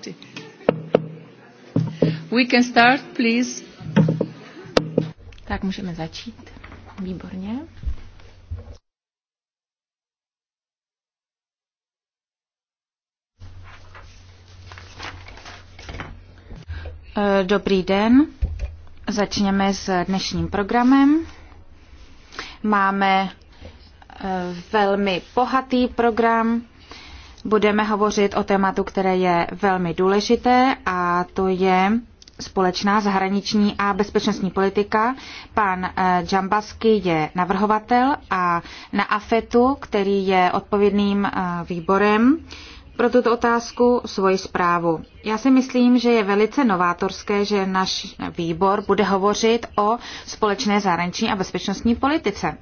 party. We can start, please. Tak můžeme začít. Výborně. Eh, dobrý den. Začněme s dnešním programem. Máme eh, velmi bohatý program budeme hovořit o tématu, které je velmi důležité a to je společná zahraniční a bezpečnostní politika. Pan eh, Džambasky je navrhovatel a na AFETu, který je odpovědným eh, výborem pro tuto otázku, svoji zprávu. Já si myslím, že je velice novátorské, že náš výbor bude hovořit o společné zahraniční a bezpečnostní politice.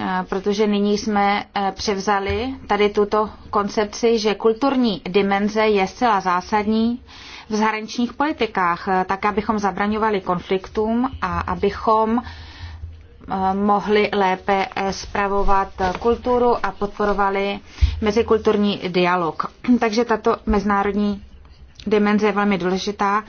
Eh, protože nyní jsme eh, převzali tady tuto koncepci, že kulturní dimenze je zcela zásadní v zahraničních politikách, eh, tak abychom zabraňovali konfliktům a abychom mohli lépe spravovat kulturu a podporovali mezikulturní dialog. Takže tato mezinárodní dimenze je velmi důležitá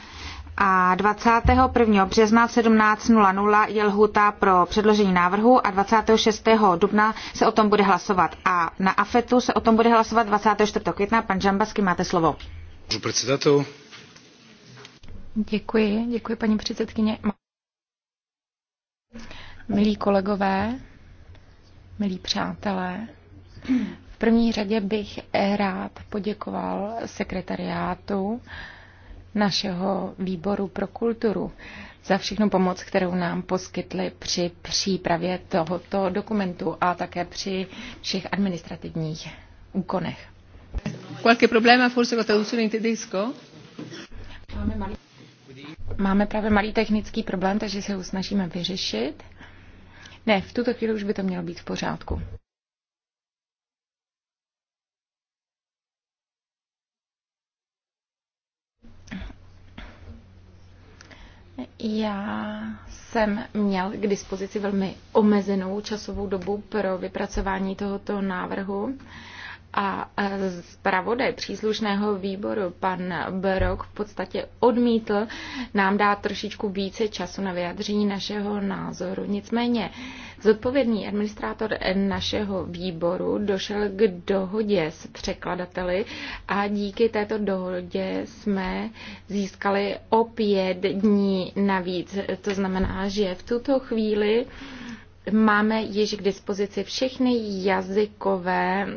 a 21. března v 17.00 je lhůta pro předložení návrhu a 26. dubna se o tom bude hlasovat. A na AFETu se o tom bude hlasovat 24. května. Pan Žambasky, máte slovo. Předsedatel. Děkuji, děkuji paní předsedkyně. Milí kolegové, milí přátelé, v první řadě bych rád poděkoval sekretariátu, našeho výboru pro kulturu za všechnu pomoc, kterou nám poskytli při přípravě tohoto dokumentu a také při všech administrativních úkonech. Qualche problema forse con traduzione in tedesco? Máme, malý, máme právě malý technický problém, takže se ho snažíme vyřešit. Ne, v tuto chvíli už by to mělo být v pořádku. Já jsem měl k dispozici velmi omezenou časovou dobu pro vypracování tohoto návrhu. A zpravodaj příslušného výboru, pan Brok, v podstatě odmítl nám dát trošičku více času na vyjadření našeho názoru. Nicméně zodpovědný administrátor našeho výboru došel k dohodě s překladateli a díky této dohodě jsme získali o pět dní navíc. To znamená, že v tuto chvíli máme již k dispozici všechny jazykové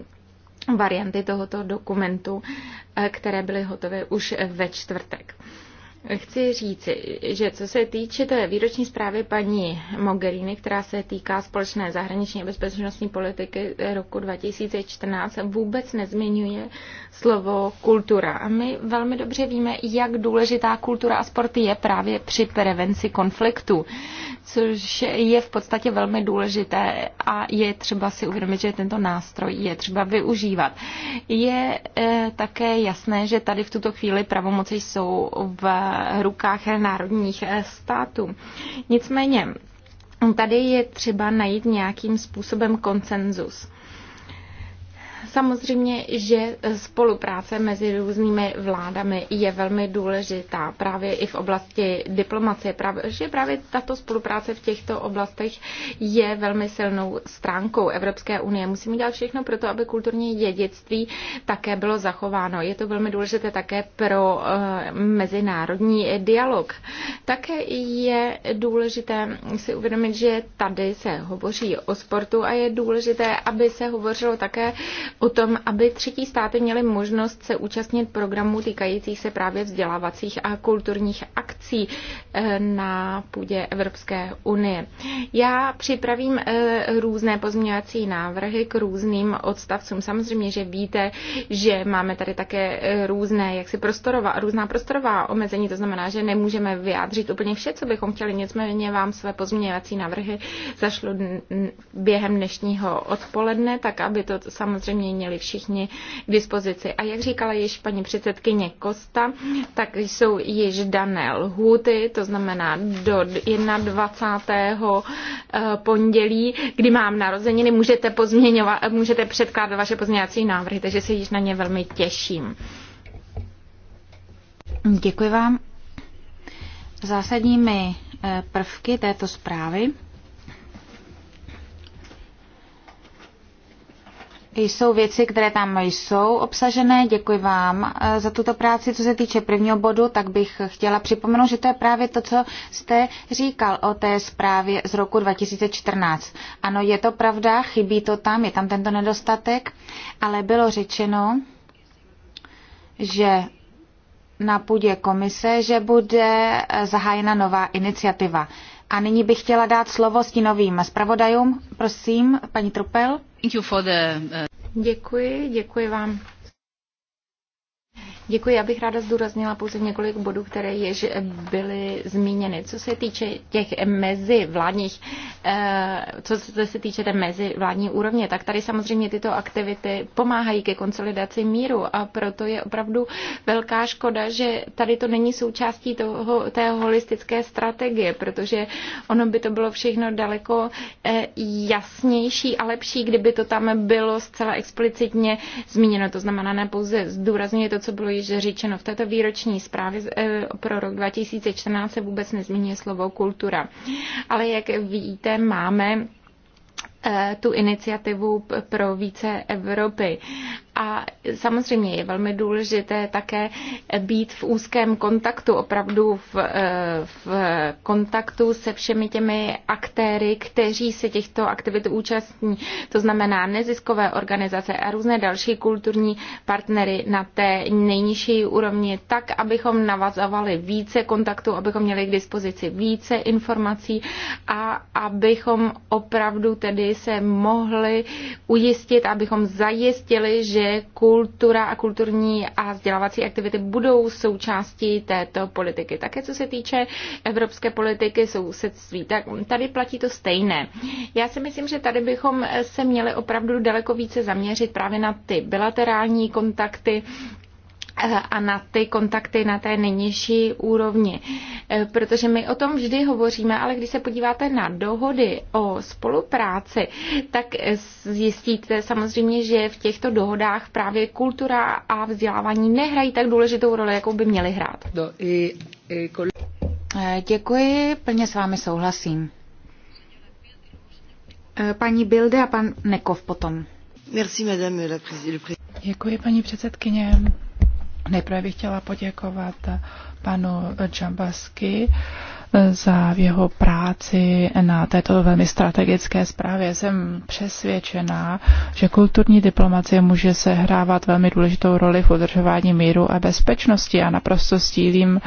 varianty tohoto dokumentu, eh, které byly hotové už ve čtvrtek. Chci říci, že co se týče té výroční zprávy paní Mogherini, která se týká společné zahraniční a bezpečnostní politiky roku 2014, vůbec nezmiňuje slovo kultura. A my velmi dobře víme, jak důležitá kultura a sport je právě při prevenci konfliktu což je v podstatě velmi důležité a je třeba si uvědomit, že tento nástroj je třeba využívat. Je eh, také jasné, že tady v tuto chvíli pravomoci jsou v rukách národních eh, států. Nicméně, Tady je třeba najít nějakým způsobem konsenzus. Samozřejmě, že e, spolupráce mezi různými vládami je velmi důležitá právě i v oblasti diplomacie, právě, že právě tato spolupráce v těchto oblastech je velmi silnou stránkou Evropské unie. Musíme dělat všechno pro to, aby kulturní dědictví také bylo zachováno. Je to velmi důležité také pro e, mezinárodní dialog. Také je důležité si uvědomit, že tady se hovoří o sportu a je důležité, aby se hovořilo také o tom, aby třetí státy měly možnost se účastnit programů týkajících se právě vzdělávacích a kulturních akcí eh, na půdě Evropské unie. Já připravím eh, různé pozměňovací návrhy k různým odstavcům. Samozřejmě, že víte, že máme tady také eh, různé, jaksi prostorová, různá prostorová omezení, to znamená, že nemůžeme vyjádřit úplně vše, co bychom chtěli, nicméně vám své pozměňovací návrhy zašlo během dnešního odpoledne, tak aby to samozřejmě měli všichni k dispozici. A jak říkala již paní předsedkyně Kosta, tak jsou již dané lhůty, to znamená do 21. Eh, pondělí, kdy mám narozeniny, můžete, pozměňovat, můžete předkládat vaše pozměňovací návrhy, takže se již na ně velmi těším. Děkuji vám. Zásadními eh, prvky této zprávy jsou věci, které tam jsou obsažené. Děkuji vám eh, za tuto práci. Co se týče prvního bodu, tak bych chtěla připomenout, že to je právě to, co jste říkal o té zprávě z roku 2014. Ano, je to pravda, chybí to tam, je tam tento nedostatek, ale bylo řečeno, že na půdě komise, že bude eh, zahájena nová iniciativa. A nyní bych chtěla dát slovo stínovým zpravodajům. Prosím, paní Trupel. Uh, děkuji, děkuji vám Děkuji, já bych ráda zdůraznila pouze několik bodů, které již byly zmíněny. Co se týče těch mezivládních, eh, co se týče té mezivládní úrovně, tak tady samozřejmě tyto aktivity pomáhají ke konsolidaci míru a proto je opravdu velká škoda, že tady to není součástí toho, té holistické strategie, protože ono by to bylo všechno daleko eh, jasnější a lepší, kdyby to tam bylo zcela explicitně zmíněno. To znamená, ne pouze zdůrazňuje to, co bylo již již řečeno, v této výroční zprávě eh, pro rok 2014 se vůbec nezmíní slovo kultura. Ale jak víte, máme eh, tu iniciativu pro více Evropy. A samozřejmě je velmi důležité také být v úzkém kontaktu, opravdu v, eh, v kontaktu se všemi těmi aktéry, kteří se těchto aktivit účastní. To znamená neziskové organizace a různé další kulturní partnery na té nejnižší úrovni, tak, abychom navazovali více kontaktu, abychom měli k dispozici více informací a abychom opravdu tedy se mohli ujistit, abychom zajistili, že že kultura a kulturní a vzdělávací aktivity budou součástí této politiky. Také co se týče evropské politiky sousedství, tak tady platí to stejné. Já si myslím, že tady bychom se měli opravdu daleko více zaměřit právě na ty bilaterální kontakty, a na ty kontakty na té nejnižší úrovni. E, protože my o tom vždy hovoříme, ale když se podíváte na dohody o spolupráci, tak e, zjistíte samozřejmě, že v těchto dohodách právě kultura a vzdělávání nehrají tak důležitou roli, jakou by měly hrát. No, e, děkuji, plně s vámi souhlasím. Paní Bilde a pan Nekov potom. Děkuji, paní předsedkyně. Nejprve bych chtěla poděkovat panu Džambasky eh, za jeho práci na této velmi strategické zprávě. Jsem přesvědčená, že kulturní diplomacie může sehrávat velmi důležitou roli v udržování míru a bezpečnosti a naprosto stílím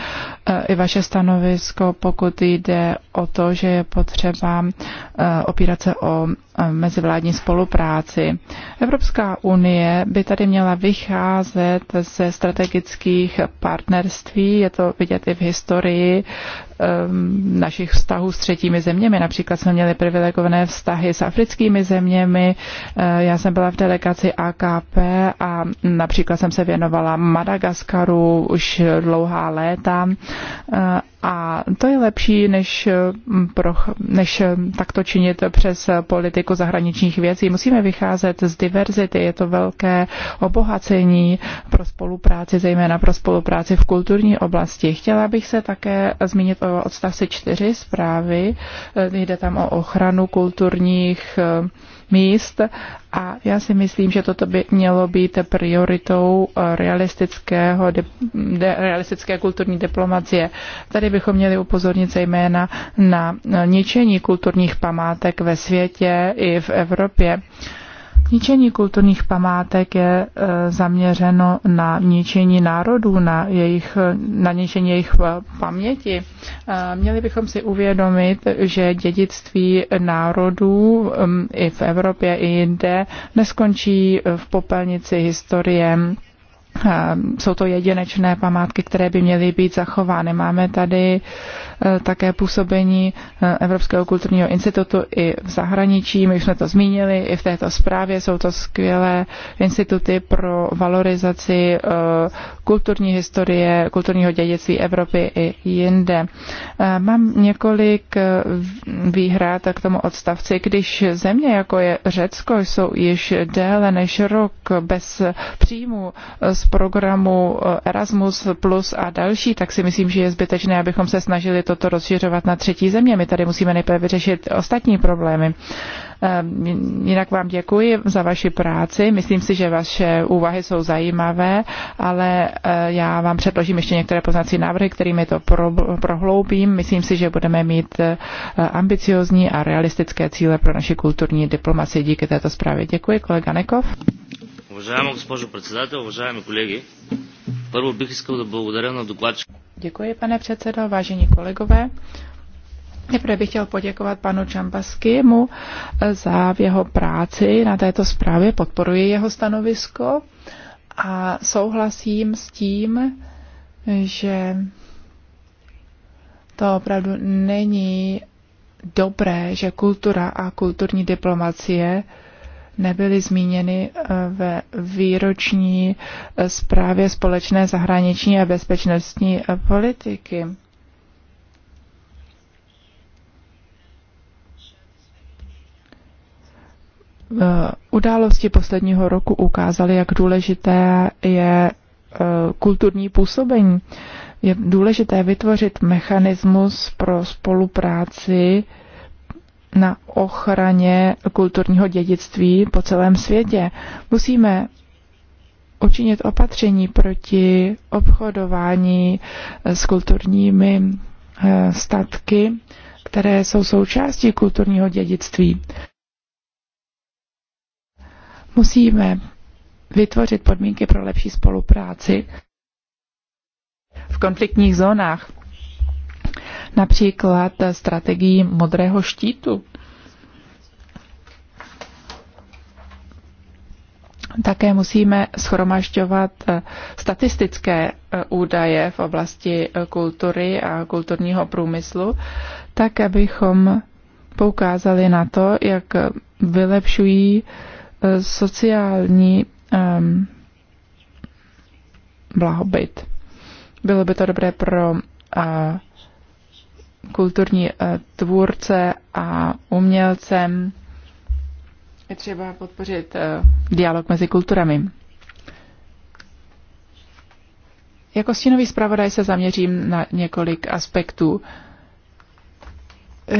eh, i vaše stanovisko, pokud jde o to, že je potřeba eh, opírat se o mezivládní spolupráci. Evropská unie by tady měla vycházet ze strategických partnerství, je to vidět i v historii ehm, našich vztahů s třetími zeměmi. Například jsme měli privilegované vztahy s africkými zeměmi. Eh, já jsem byla v delegaci AKP a například jsem se věnovala Madagaskaru už dlouhá léta. Eh, a to je lepší, než, eh, pro, než takto činit přes politiku politiku jako zahraničních věcí. Musíme vycházet z diverzity, je to velké obohacení pro spolupráci, zejména pro spolupráci v kulturní oblasti. Chtěla bych se také zmínit o odstavci 4 zprávy, jde tam o ochranu kulturních míst a já si myslím, že toto by mělo být prioritou eh, realistického, de, de, realistické kulturní diplomacie. Tady bychom měli upozornit zejména na eh, ničení kulturních památek ve světě i v Evropě. Ničení kulturních památek je e, zaměřeno na ničení národů, na, jejich, na ničení jejich e, paměti. E, měli bychom si uvědomit, že dědictví národů i v Evropě, i jinde neskončí v popelnici historie jsou to jedinečné památky, které by měly být zachovány. Máme tady Eh, také působení eh, Evropského kulturního institutu i v zahraničí. My už jsme to zmínili i v této zprávě. Jsou to skvělé instituty pro valorizaci eh, kulturní historie, kulturního dědictví Evropy i jinde. Mám několik výhrad k tomu odstavci. Když země, jako je Řecko, jsou již déle než rok bez příjmu z programu Erasmus Plus a další, tak si myslím, že je zbytečné, abychom se snažili toto rozšiřovat na třetí země. My tady musíme nejprve vyřešit ostatní problémy. Ehm, jinak vám děkuji za vaši práci. Myslím si, že vaše úvahy jsou zajímavé, ale e, já vám předložím ještě některé poznací návrhy, kterými to prohloubím. Myslím si, že budeme mít e, ambiciozní a realistické cíle pro naši kulturní diplomaci. Díky této zprávě. Děkuji, kolega Nekov. Уважаема госпожо председател, уважаеми колеги, Първо бих искал на докладчика. Děkuji, pane předsedo, vážení kolegové. Nejprve bych chtěl poděkovat panu Čambaskému eh, za jeho práci na této zprávě, podporuji jeho stanovisko a souhlasím s tím, že to opravdu není dobré, že kultura a kulturní diplomacie nebyly zmíněny eh, ve výroční eh, zprávě společné zahraniční a bezpečnostní eh, politiky. Události posledního roku ukázaly, jak důležité je kulturní působení. Je důležité vytvořit mechanismus pro spolupráci na ochraně kulturního dědictví po celém světě. Musíme učinit opatření proti obchodování s kulturními eh, statky, které jsou součástí kulturního dědictví. Musíme vytvořit podmínky pro lepší spolupráci v konfliktních zónách například strategii modrého štítu. Také musíme schromažďovat eh, statistické eh, údaje v oblasti eh, kultury a kulturního průmyslu, tak abychom poukázali na to, jak vylepšují sociální um, blahobyt. Bylo by to dobré pro uh, kulturní eh, tvůrce a umělcem. Je třeba podpořit eh, dialog mezi kulturami. Jako stínový zpravodaj se zaměřím na několik aspektů.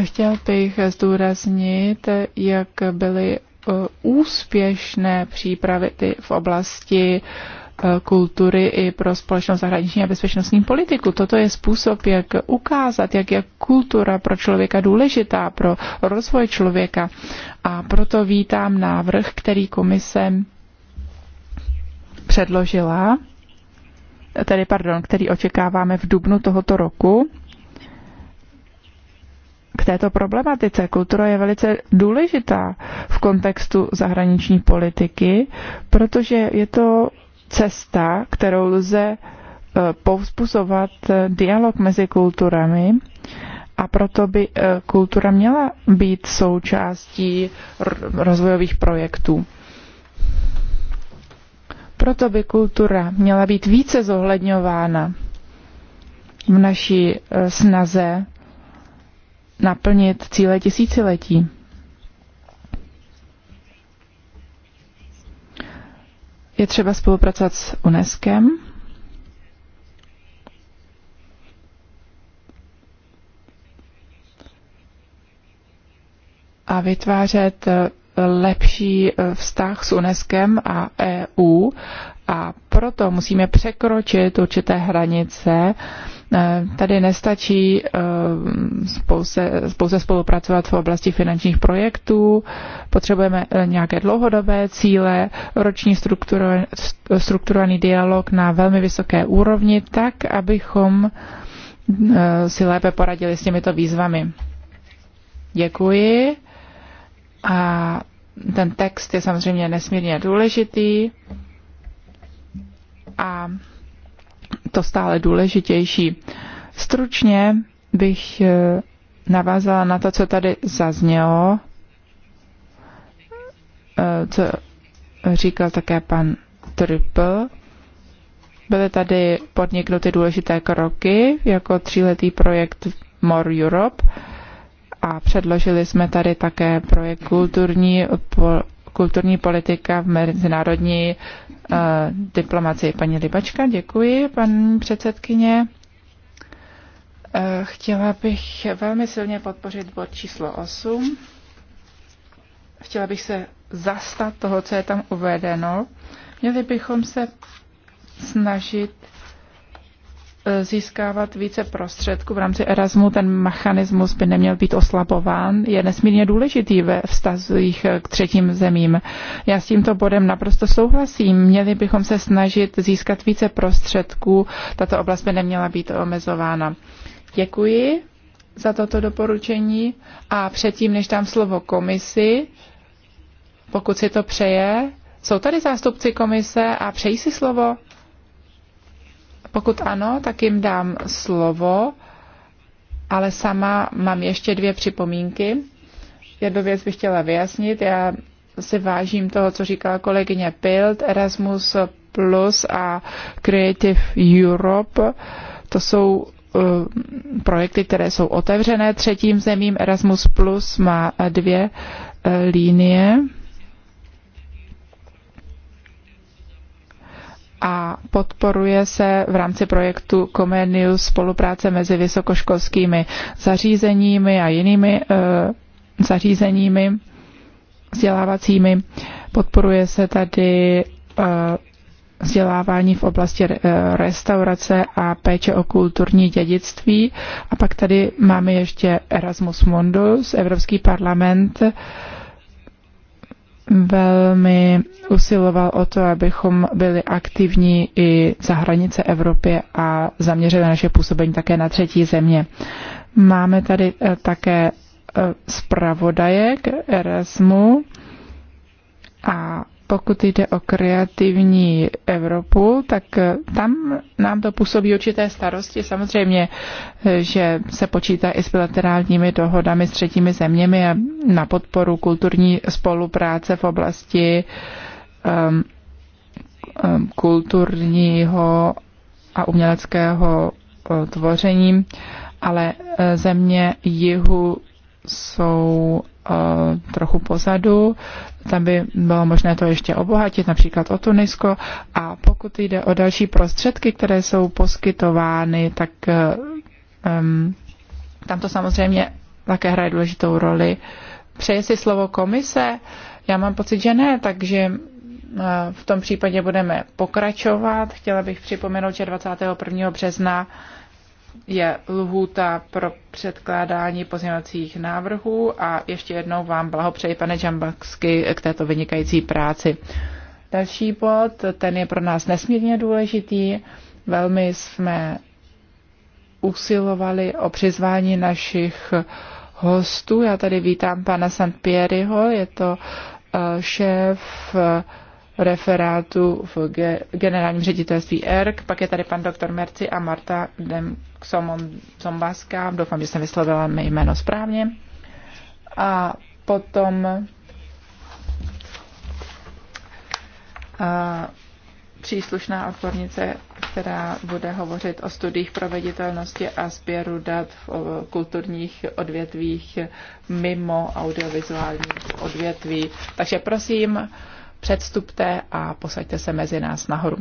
Chtěl bych zdůraznit, jak byly eh, úspěšné přípravy v oblasti uh, Eh, kultury i pro společnou zahraniční a bezpečnostní politiku. Toto je způsob, jak ukázat, jak je kultura pro člověka důležitá, pro rozvoj člověka. A proto vítám návrh, který komise předložila, tedy pardon, který očekáváme v dubnu tohoto roku k této problematice. Kultura je velice důležitá v kontextu zahraniční politiky, protože je to cesta, kterou lze eh, povzbuzovat eh, dialog mezi kulturami a proto by eh, kultura měla být součástí rozvojových projektů. Proto by kultura měla být více zohledňována v naší snaze naplnit cíle tisíciletí. Je třeba spolupracovat s UNESCO. A vytvářet eh, lepší eh, vztah s UNESCO a EU a proto musíme překročit určité hranice, Eh, tady nestačí eh, pouze, spolupracovat v oblasti finančních projektů, potřebujeme eh, nějaké dlouhodobé cíle, roční strukturovaný dialog na velmi vysoké úrovni, tak, abychom si lépe poradili s těmito výzvami. Děkuji. A ten text je samozřejmě nesmírně důležitý. A to stále důležitější. Stručně bych eh, navázala na to, co tady zaznělo, eh, co říkal také pan Trypl. Byly tady podniknuty důležité kroky, jako tříletý projekt More Europe a předložili jsme tady také projekt kulturní kulturní politika v mezinárodní eh, diplomaci. Paní Libačka, děkuji, paní předsedkyně. Eh, chtěla bych velmi silně podpořit bod číslo 8. Chtěla bych se zastat toho, co je tam uvedeno. Měli bychom se snažit získávat více prostředků v rámci Erasmu, ten mechanismus by neměl být oslabován, je nesmírně důležitý ve vztazích k třetím zemím. Já s tímto bodem naprosto souhlasím. Měli bychom se snažit získat více prostředků. Tato oblast by neměla být omezována. Děkuji za toto doporučení a předtím, než dám slovo komisi, pokud si to přeje, jsou tady zástupci komise a přejí si slovo? Pokud ano, tak jim dám slovo, ale sama mám ještě dvě připomínky. Jednu věc bych chtěla vyjasnit. Já si vážím toho, co říkala kolegyně Pilt, Erasmus Plus a Creative Europe. To jsou eh, projekty, které jsou otevřené třetím zemím. Erasmus Plus má dvě eh, linie a podporuje se v rámci projektu Comenius spolupráce mezi vysokoškolskými zařízeními a jinými e, zařízeními vzdělávacími. Podporuje se tady e, vzdělávání v oblasti eh, restaurace a péče o kulturní dědictví. A pak tady máme ještě Erasmus Mundus, Evropský parlament, velmi usiloval o to, abychom byli aktivní i za hranice Evropy a zaměřili naše působení také na třetí země. Máme tady eh, také eh, zpravodajek Erasmu a pokud jde o kreativní Evropu, tak eh, tam nám to působí určité starosti. Samozřejmě, eh, že se počítá i s bilaterálními dohodami s třetími zeměmi a na podporu kulturní spolupráce v oblasti um, um, kulturního a uměleckého eh, tvoření, ale země jihu jsou Eh, trochu pozadu. Tam by bylo možné to ještě obohatit, například o Tunisko. A pokud jde o další prostředky, které jsou poskytovány, tak um, tam to samozřejmě také hraje důležitou roli. Přeje si slovo komise? Já mám pocit, že ne, takže eh, v tom případě budeme pokračovat. Chtěla bych připomenout, že 21. března je lhůta pro předkládání pozměňovacích návrhů a ještě jednou vám blahopřeji, pane Džambaksky, k této vynikající práci. Další bod, ten je pro nás nesmírně důležitý. Velmi jsme usilovali o přizvání našich hostů. Já tady vítám pana Sanpieriho, je to eh, šéf eh, referátu v generálním ředitelství ERK. Pak je tady pan doktor Merci a Marta Demxombaska. Doufám, že jsem vyslovila mé jméno správně. A potom a příslušná odbornice, která bude hovořit o studiích proveditelnosti a sběru dat v kulturních odvětvích mimo audiovizuální odvětví. Takže prosím, předstupte a posaďte se mezi nás nahoru.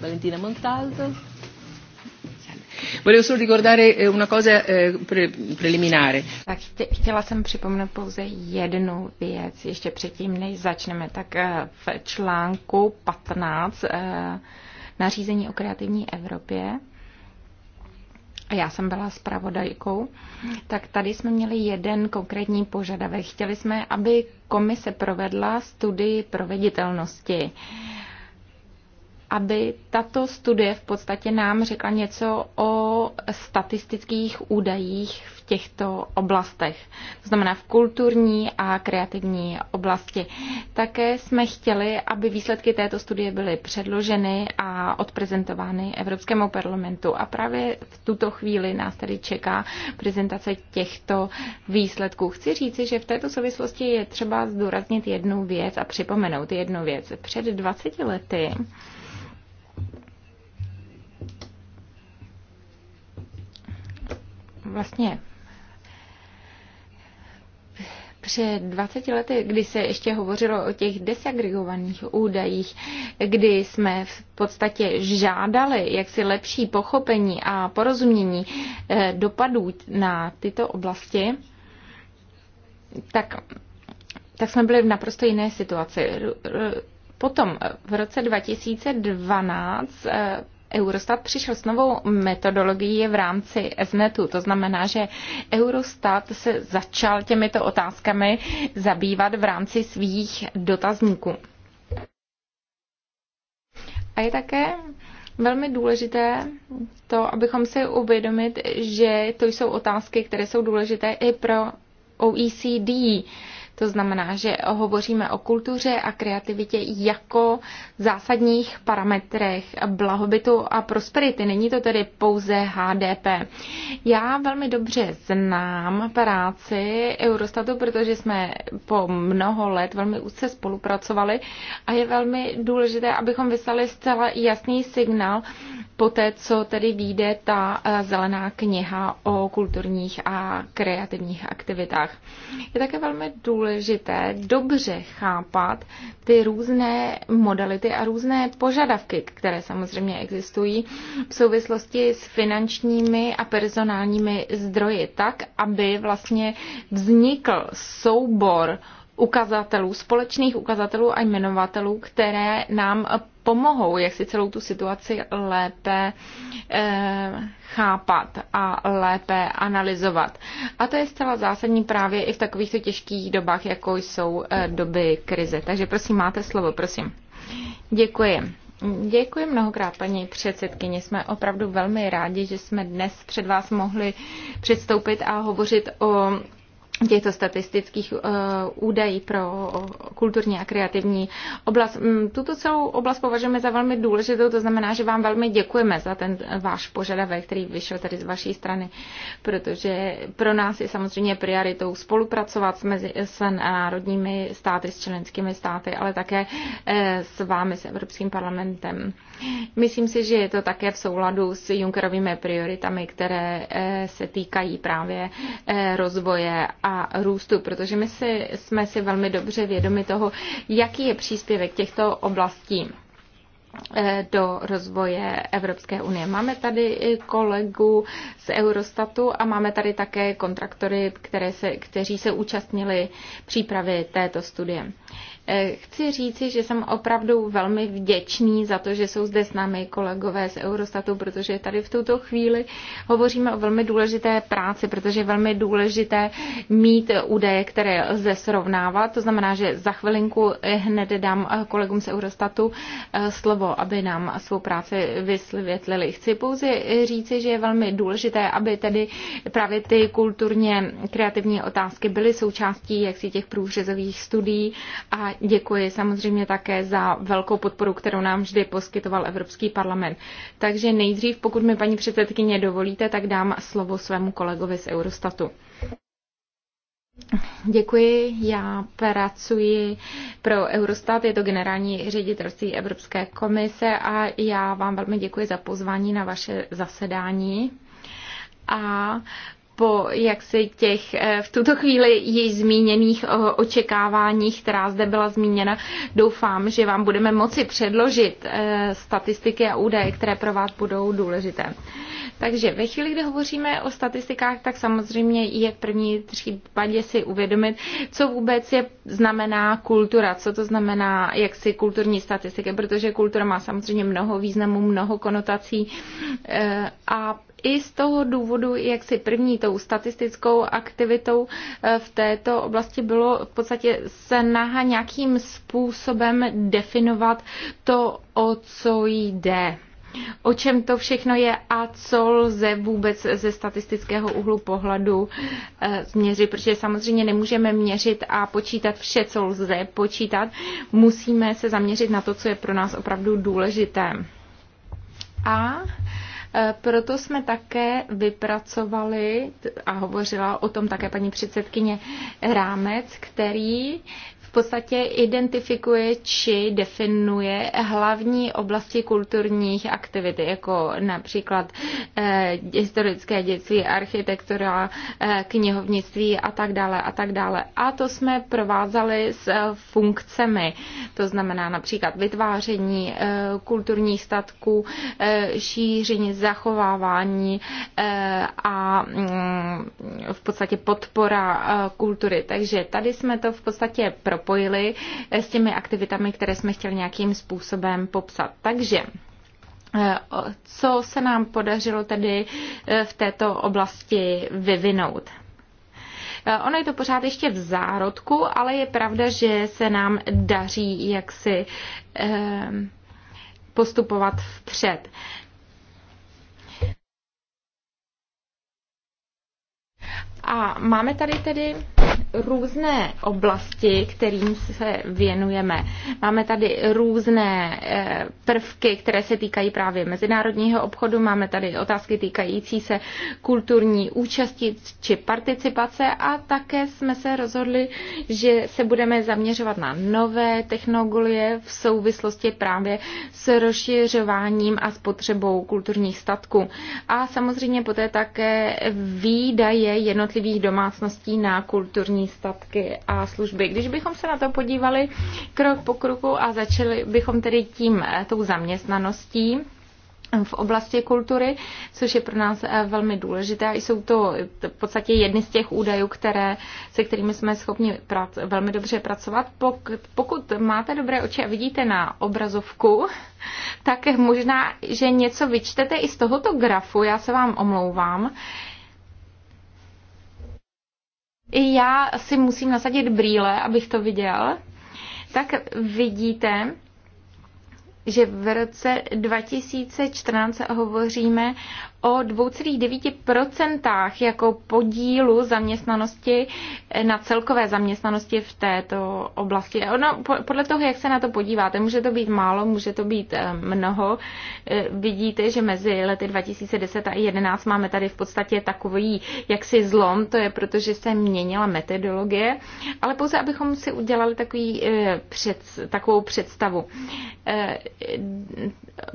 Valentina Montalto. Volevo solo ricordare eh, una cosa eh, pre, preliminare. Tak chtěla jsem připomenout pouze jednu věc, ještě předtím, než začneme, tak eh, v článku 15 nařízení o kreativní Evropě a já jsem byla zpravodajkou, tak tady jsme měli jeden konkrétní požadavek. Chtěli jsme, aby komise provedla studii proveditelnosti aby tato studie v podstatě nám řekla něco o statistických údajích těchto oblastech, to znamená v kulturní a kreativní oblasti. Také jsme chtěli, aby výsledky této studie byly předloženy a odprezentovány Evropskému parlamentu. A právě v tuto chvíli nás tady čeká prezentace těchto výsledků. Chci říci, že v této souvislosti je třeba zdůraznit jednu věc a připomenout jednu věc. Před 20 lety vlastně před 20 lety, kdy se ještě hovořilo o těch desagregovaných údajích, kdy jsme v podstatě žádali jaksi lepší pochopení a porozumění eh, dopadů na tyto oblasti, tak, tak jsme byli v naprosto jiné situaci. Potom v roce 2012 Eurostat přišel s novou metodologií v rámci SNETu. To znamená, že Eurostat se začal těmito otázkami zabývat v rámci svých dotazníků. A je také velmi důležité to, abychom si uvědomit, že to jsou otázky, které jsou důležité i pro OECD to znamená, že hovoříme o kultuře a kreativitě jako zásadních parametrech blahobytu a prosperity. Není to tedy pouze HDP. Já velmi dobře znám práci Eurostatu, protože jsme po mnoho let velmi úzce spolupracovali a je velmi důležité, abychom vyslali zcela jasný signál po té, co tedy vyjde ta eh, zelená kniha o kulturních a kreativních aktivitách. Je také velmi důležité, důležité dobře chápat ty různé modality a různé požadavky, které samozřejmě existují v souvislosti s finančními a personálními zdroji, tak, aby vlastně vznikl soubor ukazatelů, společných ukazatelů a jmenovatelů, které nám pomohou, jak si celou tu situaci lépe eh, chápat a lépe analyzovat. A to je zcela zásadní právě i v takovýchto těžkých dobách, jako jsou eh, doby krize. Takže prosím, máte slovo, prosím. Děkuji. Děkuji mnohokrát, paní předsedkyně. Jsme opravdu velmi rádi, že jsme dnes před vás mohli předstoupit a hovořit o těchto statistických eh, údají pro kulturní a kreativní oblast. Mm, tuto celou oblast považujeme za velmi důležitou, to znamená, že vám velmi děkujeme za ten váš požadavek, který vyšel tady z vaší strany, protože pro nás je samozřejmě prioritou spolupracovat s, mezi, s národními státy, s členskými státy, ale také eh, s vámi, s Evropským parlamentem. Myslím si, že je to také v souladu s Junckerovými prioritami, které eh, se týkají právě rozvoje a růstu, protože my si, jsme si velmi dobře vědomi toho, jaký je příspěvek těchto oblastí eh, do rozvoje Evropské unie. Máme tady kolegu z Eurostatu a máme tady také kontraktory, které se, kteří se účastnili přípravy této studie. Eh, chci říci, že jsem opravdu velmi vděčný za to, že jsou zde s námi kolegové z Eurostatu, protože tady v tuto chvíli hovoříme o velmi důležité práci, protože je velmi důležité mít údaje, které lze srovnávat. To znamená, že za chvilinku hned dám kolegům z Eurostatu eh, slovo, aby nám svou práci vysvětlili. Chci pouze říci, že je velmi důležité, aby tedy právě ty kulturně kreativní otázky byly součástí jaksi těch průřezových studií a děkuji samozřejmě také za velkou podporu, kterou nám vždy poskytoval Evropský parlament. Takže nejdřív, pokud mi paní předsedkyně dovolíte, tak dám slovo svému kolegovi z Eurostatu. Děkuji, já pracuji pro Eurostat, je to generální ředitelství Evropské komise a já vám velmi děkuji za pozvání na vaše zasedání. A po jaksi těch eh, v tuto chvíli již zmíněných eh, očekáváních, která zde byla zmíněna. Doufám, že vám budeme moci předložit eh, statistiky a údaje, které pro vás budou důležité. Takže ve chvíli, kdy hovoříme o statistikách, tak samozřejmě je v první případě si uvědomit, co vůbec je znamená kultura, co to znamená jaksi kulturní statistiky, protože kultura má samozřejmě mnoho významů, mnoho konotací a i z toho důvodu, jak si první tou statistickou aktivitou eh, v této oblasti bylo v podstatě snaha nějakým způsobem definovat to, o co jde o čem to všechno je a co lze vůbec ze statistického úhlu pohledu změřit, eh, protože samozřejmě nemůžeme měřit a počítat vše, co lze počítat. Musíme se zaměřit na to, co je pro nás opravdu důležité. A Eh, proto jsme také vypracovali, a hovořila o tom také paní předsedkyně, rámec, který podstatě identifikuje či definuje hlavní oblasti kulturních aktivit, jako například eh, historické dětství, architektura, eh, knihovnictví a tak dále a tak dále. A to jsme provázali s eh, funkcemi, to znamená například vytváření eh, kulturních statků, eh, šíření, zachovávání eh, a mm, v podstatě podpora eh, kultury. Takže tady jsme to v podstatě pro propojili eh, s těmi aktivitami, které jsme chtěli nějakým způsobem popsat. Takže eh, co se nám podařilo tedy eh, v této oblasti vyvinout? Ono je to pořád ještě v zárodku, ale je pravda, že se nám daří jaksi postupovat vpřed. A máme tady tedy různé oblasti, kterým se věnujeme. Máme tady různé eh, prvky, které se týkají právě mezinárodního obchodu, máme tady otázky týkající se kulturní účasti či participace a také jsme se rozhodli, že se budeme zaměřovat na nové technologie v souvislosti právě s rozšiřováním a spotřebou kulturních statků. A samozřejmě poté také výdaje jednotlivých jednotlivých domácností na kulturní statky a služby. Když bychom se na to podívali krok po kroku a začali bychom tedy tím, eh, tou zaměstnaností, v oblasti kultury, což je pro nás eh, velmi důležité. Jsou eh, to v podstatě jedny z těch údajů, které, se kterými jsme schopni prac, velmi dobře pracovat. Pokud, pokud máte dobré oči a vidíte na obrazovku, tak možná, že něco vyčtete i z tohoto grafu, já se vám omlouvám. I já si musím nasadit brýle, abych to viděl. Tak vidíte, že v roce 2014 hovoříme o 2,9% jako podílu zaměstnanosti eh, na celkové zaměstnanosti v této oblasti. Ono, podle toho, jak se na to podíváte, může to být málo, může to být eh, mnoho. Eh, vidíte, že mezi lety 2010 a 2011 máme tady v podstatě takový jaksi zlom, to je proto, že se měnila metodologie, ale pouze, abychom si udělali takový, před, takovou představu.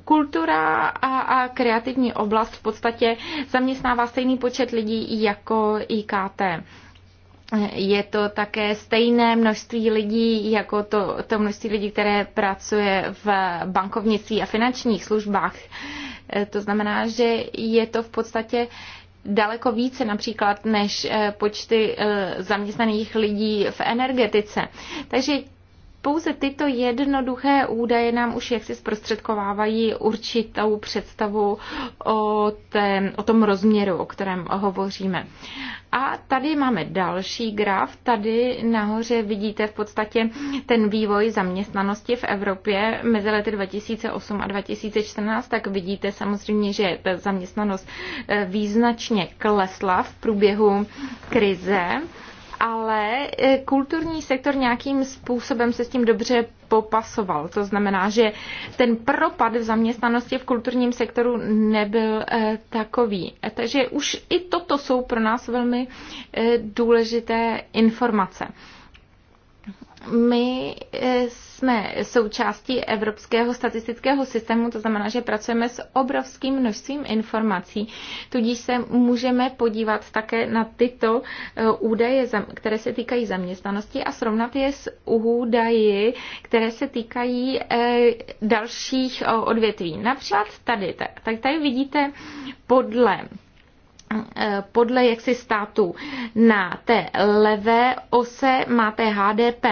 Kultura a, a kreativní oblast v podstatě podstatě zaměstnává stejný počet lidí jako IKT je to také stejné množství lidí, jako to, to množství lidí, které pracuje v bankovnictví a finančních službách. To znamená, že je to v podstatě daleko více například než eh, počty eh, zaměstnaných lidí v energetice. Takže pouze tyto jednoduché údaje nám už jaksi zprostředkovávají určitou představu o, té, o tom rozměru, o kterém hovoříme. A tady máme další graf. Tady nahoře vidíte v podstatě ten vývoj zaměstnanosti v Evropě mezi lety 2008 a 2014. Tak vidíte samozřejmě, že ta zaměstnanost eh, význačně klesla v průběhu krize ale e, kulturní sektor nějakým způsobem se s tím dobře popasoval. To znamená, že ten propad v zaměstnanosti v kulturním sektoru nebyl e, takový. E, takže už i toto jsou pro nás velmi důležité informace. My jsme součástí Evropského statistického systému, to znamená, že pracujeme s obrovským množstvím informací, tudíž se můžeme podívat také na tyto eh, údaje, které se týkají zaměstnanosti a srovnat je s údaji, které se týkají eh, dalších eh, odvětví. Například tady, tak tady vidíte podle Eh, podle jaksi států. Na té levé ose máte HDP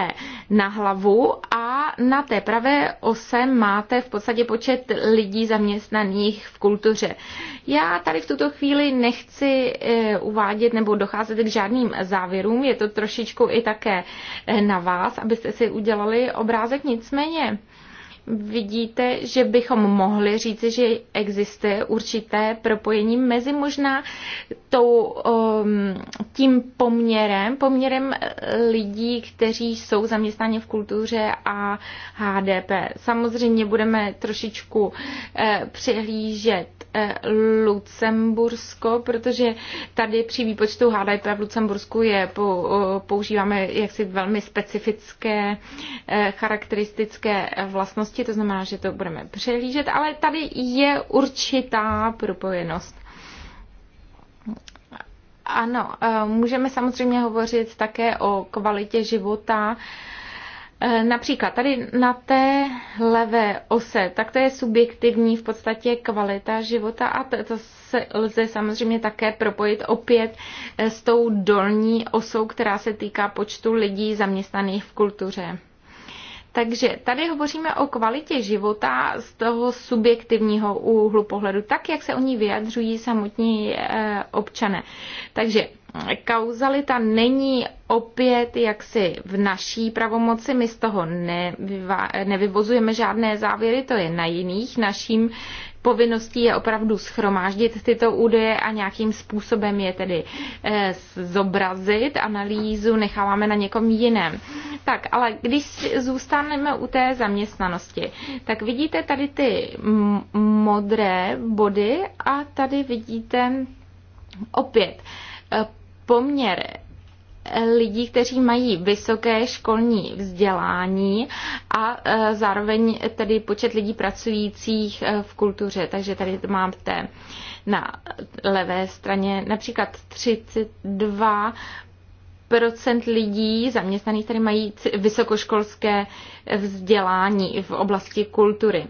na hlavu a na té pravé ose máte v podstatě počet lidí zaměstnaných v kultuře. Já tady v tuto chvíli nechci eh, uvádět nebo docházet k žádným závěrům, je to trošičku i také eh, na vás, abyste si udělali obrázek, nicméně vidíte, že bychom mohli říci, že existuje určité propojení mezi možná tou, um, tím poměrem, poměrem eh, lidí, kteří jsou zaměstnáni v kultuře a HDP. Samozřejmě budeme trošičku eh, přehlížet Eh, Lucembursko, protože tady při výpočtu HDP v Lucembursku je, používáme jaksi velmi specifické eh, charakteristické vlastnosti, to znamená, že to budeme přehlížet, ale tady je určitá propojenost. Ano, eh, můžeme samozřejmě hovořit také o kvalitě života E, například tady na té levé ose, tak to je subjektivní v podstatě kvalita života a to, to se lze samozřejmě také propojit opět e, s tou dolní osou, která se týká počtu lidí zaměstnaných v kultuře. Takže tady hovoříme o kvalitě života z toho subjektivního úhlu pohledu, tak jak se o ní vyjadřují samotní e, občané. Takže kauzalita není opět jaksi v naší pravomoci, my z toho nevyva, nevyvozujeme žádné závěry, to je na jiných. Naším povinností je opravdu schromáždit tyto údaje a nějakým způsobem je tedy e, zobrazit, analýzu necháváme na někom jiném. Tak, ale když zůstaneme u té zaměstnanosti, tak vidíte tady ty modré body a tady vidíte opět eh, poměr lidí, kteří mají vysoké školní vzdělání a e, zároveň tedy počet lidí pracujících e, v kultuře. Takže tady mám té na levé straně například 32 procent lidí zaměstnaných, které mají vysokoškolské vzdělání v oblasti kultury.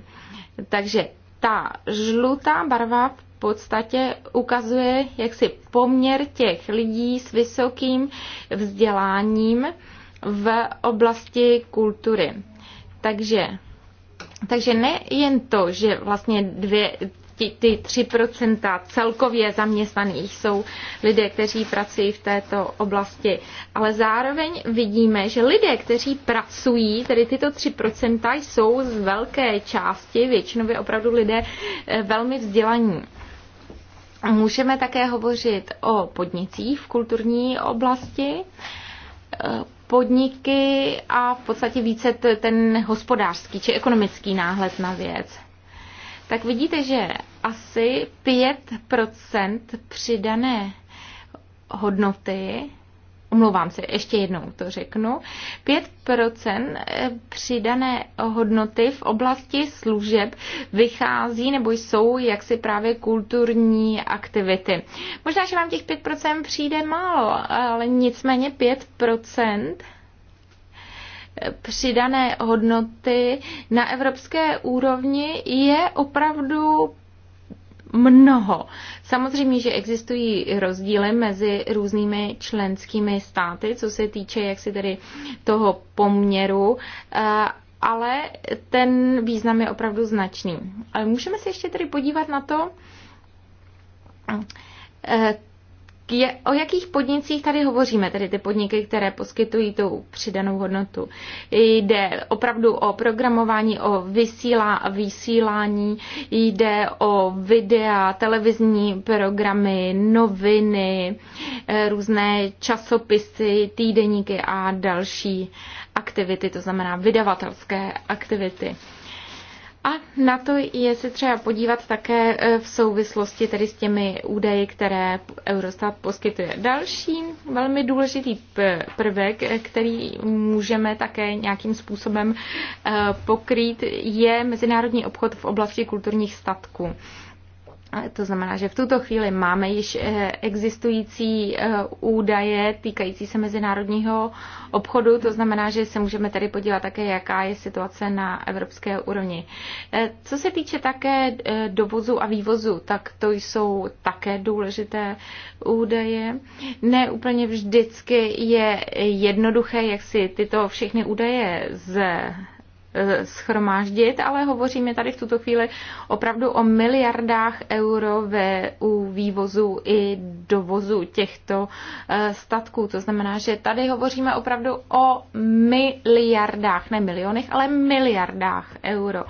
Takže ta žlutá barva v podstatě ukazuje jaksi poměr těch lidí s vysokým vzděláním v oblasti kultury. Takže, takže nejen to, že vlastně dvě, ty, ty 3% celkově zaměstnaných jsou lidé, kteří pracují v této oblasti. Ale zároveň vidíme, že lidé, kteří pracují, tedy tyto 3% jsou z velké části většinově opravdu lidé eh, velmi vzdělaní. Můžeme také hovořit o podnicích v kulturní oblasti, podniky a v podstatě více ten hospodářský či ekonomický náhled na věc. Tak vidíte, že asi 5% přidané hodnoty omlouvám se, ještě jednou to řeknu, 5% eh, přidané hodnoty v oblasti služeb vychází nebo jsou jaksi právě kulturní aktivity. Možná, že vám těch 5% přijde málo, ale nicméně 5% eh, přidané hodnoty na evropské úrovni je opravdu mnoho. Samozřejmě, že existují rozdíly mezi různými členskými státy, co se týče jaksi tedy toho poměru, eh, ale ten význam je opravdu značný. Ale můžeme se ještě tedy podívat na to, eh, je, o jakých podnicích tady hovoříme, tedy ty podniky, které poskytují tu přidanou hodnotu? Jde opravdu o programování, o vysílá, vysílání, jde o videa, televizní programy, noviny, eh, různé časopisy, týdeníky a další aktivity, to znamená vydavatelské aktivity. A na to je se třeba podívat také e, v souvislosti tedy s těmi údaji, které Eurostat poskytuje. Další velmi důležitý prvek, který můžeme také nějakým způsobem e, pokrýt, je mezinárodní obchod v oblasti kulturních statků. To znamená, že v tuto chvíli máme již eh, existující eh, údaje týkající se mezinárodního obchodu, to znamená, že se můžeme tady podívat také, jaká je situace na evropské úrovni. Eh, co se týče také dovozu a vývozu, tak to jsou také důležité údaje. Ne úplně vždycky je jednoduché, jak si tyto všechny údaje z schromáždit, ale hovoříme tady v tuto chvíli opravdu o miliardách euro ve, u vývozu i dovozu těchto eh, statků. To znamená, že tady hovoříme opravdu o miliardách, ne milionech, ale miliardách euro.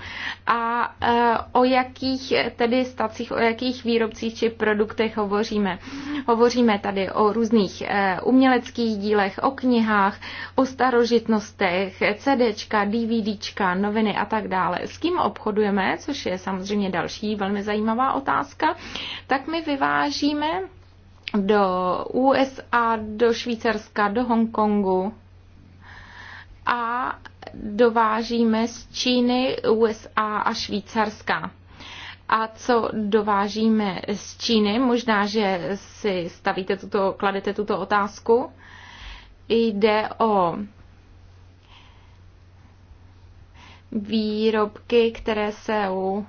A eh, o jakých tedy stacích, o jakých výrobcích či produktech hovoříme. Hovoříme tady o různých eh, uměleckých dílech, o knihách, o starožitnostech, CDčka, DVDčka, vajíčka, noviny a tak dále, s kým obchodujeme, což je samozřejmě další velmi zajímavá otázka, tak my vyvážíme do USA, do Švýcarska, do Hongkongu a dovážíme z Číny, USA a Švýcarska a co dovážíme z Číny. Možná, že si stavíte tuto, kladete tuto otázku. Jde o výrobky, které se u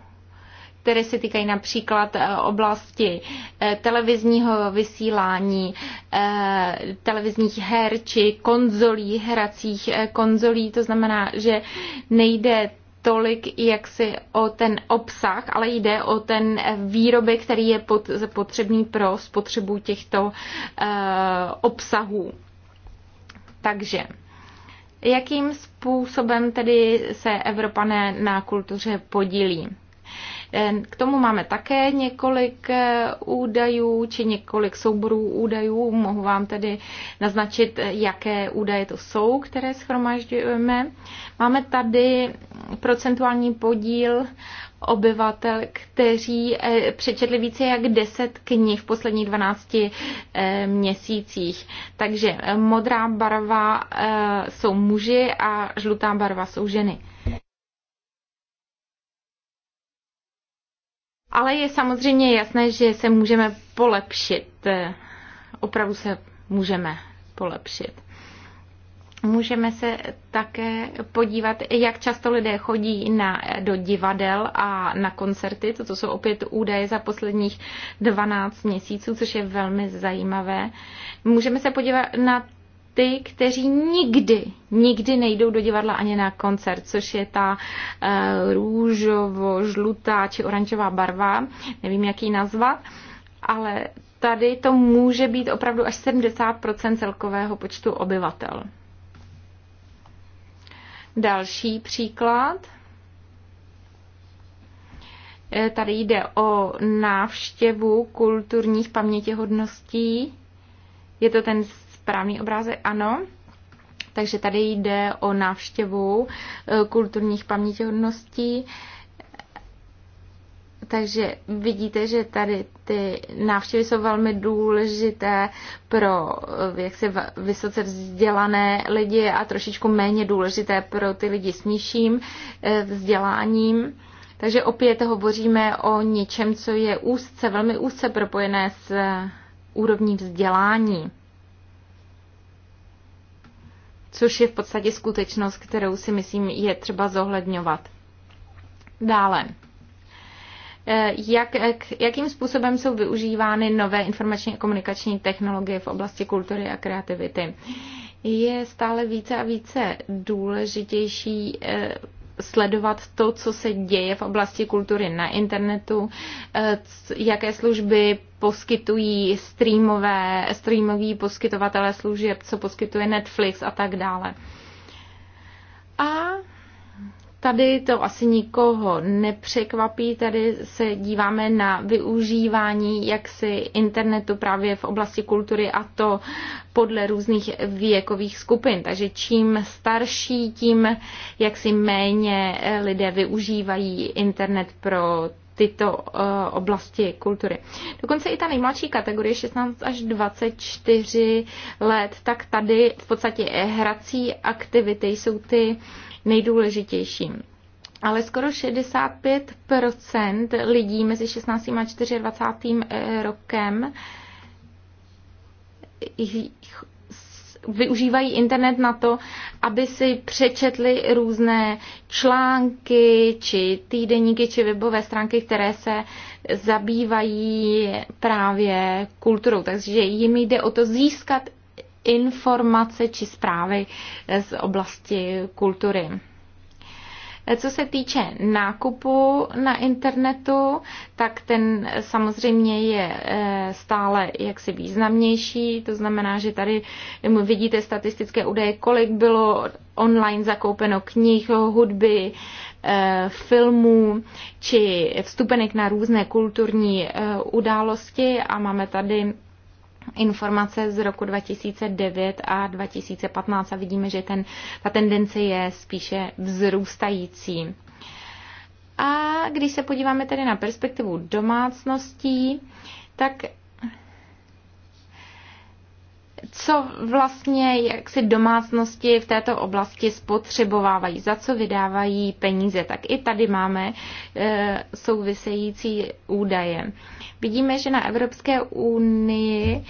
které se týkají například eh, oblasti eh, televizního vysílání, eh, televizních her či konzolí, hracích konzolí. To znamená, že nejde tolik jaksi o ten obsah, ale jde o ten výrobek, který je potřebný pro spotřebu těchto obsahů. Takže jakým způsobem tedy se Evropané na kultuře podílí. K tomu máme také několik eh, údajů či několik souborů údajů. Mohu vám tedy naznačit, eh, jaké údaje to jsou, které schromažďujeme. Máme tady procentuální podíl obyvatel, kteří eh, přečetli více jak 10 knih v posledních 12 měsících. Takže modrá barva jsou muži a žlutá barva jsou ženy. Ale je samozřejmě jasné, že se můžeme polepšit. Eh, opravdu se můžeme polepšit. Můžeme se také podívat, jak často lidé chodí na, eh, do divadel a na koncerty. Toto jsou opět údaje za posledních 12 měsíců, což je velmi zajímavé. Můžeme se podívat na ty, kteří nikdy, nikdy nejdou do divadla ani na koncert, což je ta uh, eh, růžovo-žlutá či oranžová barva, nevím, jak ji nazvat, ale tady to může být opravdu až 70% celkového počtu obyvatel. Další příklad. Eh, tady jde o návštěvu kulturních pamětihodností. Je to ten správný obrázek? Ano. Takže tady jde o návštěvu eh, kulturních pamětihodností. Takže vidíte, že tady ty návštěvy jsou velmi důležité pro eh, jaksi vysoce vzdělané lidi a trošičku méně důležité pro ty lidi s nižším eh, vzděláním. Takže opět hovoříme o něčem, co je úzce, velmi úzce propojené s úrovní vzdělání což je v podstatě skutečnost, kterou si myslím je třeba zohledňovat. Dále. Eh, jak, jakým způsobem jsou využívány nové informační a komunikační technologie v oblasti kultury a kreativity? Je stále více a více důležitější eh, sledovat to, co se děje v oblasti kultury na internetu, eh, jaké služby poskytují streamové, streamový poskytovatelé služeb, co poskytuje Netflix a tak dále. A Tady to asi nikoho nepřekvapí, tady se díváme na využívání jaksi internetu právě v oblasti kultury a to podle různých věkových skupin. Takže čím starší, tím jaksi méně lidé využívají internet pro tyto eh, oblasti kultury. Dokonce i ta nejmladší kategorie 16 až 24 let, tak tady v podstatě hrací aktivity jsou ty nejdůležitější. Ale skoro 65% lidí mezi 16. a 24. Eh, rokem využívají internet na to, aby si přečetli různé články či týdeníky či webové stránky, které se zabývají právě kulturou. Takže jim jde o to získat informace či zprávy z oblasti kultury. Co se týče nákupu na internetu, tak ten samozřejmě je eh, stále jaksi významnější. To znamená, že tady vidíte statistické údaje, kolik bylo online zakoupeno knih, hudby, eh, filmů či vstupenek na různé kulturní eh, události a máme tady informace z roku 2009 a 2015 a vidíme, že ten, ta tendence je spíše vzrůstající. A když se podíváme tedy na perspektivu domácností, tak co vlastně jak si domácnosti v této oblasti spotřebovávají, za co vydávají peníze, tak i tady máme e, související údaje. Vidíme, že na Evropské unii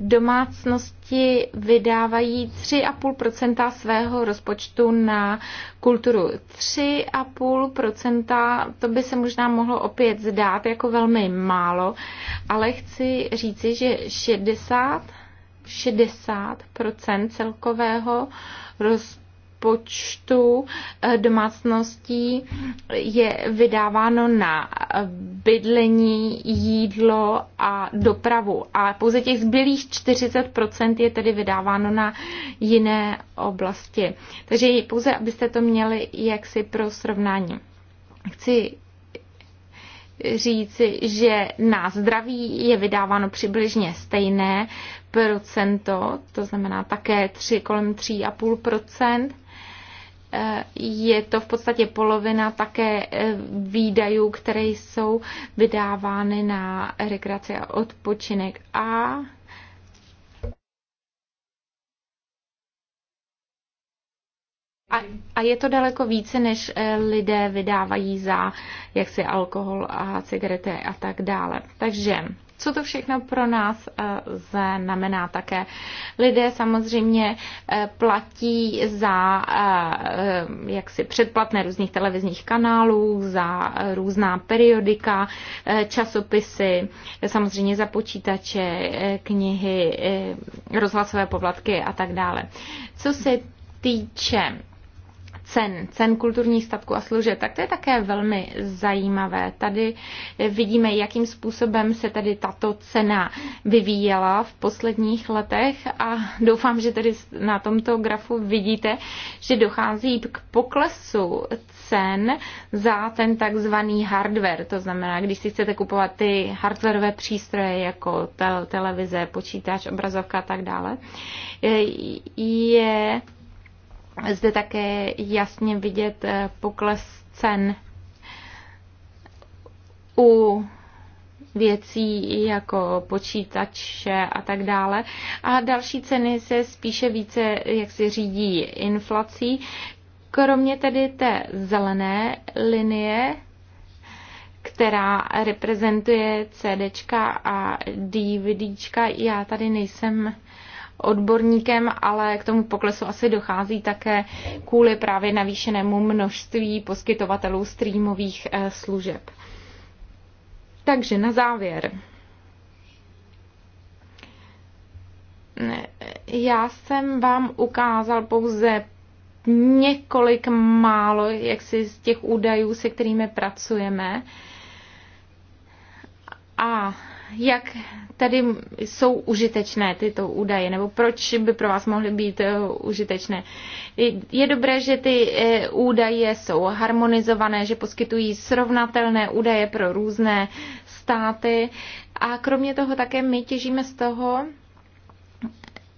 domácnosti vydávají 3,5 svého rozpočtu na kulturu. 3,5 to by se možná mohlo opět zdát jako velmi málo, ale chci říci, že 60 60 celkového rozpočtu eh, domácností je vydáváno na bydlení, jídlo a dopravu. A pouze těch zbylých 40 je tedy vydáváno na jiné oblasti. Takže pouze, abyste to měli jaksi pro srovnání. Chci říci, že na zdraví je vydáváno přibližně stejné procento, to znamená také 3, kolem 3,5 je to v podstatě polovina také eh, výdajů, které jsou vydávány na rekreaci a odpočinek. A A, a je to daleko více, než eh, lidé vydávají za jaksi alkohol a cigarety a tak dále. Takže co to všechno pro nás eh, znamená také. Lidé samozřejmě eh, platí za jaksi předplatné různých televizních kanálů, za různá periodika, časopisy, samozřejmě za počítače, knihy, rozhlasové povlatky a tak dále. Co se týče cen, cen kulturních statků a služeb, tak to je také velmi zajímavé. Tady vidíme, jakým způsobem se tedy tato cena vyvíjela v posledních letech a doufám, že tedy na tomto grafu vidíte, že dochází k poklesu cen za ten takzvaný hardware. To znamená, když si chcete kupovat ty hardwareové přístroje jako televize, počítač, obrazovka a tak dále, je zde také jasně vidět eh, pokles cen u věcí jako počítače a tak dále. A další ceny se spíše více, jak si řídí, inflací. Kromě tedy té zelené linie, která reprezentuje CDčka a DVDčka, já tady nejsem odborníkem, ale k tomu poklesu asi dochází také kvůli právě navýšenému množství poskytovatelů streamových eh, služeb. Takže na závěr. Já jsem vám ukázal pouze několik málo, jak si z těch údajů, se kterými pracujeme. A jak tady jsou užitečné tyto údaje, nebo proč by pro vás mohly být eh, užitečné. Je dobré, že ty eh, údaje jsou harmonizované, že poskytují srovnatelné údaje pro různé státy a kromě toho také my těžíme z toho,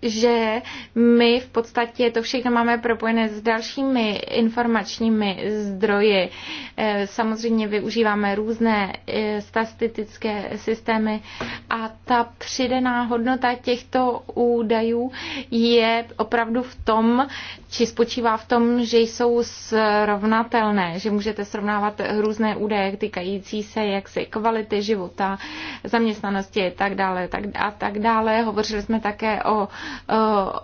že my v podstatě to všechno máme propojené s dalšími informačními zdroji. E, samozřejmě využíváme různé e, statistické systémy a ta přidená hodnota těchto údajů je opravdu v tom, či spočívá v tom, že jsou srovnatelné, že můžete srovnávat různé údaje týkající se jaksi kvality života, zaměstnanosti a tak dále. A tak dále. Hovořili jsme také o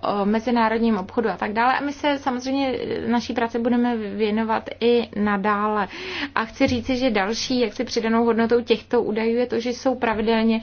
o mezinárodním obchodu a tak dále. A my se samozřejmě naší práci budeme věnovat i nadále. A chci říci, že další, jak si přidanou hodnotou těchto údajů je to, že jsou pravidelně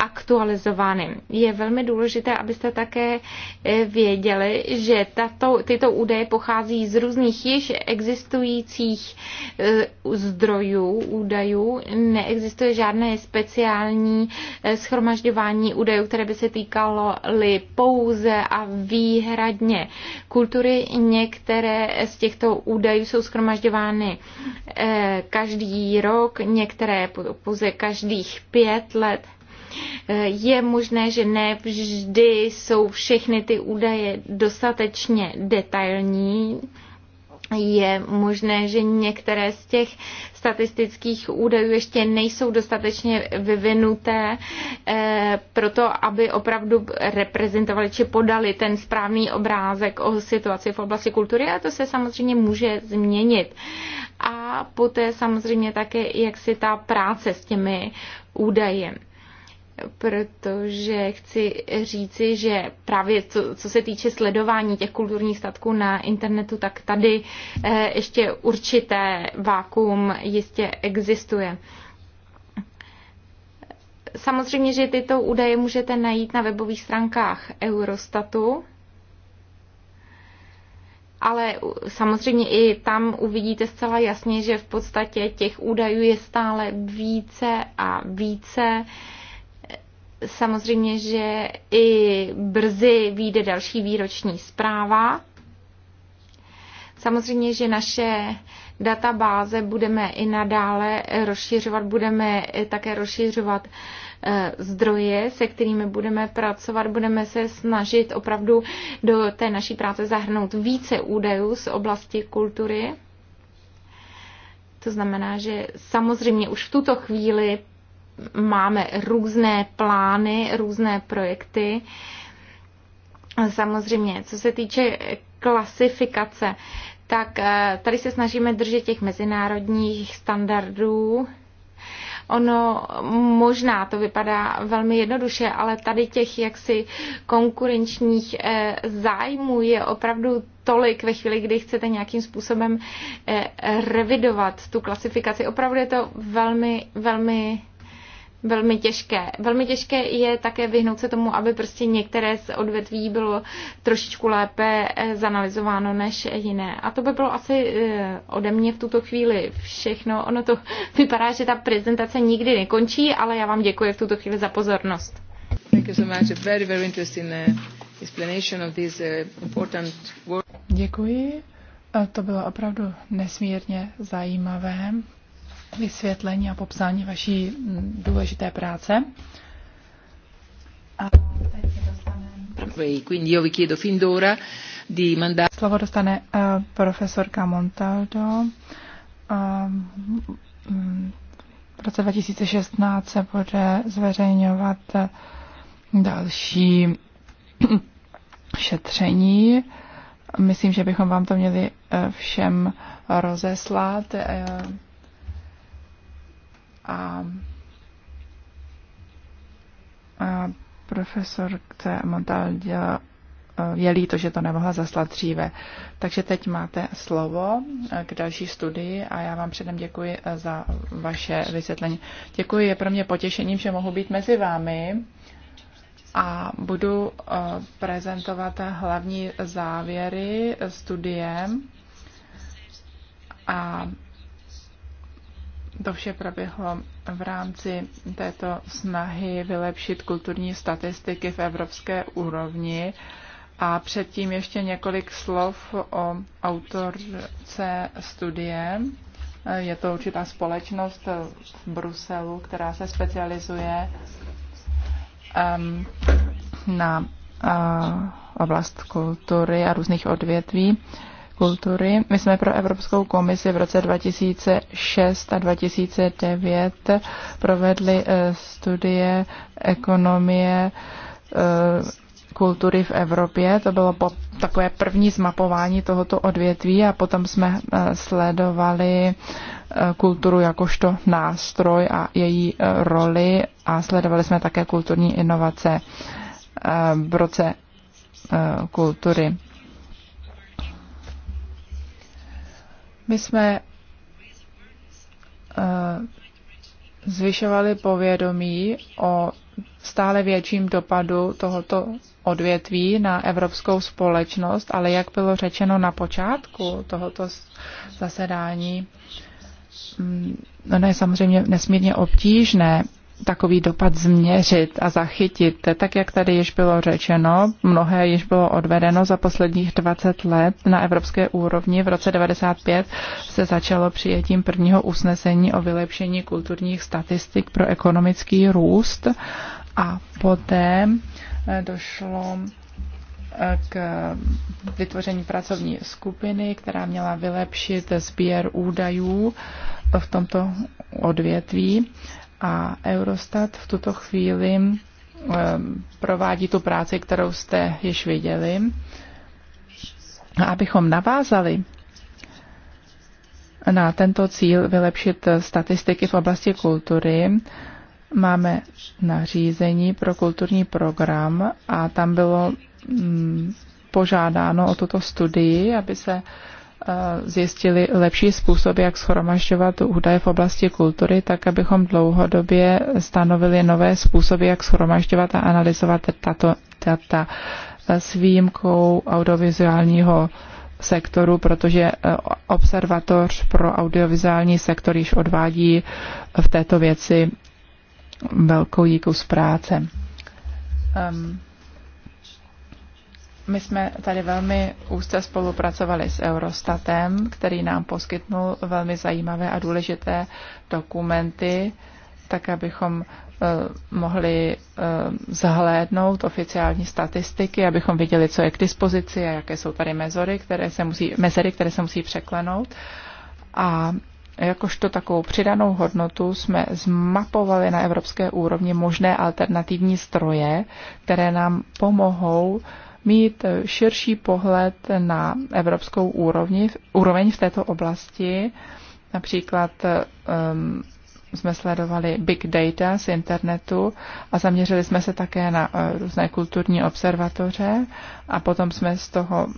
aktualizovány. Je velmi důležité, abyste také e, věděli, že tato, tyto údaje pochází z různých již existujících e, zdrojů, údajů. Neexistuje žádné speciální e, schromažďování údajů, které by se týkalo li pou pouze a výhradně kultury. Některé z těchto údajů jsou schromažďovány eh, každý rok, některé pouze každých pět let. Eh, je možné, že ne vždy jsou všechny ty údaje dostatečně detailní je možné, že některé z těch statistických údajů ještě nejsou dostatečně vyvinuté e, proto, aby opravdu reprezentovali či podali ten správný obrázek o situaci v oblasti kultury a to se samozřejmě může změnit. A poté samozřejmě také, jak si ta práce s těmi údaji protože chci říci, že právě co, co se týče sledování těch kulturních statků na internetu, tak tady eh, ještě určité vákum jistě existuje. Samozřejmě, že tyto údaje můžete najít na webových stránkách Eurostatu, ale samozřejmě i tam uvidíte zcela jasně, že v podstatě těch údajů je stále více a více samozřejmě, že i brzy vyjde další výroční zpráva. Samozřejmě, že naše databáze budeme i nadále rozšiřovat, budeme také rozšiřovat eh, zdroje, se kterými budeme pracovat, budeme se snažit opravdu do té naší práce zahrnout více údajů z oblasti kultury. To znamená, že samozřejmě už v tuto chvíli máme různé plány, různé projekty. Samozřejmě, co se týče klasifikace, tak eh, tady se snažíme držet těch mezinárodních standardů. Ono možná to vypadá velmi jednoduše, ale tady těch jaksi konkurenčních eh, zájmů je opravdu tolik ve chvíli, kdy chcete nějakým způsobem eh, revidovat tu klasifikaci. Opravdu je to velmi, velmi velmi těžké. Velmi těžké je také vyhnout se tomu, aby prostě některé z odvetví bylo trošičku lépe eh, zanalizováno než jiné. A to by bylo asi eh, ode mě v tuto chvíli všechno. Ono to vypadá, že ta prezentace nikdy nekončí, ale já vám děkuji v tuto chvíli za pozornost. Eh, děkuji. To bylo opravdu nesmírně zajímavé vysvětlení a popsání vaší mm, důležité práce. A teď dostaneme... Slovo dostane uh, profesorka Montaldo. Uh, v roce 2016 se bude zveřejňovat eh, další šetření. Myslím, že bychom vám to měli všem rozeslat a, a profesorce Montaldia eh, jelí to, že to nemohla zaslat dříve. Takže teď máte slovo eh, k další studii a já vám předem děkuji eh, za vaše vysvětlení. Děkuji, je pro mě potěšením, že mohu být mezi vámi a budu prezentovat hlavní závěry studiem a to vše proběhlo v rámci této snahy vylepšit kulturní statistiky v evropské úrovni. A předtím ještě několik slov o autorce studie. Je to určitá společnost v Bruselu, která se specializuje um, na uh, oblast kultury a různých odvětví. Uh, kultury. My jsme pro Evropskou komisi v roce 2006 a 2009 provedli eh, studie ekonomie eh, kultury v Evropě. To bylo po takové první zmapování tohoto odvětví a potom jsme eh, sledovali kulturu jakožto nástroj a její roli a sledovali jsme také kulturní inovace v roce kultury. My jsme eh, zvyšovali povědomí o stále větším dopadu tohoto odvětví na evropskou společnost, ale jak bylo řečeno na počátku tohoto zasedání, mm, no ne, samozřejmě nesmírně obtížné takový dopad změřit a zachytit. Tak, jak tady již bylo řečeno, mnohé již bylo odvedeno za posledních 20 let na evropské úrovni. V roce 95 se začalo přijetím prvního usnesení o vylepšení kulturních statistik pro ekonomický růst a poté eh, došlo eh, k vytvoření pracovní skupiny, která měla vylepšit sběr údajů v tomto odvětví a Eurostat v tuto chvíli eh, provádí tu práci, kterou jste již viděli. A abychom navázali na tento cíl vylepšit statistiky v oblasti kultury, máme nařízení pro kulturní program a tam bylo mm, požádáno o tuto studii, aby se Eh, zjistili lepší způsob, jak schromažďovat údaje v oblasti kultury, tak abychom dlouhodobě stanovili nové způsoby, jak schromažďovat a analyzovat tato data s výjimkou audiovizuálního sektoru, protože eh, observatoř pro audiovizuální sektor již odvádí v této věci velkou z práce. Um, my jsme tady velmi úzce spolupracovali s Eurostatem, který nám poskytnul velmi zajímavé a důležité dokumenty, tak abychom eh, mohli eh, zahlédnout oficiální statistiky, abychom viděli, co je k dispozici a jaké jsou tady mezory, které se musí, mezery, které se musí překlenout. A jakožto takovou přidanou hodnotu jsme zmapovali na evropské úrovni možné alternativní stroje, které nám pomohou mít širší pohled na evropskou úrovni, úroveň v této oblasti. Například um, jsme sledovali big data z internetu a zaměřili jsme se také na uh, různé kulturní observatoře a potom jsme z toho uh,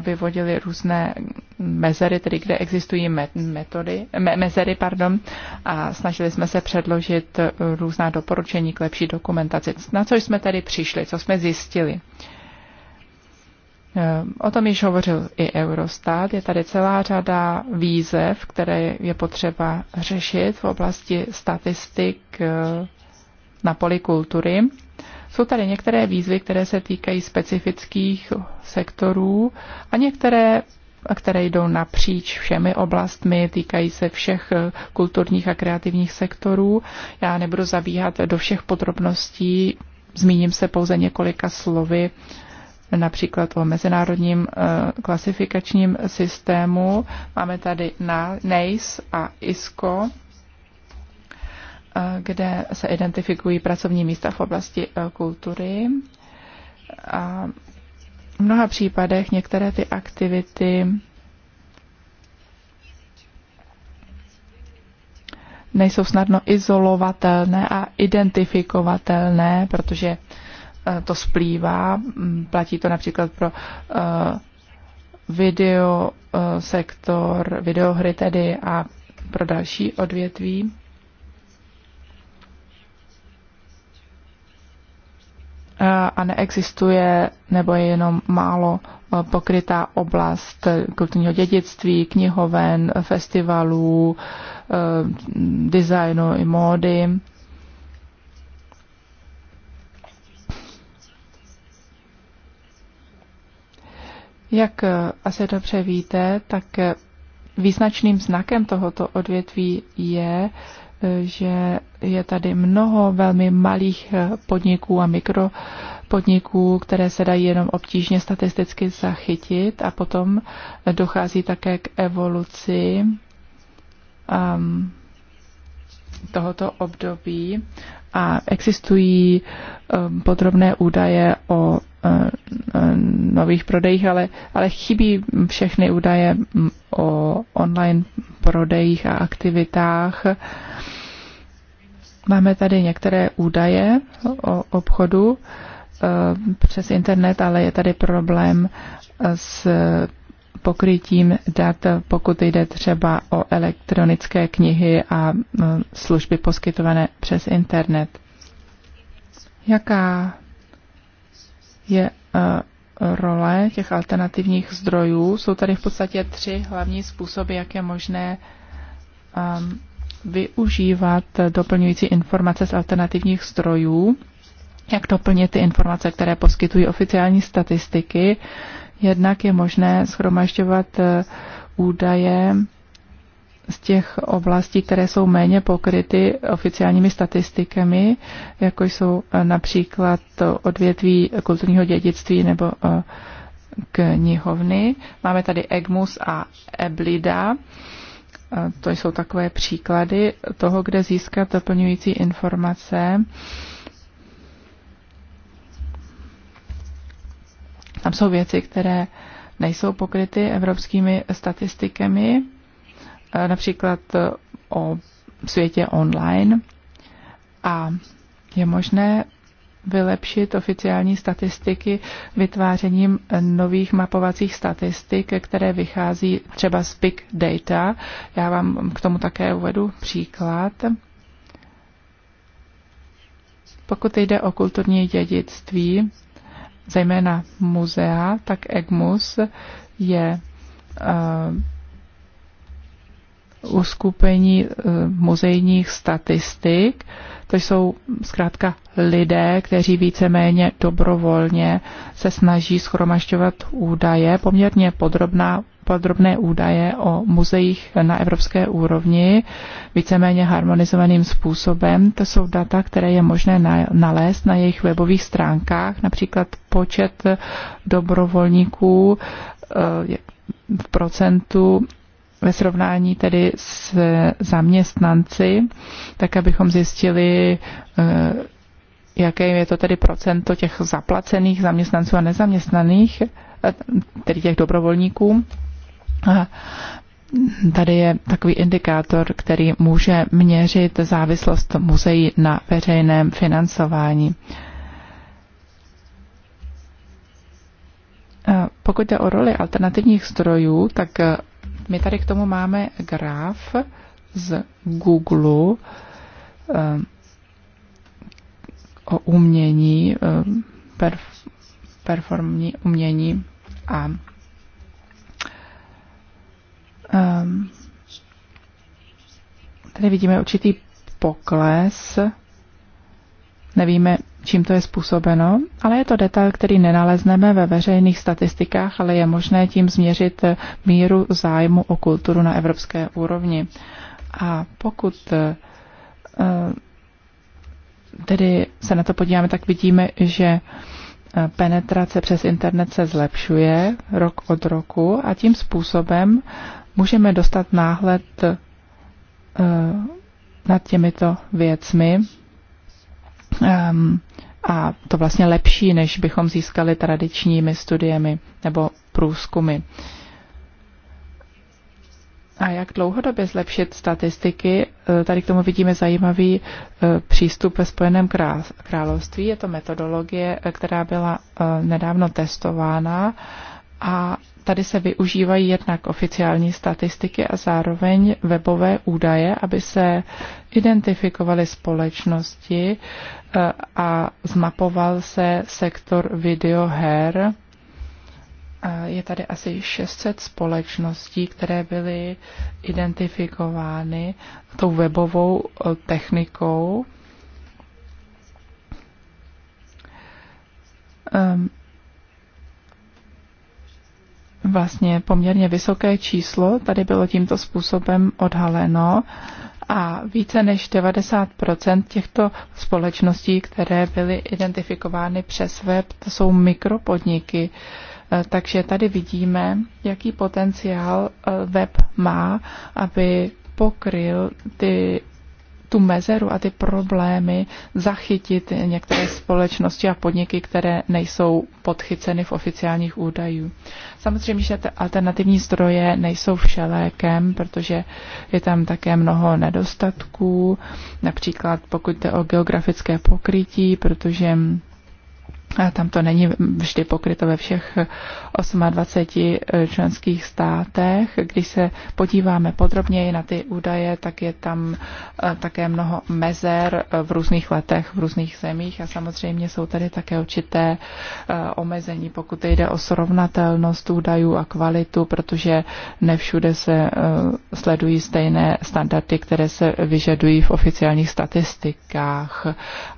vyvodili různé mezery, tedy kde existují metody, me, mezery, pardon, a snažili jsme se předložit různá doporučení k lepší dokumentaci. Na co jsme tedy přišli, co jsme zjistili? Uh, Eh, o tom již hovořil i Eurostat. Je tady celá řada výzev, které je potřeba řešit v oblasti statistik eh, na poli kultury. Jsou tady některé výzvy, které se týkají specifických sektorů a některé které jdou napříč všemi oblastmi, týkají se všech eh, kulturních a kreativních sektorů. Já nebudu zabíhat do všech podrobností, zmíním se pouze několika slovy uh, například o mezinárodním eh, klasifikačním systému. Máme tady NACE a ISCO, eh, kde se identifikují pracovní místa v oblasti eh, kultury. A v mnoha případech některé ty aktivity nejsou snadno izolovatelné a identifikovatelné, protože uh, Eh, to splývá. Mm, platí to například pro eh, video eh, sektor, videohry tedy a pro další odvětví. a neexistuje nebo je jenom málo pokrytá oblast kulturního dědictví, knihoven, festivalů, designu i módy. Jak eh, asi dobře víte, tak eh, význačným znakem tohoto odvětví je, eh, že je tady mnoho velmi malých podniků a mikropodniků, které se dají jenom obtížně statisticky zachytit a potom dochází také k evoluci um, tohoto období a existují um, podrobné údaje o Eh, nových prodejích, ale, ale chybí všechny údaje o online prodejích a aktivitách. Máme tady některé údaje o obchodu eh, přes internet, ale je tady problém s pokrytím dat, pokud jde třeba o elektronické knihy a eh, služby poskytované přes internet. Jaká je eh, role těch alternativních zdrojů. Jsou tady v podstatě tři hlavní způsoby, jak je možné ehm, využívat doplňující informace z alternativních zdrojů, jak doplnit ty informace, které poskytují oficiální statistiky. Jednak je možné schromažďovat eh, údaje z těch oblastí, které jsou méně pokryty oficiálními statistikami, jako jsou eh, například odvětví kulturního dědictví nebo eh, knihovny. Máme tady Egmus a Eblida. Eh, to jsou takové příklady toho, kde získat doplňující informace. Tam jsou věci, které nejsou pokryty evropskými statistikami. Eh, například eh, o světě online a je možné vylepšit oficiální statistiky vytvářením nových mapovacích statistik, které vychází třeba z big data. Já vám k tomu také uvedu příklad. Pokud jde o kulturní dědictví, zejména muzea, tak EGMUS je uh, uskupení eh, muzejních statistik. To jsou zkrátka lidé, kteří víceméně dobrovolně se snaží schromažďovat údaje, poměrně podrobná, podrobné údaje o muzeích na evropské úrovni, víceméně harmonizovaným způsobem. To jsou data, které je možné nalézt na jejich webových stránkách, například počet dobrovolníků eh, v procentu ve srovnání tedy s zaměstnanci, tak abychom zjistili, eh, jaké je to tedy procento těch zaplacených zaměstnanců a nezaměstnaných, eh, tedy těch dobrovolníků. A tady je takový indikátor, který může měřit závislost muzeí na veřejném financování. Pokud jde o roli alternativních strojů, tak eh, my tady k tomu máme graf z Google eh, o umění, eh, perf, performní umění a eh, tady vidíme určitý pokles. Nevíme, čím to je způsobeno, ale je to detail, který nenalezneme ve veřejných statistikách, ale je možné tím změřit eh, míru zájmu o kulturu na evropské úrovni. A pokud eh, eh, tedy se na to podíváme, tak vidíme, že penetrace přes internet se zlepšuje rok od roku a tím způsobem můžeme dostat náhled nad těmito věcmi, Ehm, a to vlastně lepší, než bychom získali tradičními studiemi nebo průzkumy. A jak dlouhodobě zlepšit statistiky? Eh, tady k tomu vidíme zajímavý eh, přístup ve Spojeném království. Je to metodologie, eh, která byla nedávno testována a tady se využívají jednak oficiální statistiky a zároveň webové údaje, aby se identifikovaly společnosti eh, a zmapoval se sektor videoher. Eh, je tady asi 600 společností, které byly identifikovány tou webovou eh, technikou. Ehm, vlastně poměrně vysoké číslo, tady bylo tímto způsobem odhaleno a více než 90 těchto společností, které byly identifikovány přes web, to jsou mikropodniky. Eh, takže tady vidíme, jaký potenciál eh, web má, aby pokryl ty tu mezeru a ty problémy zachytit některé společnosti a podniky, které nejsou podchyceny v oficiálních údajů. Samozřejmě, že alternativní zdroje nejsou všelékem, protože je tam také mnoho nedostatků, například pokud jde o geografické pokrytí, protože a tam to není vždy pokryto ve všech 28 eh, členských státech. Když se podíváme podrobněji na ty údaje, tak je tam eh, také mnoho mezer eh, v různých letech, v různých zemích a samozřejmě jsou tady také určité omezení, pokud jde o srovnatelnost údajů a kvalitu, protože nevšude se sledují stejné standardy, které se vyžadují v oficiálních statistikách.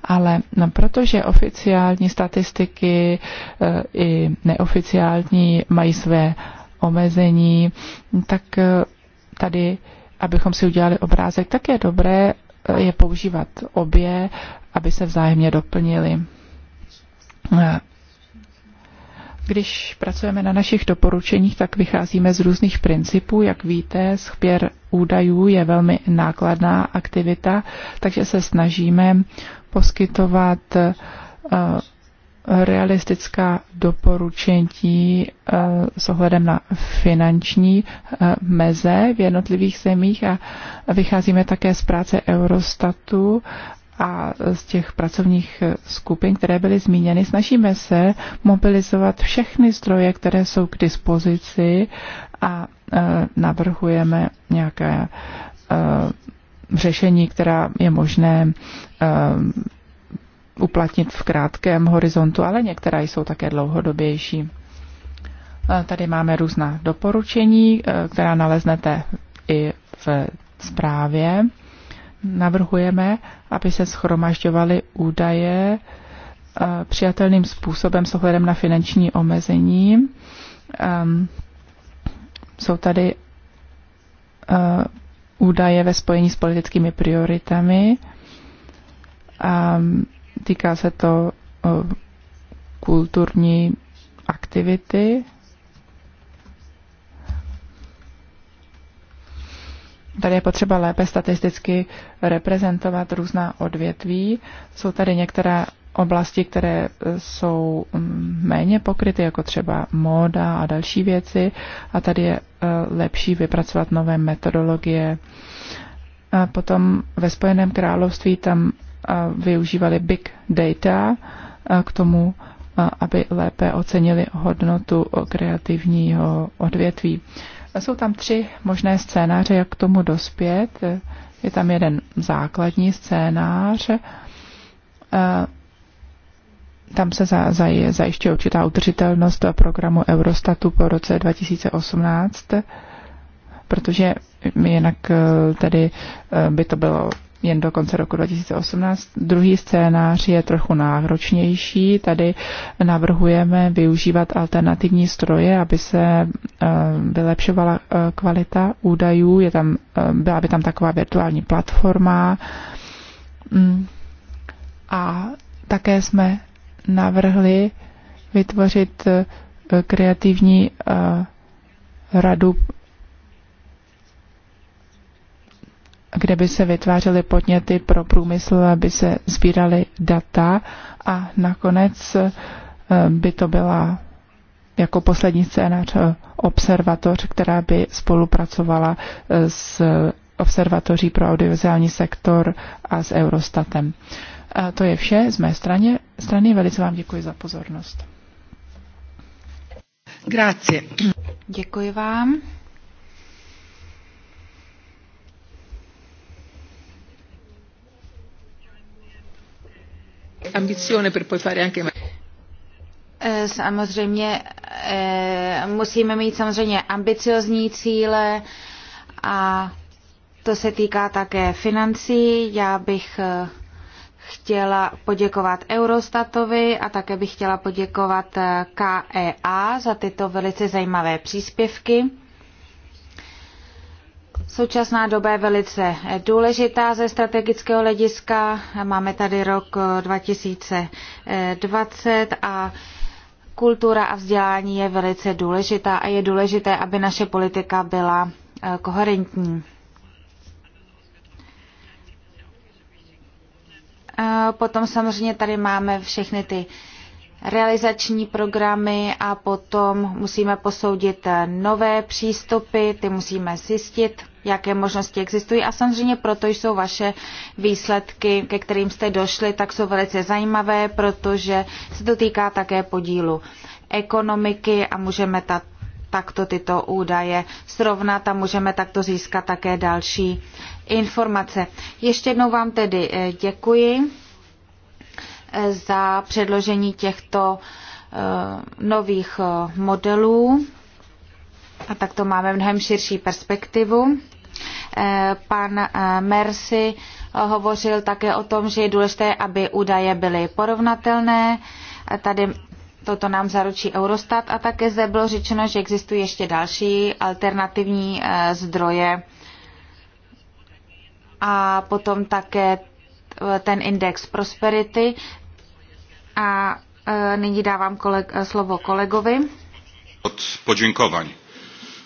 Ale no, protože oficiální statistiky statistiky eh, i neoficiální mají své omezení, tak eh, tady, abychom si udělali obrázek, tak je dobré eh, je používat obě, aby se vzájemně doplnili. Když pracujeme na našich doporučeních, tak vycházíme z různých principů. Jak víte, schpěr údajů je velmi nákladná aktivita, takže se snažíme poskytovat realistická doporučení eh, s ohledem na finanční eh, meze v jednotlivých zemích a vycházíme také z práce Eurostatu a z těch pracovních eh, skupin, které byly zmíněny, snažíme se mobilizovat všechny zdroje, které jsou k dispozici a navrhujeme nějaké řešení, která je možné uplatnit v krátkém horizontu, ale některá jsou také dlouhodobější. Tady máme různá doporučení, e, která naleznete i v zprávě. Navrhujeme, aby se schromažďovaly údaje e, přijatelným způsobem s ohledem na finanční omezení. Ehm, jsou tady e, údaje ve spojení s politickými prioritami. Ehm, Týká se to kulturní aktivity. Tady je potřeba lépe statisticky reprezentovat různá odvětví. Jsou tady některé oblasti, které e, jsou mm, méně pokryty, jako třeba móda a další věci. A tady je e, lepší vypracovat nové metodologie. A potom ve Spojeném království tam využívali big data k tomu, aby lépe ocenili hodnotu kreativního odvětví. Jsou tam tři možné scénáře, jak k tomu dospět. Je tam jeden základní scénář. Tam se zajišťuje určitá udržitelnost programu Eurostatu po roce 2018, protože jinak e, tedy e, by to bylo jen do konce roku 2018. Druhý scénář je trochu náročnější. Tady navrhujeme využívat alternativní stroje, aby se eh, vylepšovala eh, kvalita údajů. Je tam, eh, byla by tam taková virtuální platforma. Mm. A také jsme navrhli vytvořit kreativní radu kde by se vytvářely podněty pro průmysl, aby se sbíraly data a nakonec eh, by to byla jako poslední scénář eh, observatoř, která by spolupracovala eh, s observatoří pro audiovizuální sektor a s Eurostatem. A to je vše z mé strany. strany. Velice vám děkuji za pozornost. Grazie. Děkuji vám. Ambizione per poi fare anche... Eh, samozřejmě eh, musíme mít samozřejmě ambiciozní cíle a to se týká také financí. Já bych eh, chtěla poděkovat Eurostatovi a také bych chtěla poděkovat KEA za tyto velice zajímavé příspěvky. Současná doba je velice důležitá ze strategického hlediska. Máme tady rok 2020 a kultura a vzdělání je velice důležitá a je důležité, aby naše politika byla eh, koherentní. Eh, potom samozřejmě tady máme všechny ty realizační programy a potom musíme posoudit nové přístupy, ty musíme zjistit, jaké možnosti existují a samozřejmě proto jsou vaše výsledky, ke kterým jste došli, tak jsou velice zajímavé, protože se to týká také podílu ekonomiky a můžeme ta, takto tyto údaje srovnat a můžeme takto získat také další informace. Ještě jednou vám tedy eh, děkuji za předložení těchto eh, nových eh, modelů. A tak to máme mnohem širší perspektivu. Eh, pan Mercy hovořil také o tom, že je důležité, aby údaje byly porovnatelné. tady Toto nám zaručí Eurostat a také zde bylo řečeno, že existují ještě další alternativní zdroje a potom také ten index prosperity, a e, nyní dávám koleg, e, slovo kolegovi. Od poděkování.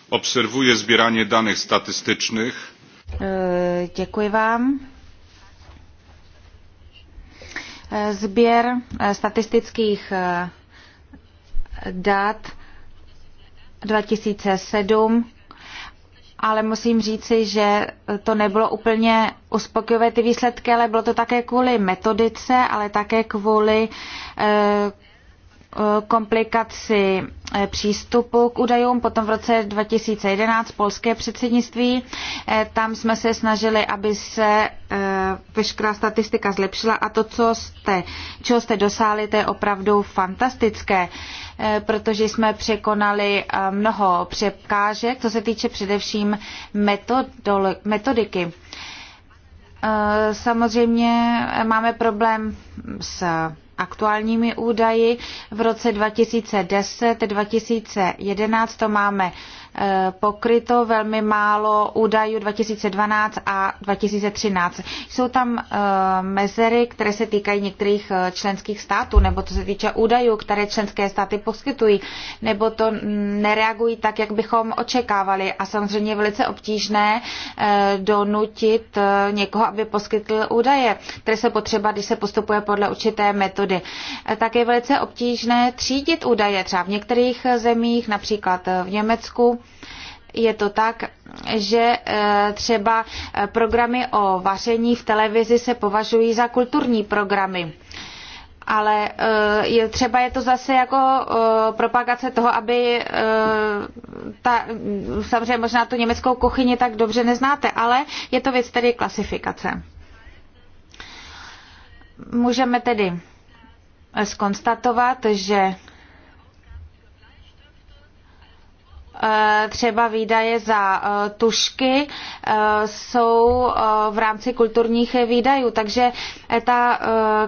Obserwuję zbieranie danych statystycznych. E, Děkuji vám. Sběr statistických dat 2007 ale musím říci, že to nebylo úplně uspokojivé ty výsledky, ale bylo to také kvůli metodice, ale také kvůli eh, komplikaci eh, přístupu k údajům. Potom v roce 2011 polské předsednictví, eh, tam jsme se snažili, aby se eh, veškerá statistika zlepšila a to, co jste, čeho jste dosáhli, to je opravdu fantastické, protože jsme překonali mnoho překážek, co se týče především metodiky. Samozřejmě máme problém s aktuálními údaji. V roce 2010-2011 to máme Eh, pokryto, velmi málo údajů 2012 a 2013. Jsou tam eh, mezery, které se týkají některých eh, členských států, nebo to se týče údajů, které členské státy poskytují, nebo to mm, nereagují tak, jak bychom očekávali. A samozřejmě je velice obtížné donutit někoho, aby poskytl údaje, které se potřeba, když se postupuje podle určité metody. Tak je velice obtížné třídit údaje třeba v některých zemích, například v Německu, je to tak, že eh, třeba eh, programy o vaření v televizi se považují za kulturní programy. Ale eh, je, třeba je to zase jako propagace toho, aby ta, samozřejmě možná tu německou kuchyni tak dobře neznáte, ale je to věc tedy klasifikace. Můžeme tedy skonstatovat, že Eh, třeba výdaje za eh, tušky eh, jsou v rámci kulturních výdajů, takže ta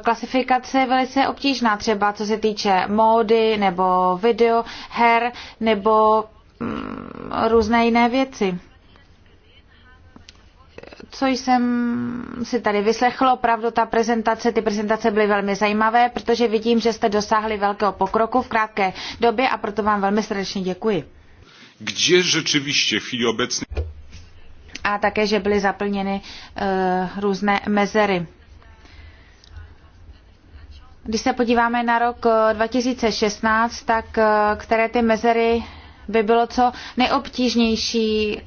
klasifikace je velice obtížná, třeba co se týče módy nebo video, her nebo mm, různé jiné věci co jsem si tady vyslechlo, opravdu ta prezentace, ty prezentace byly velmi zajímavé, protože vidím, že jste dosáhli velkého pokroku v krátké době a proto vám velmi srdečně děkuji kde rzeczywiście w chwili obecnej. A také, že byly zaplněny uh, různé mezery. Když se podíváme na rok 2016, eh, tak eh, které ty mezery by bylo co nejobtížnější,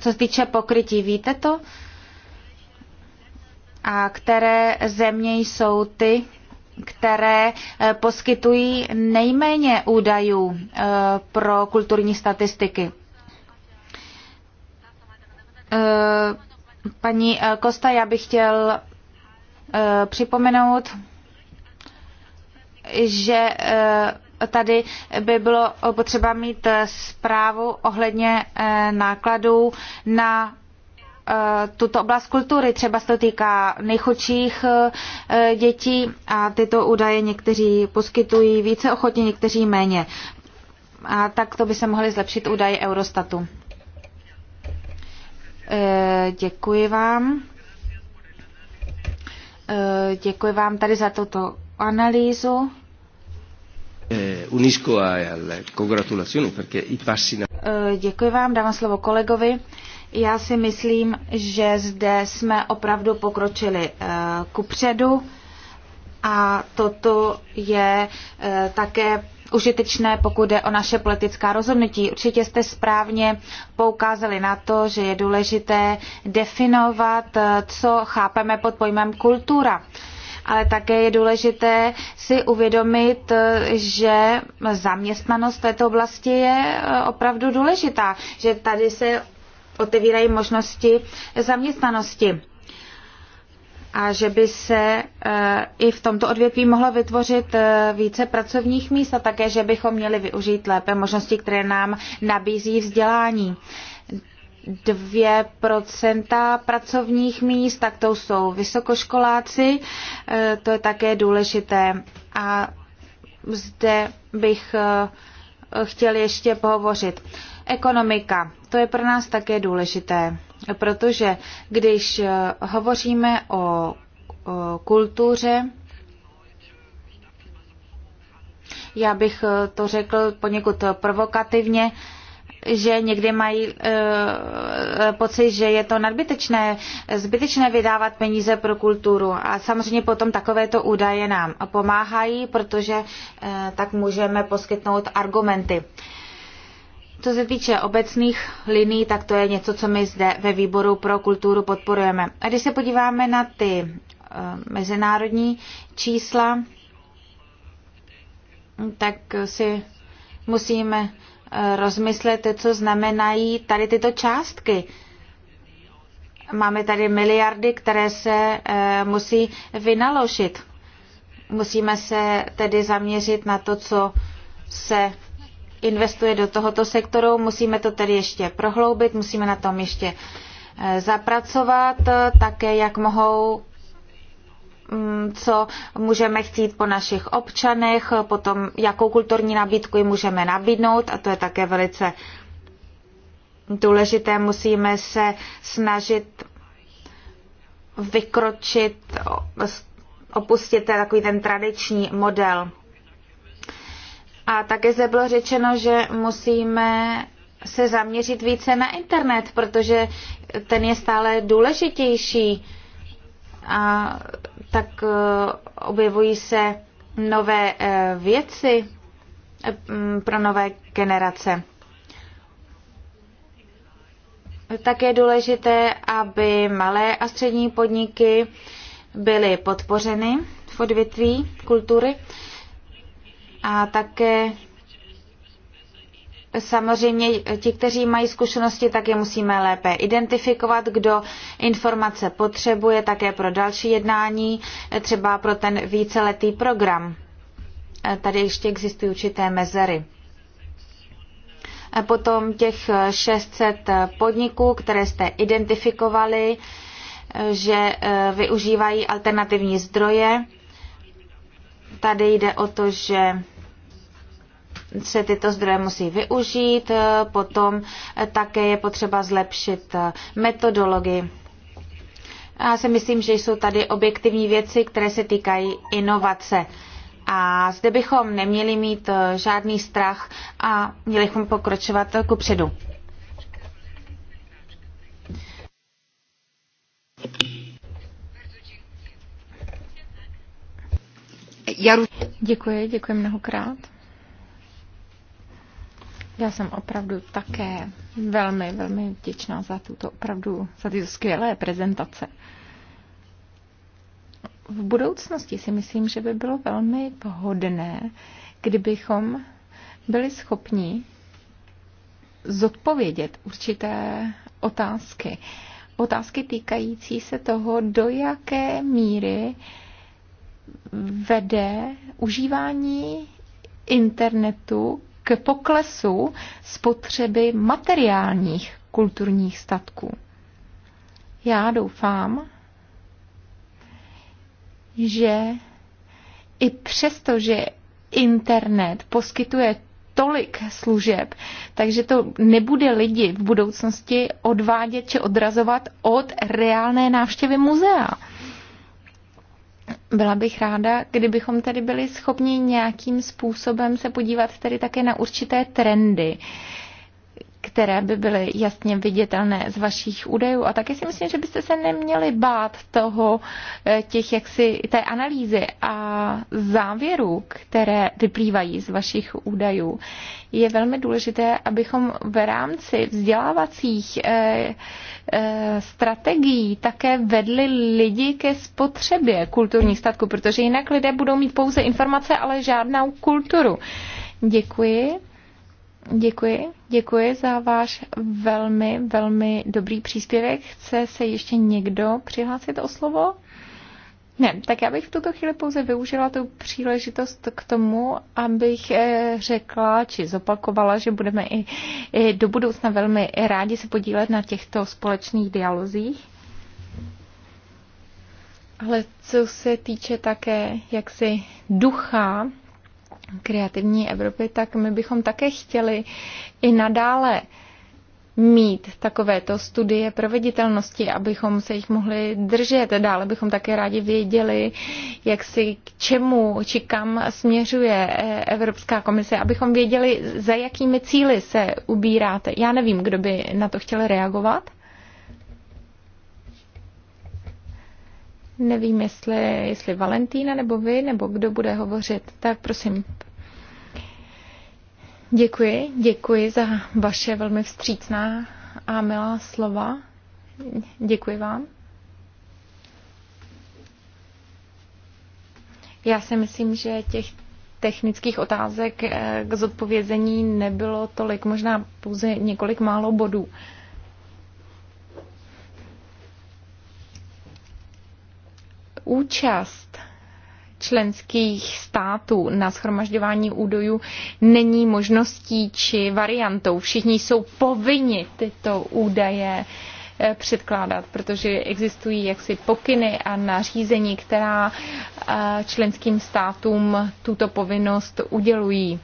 co se týče pokrytí, víte to? A které země jsou ty, které eh, poskytují nejméně údajů eh, pro kulturní statistiky. Eh, paní Kosta, já bych chtěl připomenout, že tady by bylo potřeba mít zprávu ohledně nákladů na Eh, tuto oblast kultury. Třeba se to týká nejchodších eh, dětí a tyto údaje někteří poskytují více ochotně, někteří méně. A tak to by se mohly zlepšit údaje Eurostatu. Eh, děkuji vám. Děkuji vám tady za tuto analýzu. Unisco a congratulazioni perché i passi. Děkuji vám, dávám slovo kolegovi. Já si myslím, že zde jsme opravdu pokročili eh, ku předu a toto je eh, také užitečné, pokud jde o naše politická rozhodnutí. Určitě jste správně poukázali na to, že je důležité definovat, eh, co chápeme pod pojmem kultura. Ale také je důležité si uvědomit, že zaměstnanost této oblasti je opravdu důležitá, že tady se otevírají možnosti zaměstnanosti a že by se eh, i v tomto odvětví mohlo vytvořit eh, více pracovních míst a také, že bychom měli využít lépe možnosti, které nám nabízí vzdělání. 2% pracovních míst, tak to jsou vysokoškoláci, eh, to je také důležité. A zde bych chtěl ještě pohovořit. Ekonomika to je pro nás také důležité, protože když eh, hovoříme o, o kultuře, já bych eh, to řekl poněkud provokativně, že někdy mají e, pocit, že je to nadbytečné, zbytečné vydávat peníze pro kulturu. A samozřejmě potom takovéto údaje nám pomáhají, protože e, tak můžeme poskytnout argumenty. E, co se týče obecných liní, tak to je něco, co my zde ve výboru pro kulturu podporujeme. A když se podíváme na ty eh, mezinárodní čísla, tak si musíme eh, rozmyslet, co znamenají tady tyto částky. Máme tady miliardy, které se eh, musí vynaložit. Musíme se tedy zaměřit na to, co se investuje do tohoto sektoru. Musíme to tedy ještě prohloubit, musíme na tom ještě eh, zapracovat, také jak mohou mm, co můžeme chtít po našich občanech, potom jakou kulturní nabídku jim můžeme nabídnout a to je také velice důležité. Musíme se snažit vykročit, opustit takový ten tradiční model. A také zde bylo řečeno, že musíme se zaměřit více na internet, protože ten je stále důležitější a tak e, objevují se nové e, věci e, pro nové generace. Tak je důležité, aby malé a střední podniky byly podpořeny v odvětví kultury a také samozřejmě ti, kteří mají zkušenosti, tak je musíme lépe identifikovat, kdo informace potřebuje také pro další jednání, třeba pro ten víceletý program. Tady ještě existují určité mezery. potom těch 600 podniků, které jste identifikovali, že e, využívají alternativní zdroje. Tady jde o to, že se tyto zdroje musí využít, eh, potom eh, také je potřeba zlepšit eh, metodologii. Já si myslím, že jsou tady objektivní věci, které se týkají inovace. A zde bychom neměli mít žádný strach a měli bychom pokročovat ku předu. Děkuji, děkuji mnohokrát. Já jsem opravdu také velmi, velmi vděčná za tuto opravdu, za tyto skvělé prezentace. V budoucnosti si myslím, že by bylo velmi vhodné, kdybychom byli schopni zodpovědět určité otázky. Otázky týkající se toho, do jaké míry vede užívání internetu k poklesu spotřeby materiálních kulturních statků. Já doufám, že i přesto, že internet poskytuje tolik služeb, takže to nebude lidi v budoucnosti odvádět či odrazovat od reálné návštěvy muzea. Byla bych ráda, kdybychom tady byli schopni nějakým způsobem se podívat tady také na určité trendy, které by byly jasně viditelné z vašich údajů. A taky si myslím, že byste se neměli bát toho, eh, těch jaksi, té analýzy a závěrů, které vyplývají z vašich údajů. Je velmi důležité, abychom v rámci vzdělávacích eh, eh, strategií také vedli lidi ke spotřebě kulturních statků, protože jinak lidé budou mít pouze informace, ale žádnou kulturu. Děkuji. Děkuji, děkuji za váš velmi, velmi dobrý příspěvek. Chce se ještě někdo přihlásit o slovo? Ne, tak já bych v tuto chvíli pouze využila tu příležitost k tomu, abych eh, řekla či zopakovala, že budeme i do budoucna velmi rádi se podílet na těchto společných dialozích. Ale co se týče také jaksi ducha kreativní Evropy, tak my bychom také chtěli i nadále mít takovéto studie proveditelnosti, abychom se jich mohli držet. Dále bychom také rádi věděli, jak si k čemu či kam směřuje eh, Evropská komise, abychom věděli, za jakými cíly se ubíráte. Já nevím, kdo by na to chtěl reagovat. Nevím, jestli, jestli Valentína nebo vy, nebo kdo bude hovořit. Tak prosím. Děkuji, děkuji za vaše velmi vstřícná a milá slova. Děkuji vám. Já si myslím, že těch technických otázek eh, k zodpovězení nebylo tolik, možná pouze několik málo bodů. Uh, účast členských států na schromažďování údajů není možností či variantou. Všichni jsou povinni tyto údaje eh, předkládat, protože existují jaksi pokyny a nařízení, která eh, členským státům tuto povinnost udělují.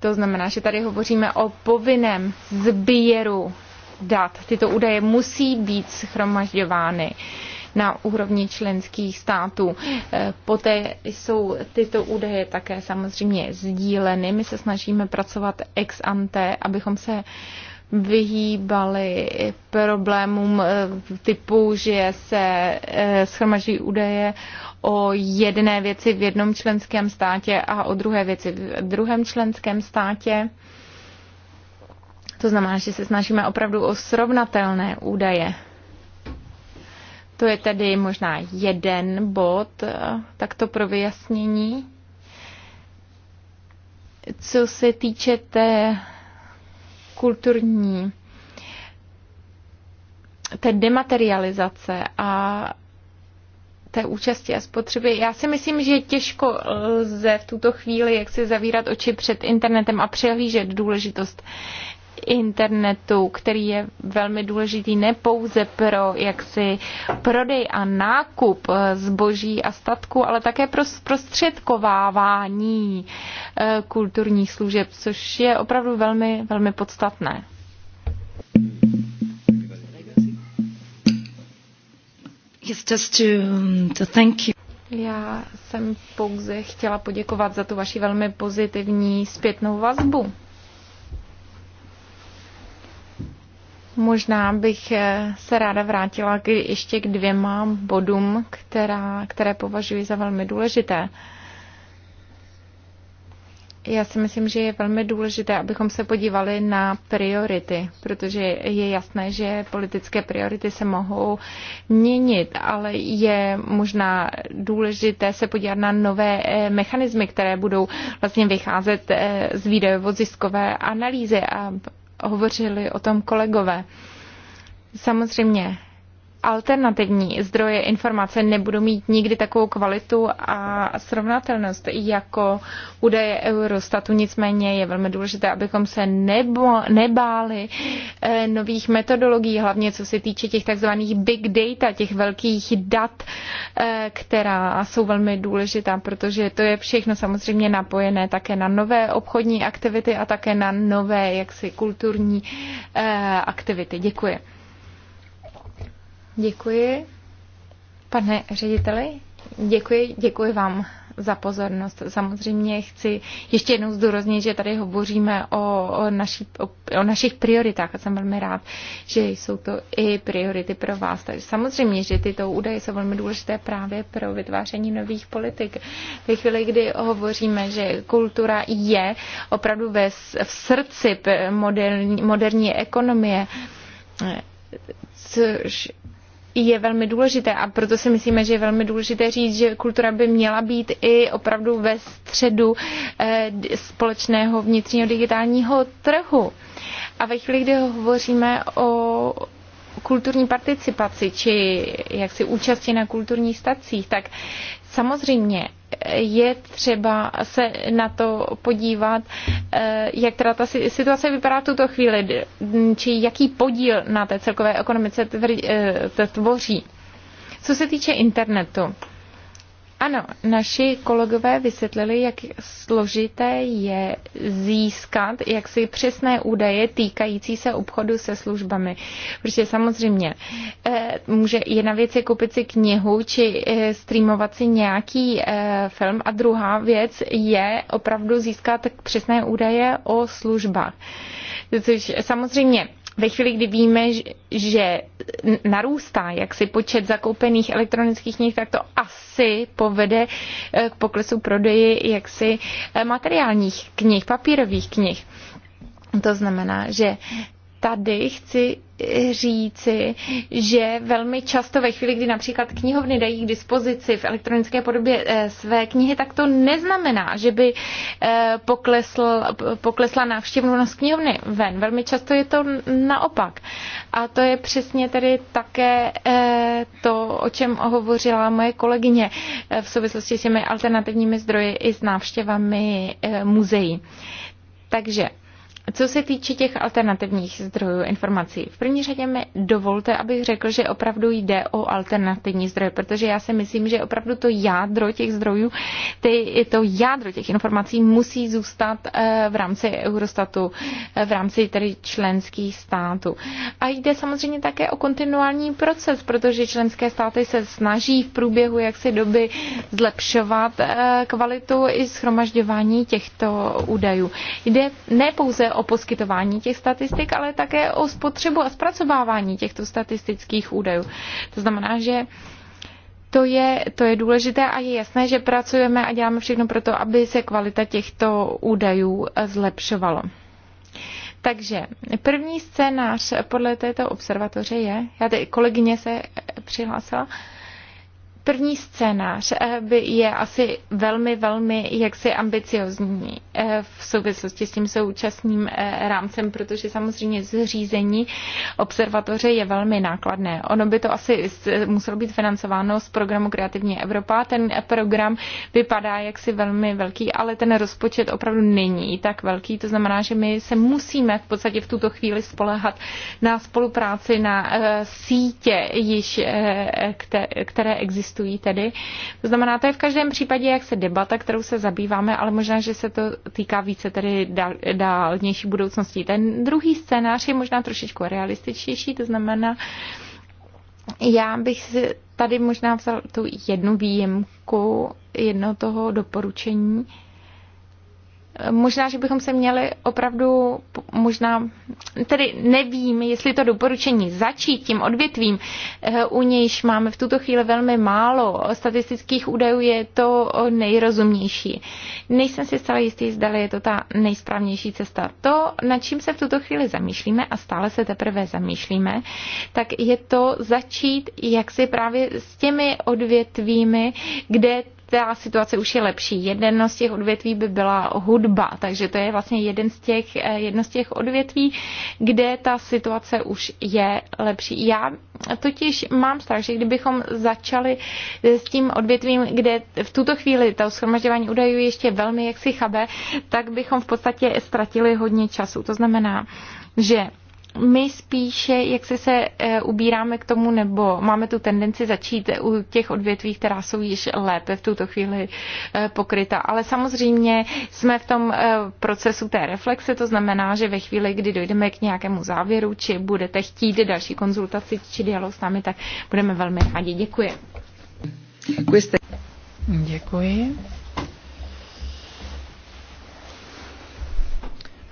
To znamená, že tady hovoříme o povinném sběru dat. Tyto údaje musí být schromažďovány. Uh, na úrovni členských států. Eh, poté jsou tyto údaje také samozřejmě sdíleny. My se snažíme pracovat ex ante, abychom se vyhýbali problémům eh, typu, že se eh, schromaží údaje o jedné věci v jednom členském státě a o druhé věci v druhém členském státě. To znamená, že se snažíme opravdu o srovnatelné údaje. To je tedy možná jeden bod eh, takto pro vyjasnění. Co se týče té kulturní, té dematerializace a té účasti a spotřeby. Já si myslím, že těžko lze v tuto chvíli jak si zavírat oči před internetem a přehlížet důležitost internetu, který je velmi důležitý ne pouze pro jaksi prodej a nákup eh, zboží a statku, ale také pro zprostředkovávání eh, kulturních služeb, což je opravdu velmi, velmi podstatné. Yes, just to, to thank you. Já jsem pouze chtěla poděkovat za tu vaši velmi pozitivní zpětnou vazbu. Možná bych eh, se ráda vrátila k, ještě k dvěma bodům, která, které považuji za velmi důležité. Já si myslím, že je velmi důležité, abychom se podívali na priority, protože je jasné, že politické priority se mohou měnit, ale je možná důležité se podívat na nové eh, mechanismy, které budou vlastně vycházet eh, z výdajovo-ziskové analýzy a hovořili o tom kolegové. Samozřejmě alternativní zdroje informace nebudou mít nikdy takovou kvalitu a srovnatelnost jako údaje Eurostatu. Nicméně je velmi důležité, abychom se nebo, nebáli eh, nových metodologií, hlavně co se týče těch takzvaných big data, těch velkých dat, eh, která jsou velmi důležitá, protože to je všechno samozřejmě napojené také na nové obchodní aktivity a také na nové jaksi kulturní eh, aktivity. Děkuji. Děkuji. Pane řediteli, děkuji, děkuji vám za pozornost. Samozřejmě chci ještě jednou zdůraznit, že tady hovoříme o, o, naší, o, o našich prioritách a jsem velmi rád, že jsou to i priority pro vás. Takže samozřejmě, že tyto údaje jsou velmi důležité právě pro vytváření nových politik. Ve chvíli, kdy hovoříme, že kultura je opravdu ve, v srdci moderní, moderní ekonomie, což je velmi důležité a proto si myslíme, že je velmi důležité říct, že kultura by měla být i opravdu ve středu eh, společného vnitřního digitálního trhu. A ve chvíli, kdy hovoříme o kulturní participaci či jaksi účasti na kulturních stacích, tak samozřejmě je třeba se na to podívat, eh, jak teda ta situace vypadá v tuto chvíli, či jaký podíl na té celkové ekonomice eh, tvoří. Co se týče internetu, ano, naši kolegové vysvětlili, jak složité je získat jaksi přesné údaje týkající se obchodu se službami. Protože samozřejmě eh, může jedna věc je koupit si knihu či eh, streamovat si nějaký eh, film a druhá věc je opravdu získat přesné údaje o službách. Což samozřejmě ve chvíli, kdy víme, že narůstá jaksi počet zakoupených elektronických knih, tak to asi povede eh, k poklesu prodeji jaksi eh, materiálních knih, papírových knih. To znamená, že tady chci říci, že velmi často ve chvíli, kdy například knihovny dají k dispozici v elektronické podobě eh, své knihy, tak to neznamená, že by eh, poklesl, poklesla návštěvnost knihovny ven. Velmi často je to naopak. A to je přesně tedy také eh, to, o čem hovořila moje kolegyně v souvislosti s těmi alternativními zdroji i s návštěvami muzeí. Takže co se týče těch alternativních zdrojů informací, v první řadě mi dovolte, abych řekl, že opravdu jde o alternativní zdroje, protože já si myslím, že opravdu to jádro těch zdrojů, ty, to jádro těch informací musí zůstat eh, v rámci Eurostatu, eh, v rámci tedy členských států. A jde samozřejmě také o kontinuální proces, protože členské státy se snaží v průběhu jaksi doby zlepšovat eh, kvalitu i schromažďování těchto údajů. Jde ne pouze o poskytování těch statistik, ale také o spotřebu a zpracovávání těchto statistických údajů. To znamená, že to je, to je důležité a je jasné, že pracujeme a děláme všechno pro to, aby se kvalita těchto údajů zlepšovala. Takže první scénář podle této observatoře je, já tady kolegyně se přihlásila, uh, První scénář eh, by je asi velmi, velmi jaksi ambiciozní eh, v souvislosti s tím současným eh, rámcem, protože samozřejmě zřízení observatoře je velmi nákladné. Ono by to asi muselo být financováno z programu Kreativní Evropa. Ten program vypadá jaksi velmi velký, ale ten rozpočet opravdu není tak velký. To znamená, že my se musíme v podstatě v tuto chvíli spolehat na spolupráci na sítě již, které existují existují tedy. To znamená, to je v každém případě jak se debata, kterou se zabýváme, ale možná, že se to týká více tedy dál, dálnější budoucnosti. Ten druhý scénář je možná trošičku realističtější, to znamená, já bych si tady možná vzal tu jednu výjimku, jedno toho doporučení, Možná, že bychom se měli opravdu, možná, tedy nevím, jestli to doporučení začít tím odvětvím, eh, u nějž máme v tuto chvíli velmi málo statistických údajů, je to nejrozumnější. Nejsem si stále jistý, zdali je to ta nejsprávnější cesta. To, nad čím se v tuto chvíli zamýšlíme a stále se teprve zamýšlíme, tak je to začít jaksi právě s těmi odvětvími, kde ta situace už je lepší. Jeden z těch odvětví by byla hudba, takže to je vlastně jeden z těch, eh, jedno z těch odvětví, kde ta situace už je lepší. Já totiž mám strach, že kdybychom začali eh, s tím odvětvím, kde v tuto chvíli to schromažďování údajů ještě velmi jaksi chabe, tak bychom v podstatě ztratili hodně času. To znamená, že my spíše, jak se se eh, ubíráme k tomu, nebo máme tu tendenci začít u těch odvětví, která jsou již lépe v tuto chvíli eh, pokryta. Ale samozřejmě jsme v tom eh, procesu té reflexe, to znamená, že ve chvíli, kdy dojdeme k nějakému závěru, či budete chtít další konzultaci či dialog s námi, tak budeme velmi rádi. Děkuji. Děkuji.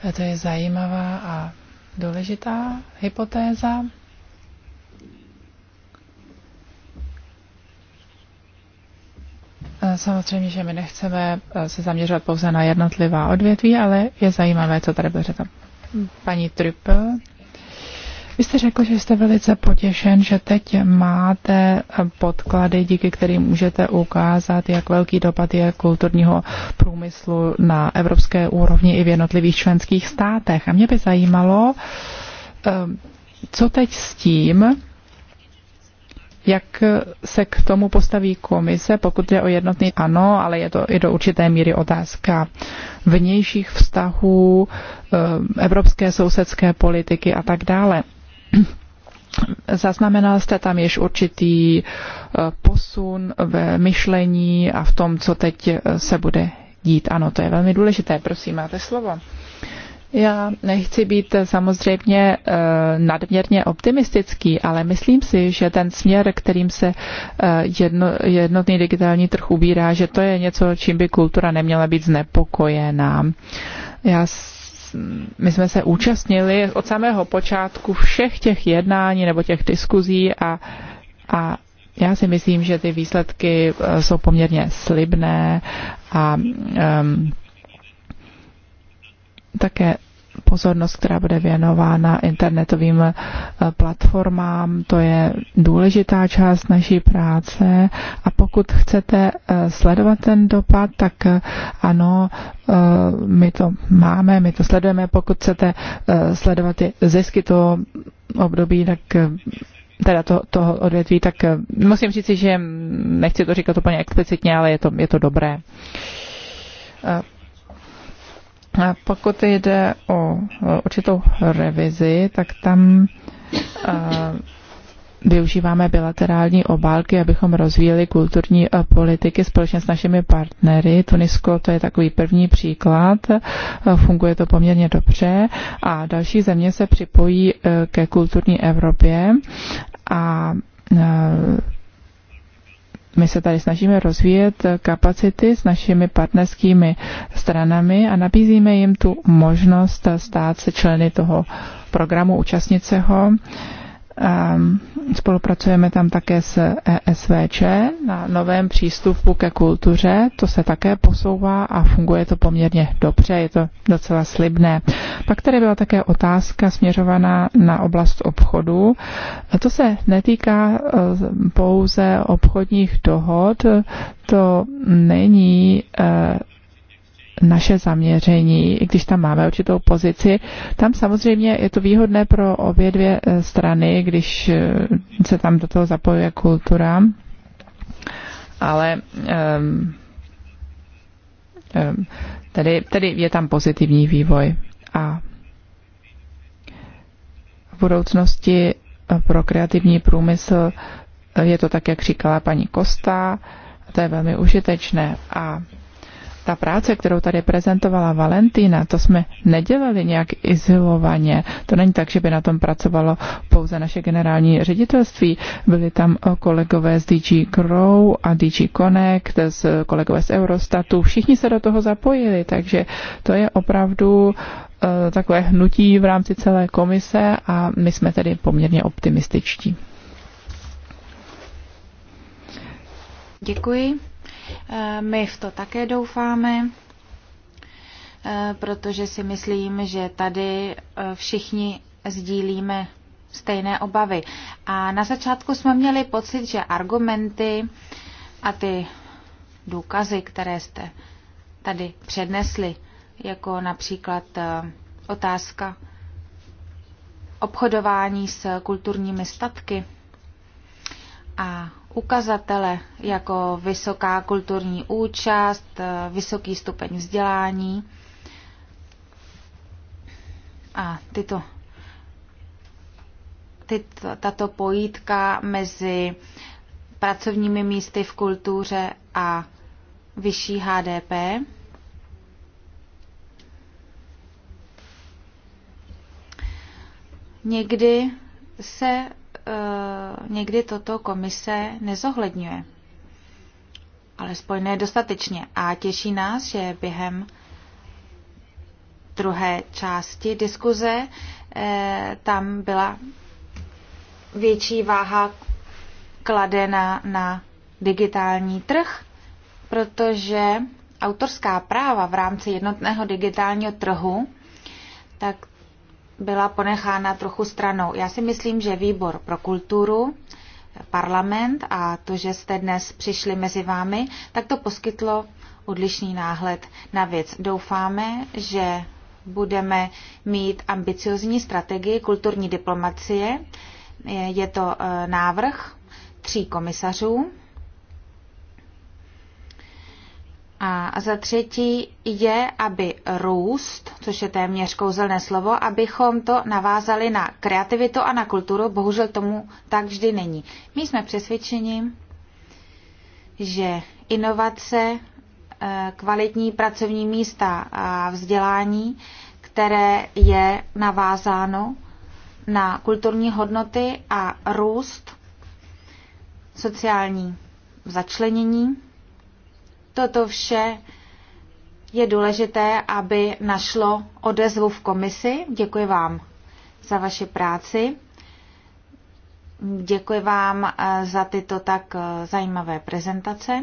A to je zajímavá a důležitá hypotéza. E, samozřejmě, že my nechceme e, se zaměřovat pouze na jednotlivá odvětví, ale je zajímavé, co tady bylo řečeno. Paní Trüppel. Vy jste řekl, že jste velice potěšen, že teď máte podklady, díky kterým můžete ukázat, jak velký dopad je kulturního průmyslu na evropské úrovni i v jednotlivých členských státech. A mě by zajímalo, ehm, co teď s tím, jak se k tomu postaví komise, pokud je o jednotný ano, ale je to i do určité míry otázka vnějších vztahů, ehm, evropské sousedské politiky a tak dále. Zaznamenal jste tam již určitý eh, posun ve myšlení a v tom, co teď eh, se bude dít. Ano, to je velmi důležité. Prosím, máte slovo. Já nechci být samozřejmě eh, nadměrně optimistický, ale myslím si, že ten směr, kterým se jedno, jednotný digitální trh ubírá, že to je něco, čím by kultura neměla být znepokojená. Já my jsme se účastnili od samého počátku všech těch jednání nebo těch diskuzí a, a já si myslím, že ty výsledky eh, jsou poměrně slibné a um, také pozornost, která bude věnována internetovým eh, platformám. To je důležitá část naší práce a pokud chcete eh, sledovat ten dopad, tak eh, ano, my to máme, my to sledujeme. Pokud chcete sledovat ty zisky toho období, tak teda to, toho odvětví, tak musím říct, že nechci to říkat úplně explicitně, ale je to, je to dobré. A pokud jde o určitou revizi, tak tam využíváme bilaterální obálky, abychom rozvíjeli kulturní politiky společně s našimi partnery. Tunisko to je takový první příklad, funguje to poměrně dobře a další země se připojí e, ke kulturní Evropě a e, my se tady snažíme rozvíjet kapacity s našimi partnerskými stranami a nabízíme jim tu možnost stát se členy toho programu, účastnit se ho. Uh, Ehm, spolupracujeme tam také s ESVČ na novém přístupu ke kultuře. To se také posouvá a funguje to poměrně dobře, je to docela slibné. Pak tady byla také otázka směřovaná na oblast obchodu. To se netýká eh, pouze obchodních dohod, to není eh, naše zaměření, i když tam máme určitou pozici. Tam samozřejmě je to výhodné pro obě dvě eh, strany, když eh, se tam do toho zapojuje kultura, ale um, um, tedy, tedy je tam pozitivní vývoj a v budoucnosti eh, pro kreativní průmysl je to tak, jak říkala paní Kosta, to je velmi užitečné a ta práce, kterou tady prezentovala Valentína, to jsme nedělali nějak izolovaně. To není tak, že by na tom pracovalo pouze naše generální ředitelství. Byli tam eh, kolegové z DG Grow a DG Connect, z kolegové z Eurostatu. Všichni se do toho zapojili, takže to je opravdu eh, takové hnutí v rámci celé komise a my jsme tedy poměrně optimističtí. Děkuji. Eh, my v to také doufáme, eh, protože si myslím, že tady eh, všichni sdílíme stejné obavy. A na začátku jsme měli pocit, že argumenty a ty důkazy, které jste tady přednesli, jako například otázka obchodování s kulturními statky a ukazatele jako vysoká kulturní účast, eh, vysoký stupeň vzdělání. A tyto, tyto, tato pojítka mezi pracovními místy v kultuře a vyšší HDP. Někdy se Eh, někdy toto komise nezohledňuje. Ale spojné dostatečně. A těší nás, že během druhé části diskuze eh, tam byla větší váha kladena na digitální trh, protože autorská práva v rámci jednotného digitálního trhu, tak byla ponechána trochu stranou. Já si myslím, že výbor pro kulturu, parlament a to, že jste dnes přišli mezi vámi, tak to poskytlo odlišný náhled na věc. Doufáme, že budeme mít ambiciozní strategii kulturní diplomacie. Je to eh, návrh tří komisařů A za třetí je, aby růst, což je téměř kouzelné slovo, abychom to navázali na kreativitu a na kulturu. Bohužel tomu tak vždy není. My jsme přesvědčeni, že inovace, e, kvalitní pracovní místa a vzdělání, které je navázáno na kulturní hodnoty a růst, sociální začlenění, Toto vše je důležité, aby našlo odezvu v komisi. Děkuji vám za vaši práci. Děkuji vám eh, za tyto tak eh, zajímavé prezentace.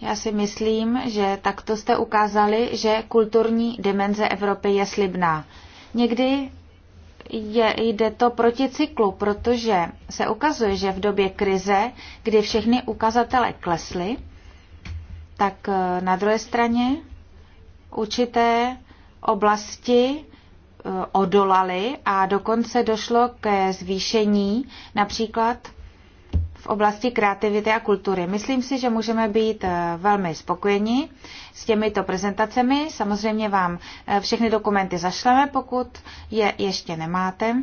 Já si myslím, že takto jste ukázali, že kulturní dimenze Evropy je slibná. Někdy je, jde to proti cyklu, protože se ukazuje, že v době krize, kdy všechny ukazatele klesly, tak eh, na druhé straně určité oblasti eh, odolaly a dokonce došlo ke zvýšení například v oblasti kreativity a kultury. Myslím si, že můžeme být eh, velmi spokojeni s těmito prezentacemi. Samozřejmě vám eh, všechny dokumenty zašleme, pokud je ještě nemáte.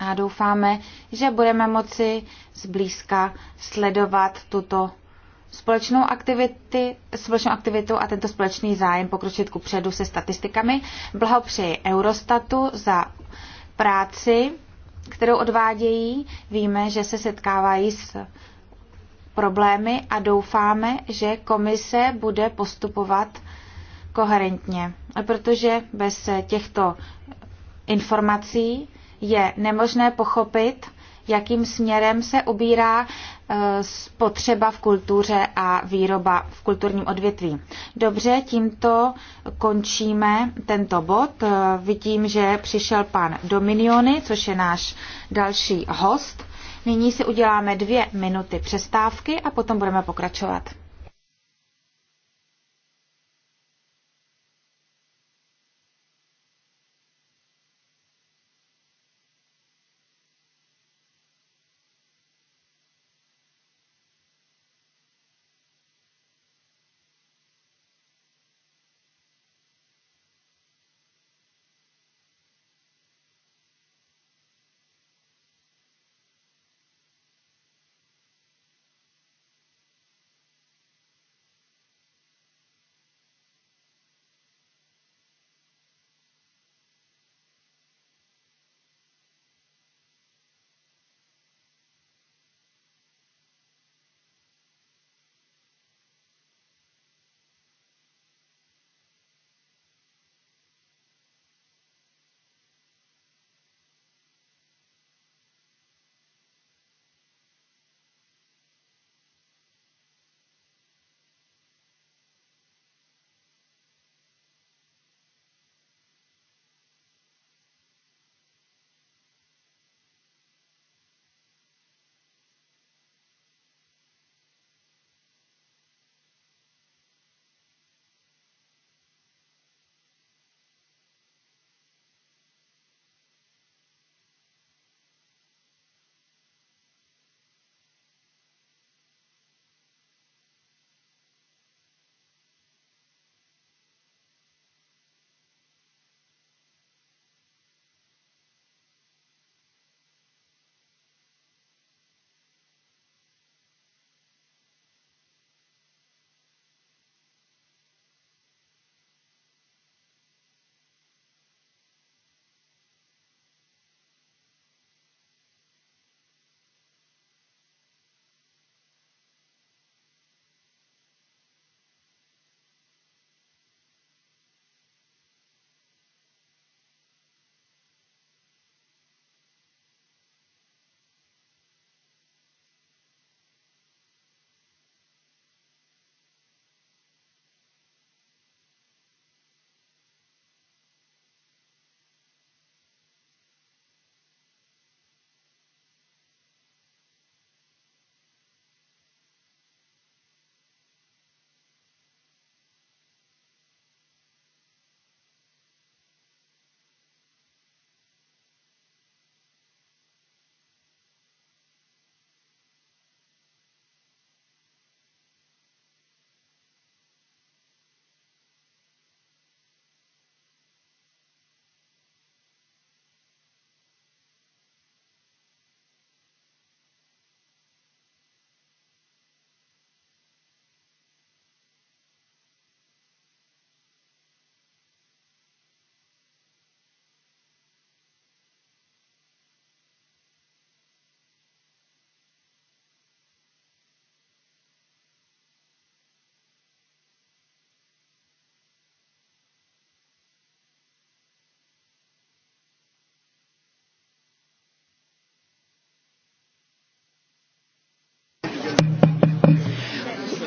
A doufáme, že budeme moci zblízka sledovat tuto společnou, aktivity, společnou aktivitu a tento společný zájem pokročit ku předu se statistikami. Blahopřeji Eurostatu za práci kterou odvádějí. Víme, že se setkávají s problémy a doufáme, že komise bude postupovat koherentně, protože bez těchto informací je nemožné pochopit, jakým směrem se ubírá spotřeba v kultuře a výroba v kulturním odvětví. Dobře, tímto končíme tento bod. Vidím, že přišel pan Dominiony, což je náš další host. Nyní si uděláme dvě minuty přestávky a potom budeme pokračovat.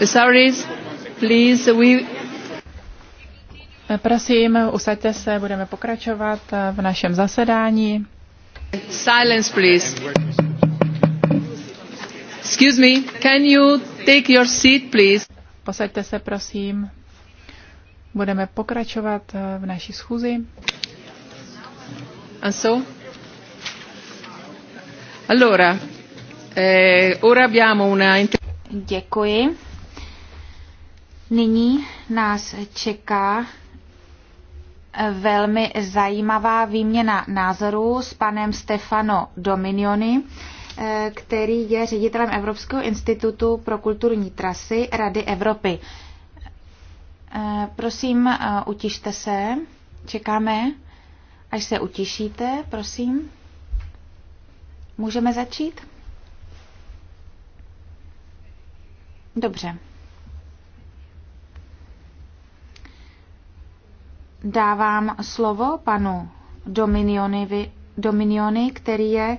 Visaris, please, we... Prosím, usaďte se, budeme pokračovat v našem zasedání. Silence, please. Excuse me, can you take your seat, please? Posaďte se, prosím. Budeme pokračovat eh, v naší schůzi. A so? Allora, eh, ora abbiamo una... Děkuji. Nyní nás čeká velmi zajímavá výměna názorů s panem Stefano Dominioni, eh, který je ředitelem Evropského institutu pro kulturní trasy Rady Evropy. Eh, prosím, eh, utište se. Čekáme, až se utišíte, prosím. Můžeme začít? Dobře. dávám slovo panu Dominioni, Dominiony, který je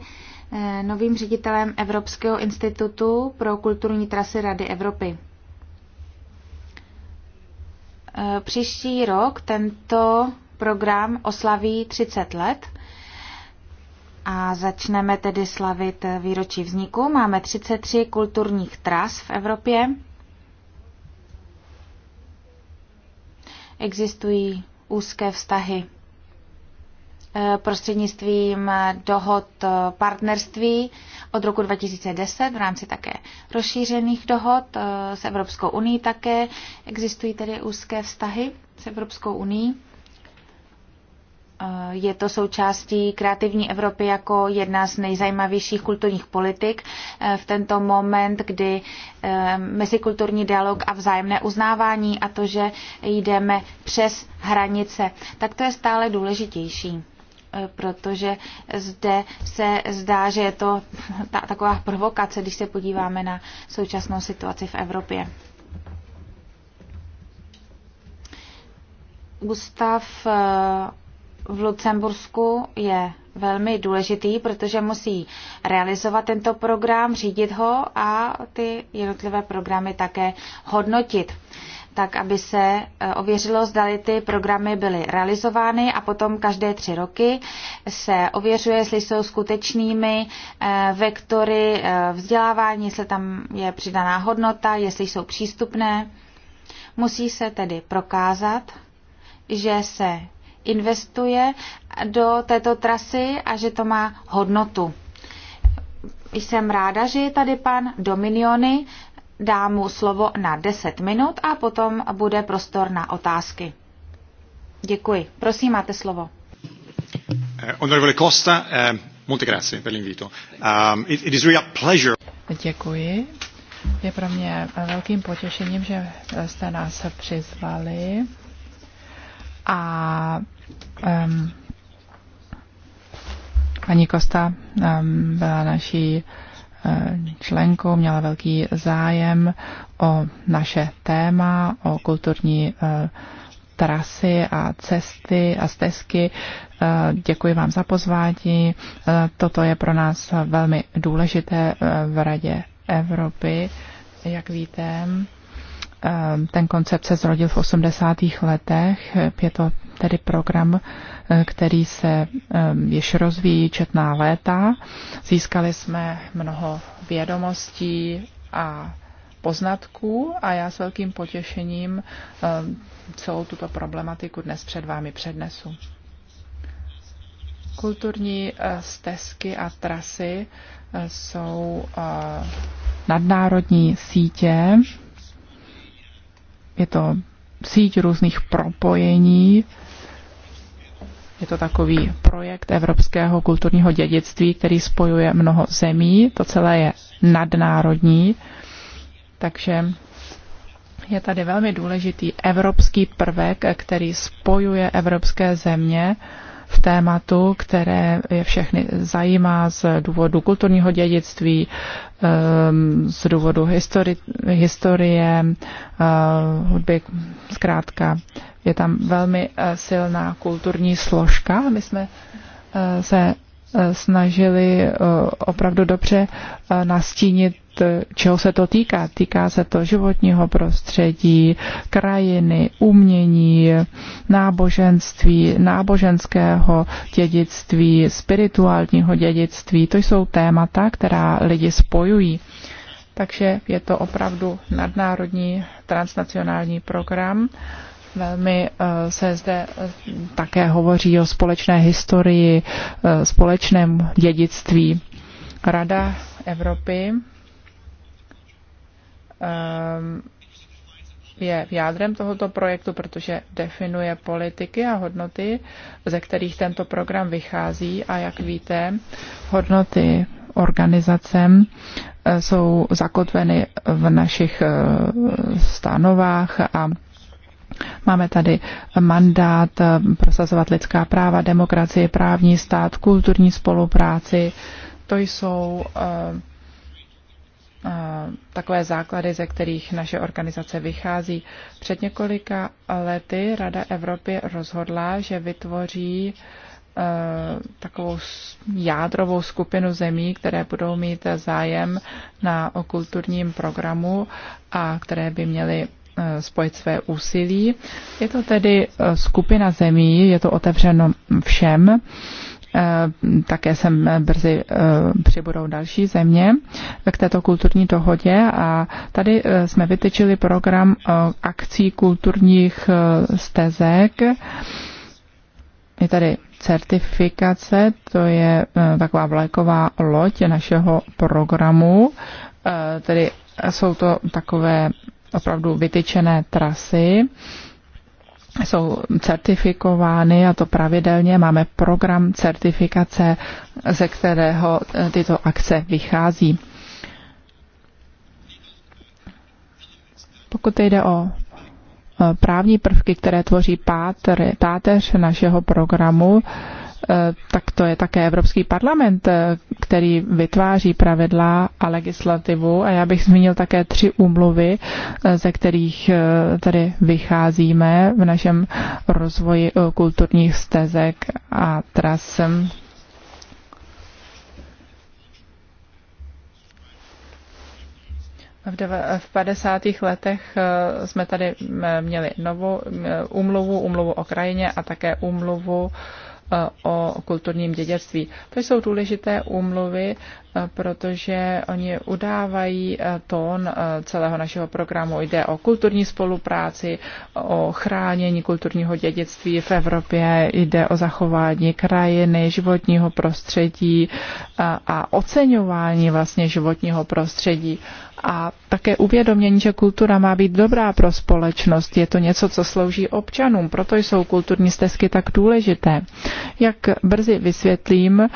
eh, novým ředitelem Evropského institutu pro kulturní trasy Rady Evropy. Eh, příští rok tento program oslaví 30 let a začneme tedy slavit eh, výročí vzniku. Máme 33 kulturních tras v Evropě. Existují úzké vztahy eh, prostřednictvím dohod eh, partnerství od roku 2010 v rámci také rozšířených dohod eh, s Evropskou unii také existují tedy úzké vztahy s Evropskou unii. Eh, je to součástí kreativní Evropy jako jedna z nejzajímavějších kulturních politik eh, v tento moment, kdy eh, mezikulturní dialog a vzájemné uznávání a to, že jdeme přes hranice, tak to je stále důležitější protože zde se zdá, že je to ta, taková provokace, když se podíváme na současnou situaci v Evropě. Gustav v Lucembursku je velmi důležitý, protože musí realizovat tento program, řídit ho a ty jednotlivé programy také hodnotit tak aby se e, ověřilo, zda ty programy byly realizovány a potom každé tři roky se ověřuje, jestli jsou skutečnými e, vektory e, vzdělávání, jestli tam je přidaná hodnota, jestli jsou přístupné. Musí se tedy prokázat, že se investuje do této trasy a že to má hodnotu. Jsem ráda, že je tady pan Dominiony. Dám mu slovo na 10 minut a potom bude prostor na otázky. Děkuji. Prosím, máte slovo. Honorable eh, Costa, eh, molte grazie per l'invito. Eh, it is really a pleasure. Děkuji. Je pro mě velkým potěšením, že jste nás přizvali a um, paní Kosta um, byla naší e, členkou, měla velký zájem o naše téma, o kulturní e, trasy a cesty a stezky. E, děkuji vám za pozvání. Toto je pro nás velmi důležité v Radě Evropy, jak víte. Ehm, ten koncept se zrodil v 80. letech. Je to tedy program, eh, který se ehm, již rozvíjí četná léta. Získali jsme mnoho vědomostí a poznatků a já s velkým potěšením ehm, celou tuto problematiku dnes před vámi přednesu. Kulturní eh, stezky a trasy eh, jsou nadnárodní sítě je to síť různých propojení. Je to takový projekt evropského kulturního dědictví, který spojuje mnoho zemí. To celé je nadnárodní, takže je tady velmi důležitý evropský prvek, který spojuje evropské země v tématu, které je všechny zajímá z důvodu kulturního dědictví, ehm, z důvodu histori- historie, eh, hudby, zkrátka. Je tam velmi eh, silná kulturní složka. My jsme eh, se snažili opravdu dobře nastínit čeho se to týká. Týká se to životního prostředí, krajiny, umění, náboženství, náboženského dědictví, spirituálního dědictví. To jsou témata, která lidi spojují. Takže je to opravdu nadnárodní transnacionální program. Velmi eh, se zde eh, také hovoří o společné historii, eh, společném dědictví. Rada Evropy Ehm, je jádrem tohoto projektu, protože definuje politiky a hodnoty, ze kterých tento program vychází. A jak víte, hodnoty organizacem e, jsou zakotveny v našich e, stanovách a Máme tady mandát e, prosazovat lidská práva, demokracii, právní stát, kulturní spolupráci. To jsou takové základy, ze kterých naše organizace vychází. Před několika lety Rada Evropy rozhodla, že vytvoří takovou jádrovou skupinu zemí, které budou mít zájem na kulturním programu a které by měly spojit své úsilí. Je to tedy skupina zemí, je to otevřeno všem Eh, také sem brzy eh, přibudou další země k této kulturní dohodě a tady eh, jsme vytyčili program akcí kulturních stezek. Je tady certifikace, to je taková vlajková loď našeho programu, tedy jsou to takové opravdu vytyčené trasy, jsou certifikovány a to pravidelně. Máme program certifikace, ze kterého e, tyto akce vychází. Pokud jde o e, právní prvky, které tvoří páteř našeho programu, Eh, tak to je také Evropský parlament, eh, který vytváří pravidla a legislativu. A já bych zmínil také tři úmluvy, eh, ze kterých tady vycházíme v našem rozvoji kulturních stezek a tras. V 50. letech jsme tady měli novou úmluvu, úmluvu o krajině a také úmluvu o kulturním dědictví. To jsou důležité úmluvy, eh, protože oni udávají eh, tón eh, celého našeho programu. Jde o kulturní spolupráci, o chránění kulturního dědictví v Evropě, jde o zachování krajiny, životního prostředí a oceňování vlastně životního prostředí a také uvědomění, že kultura má být dobrá pro společnost. Je to něco, co slouží občanům, proto jsou kulturní stezky tak důležité. Jak brzy vysvětlím, eh,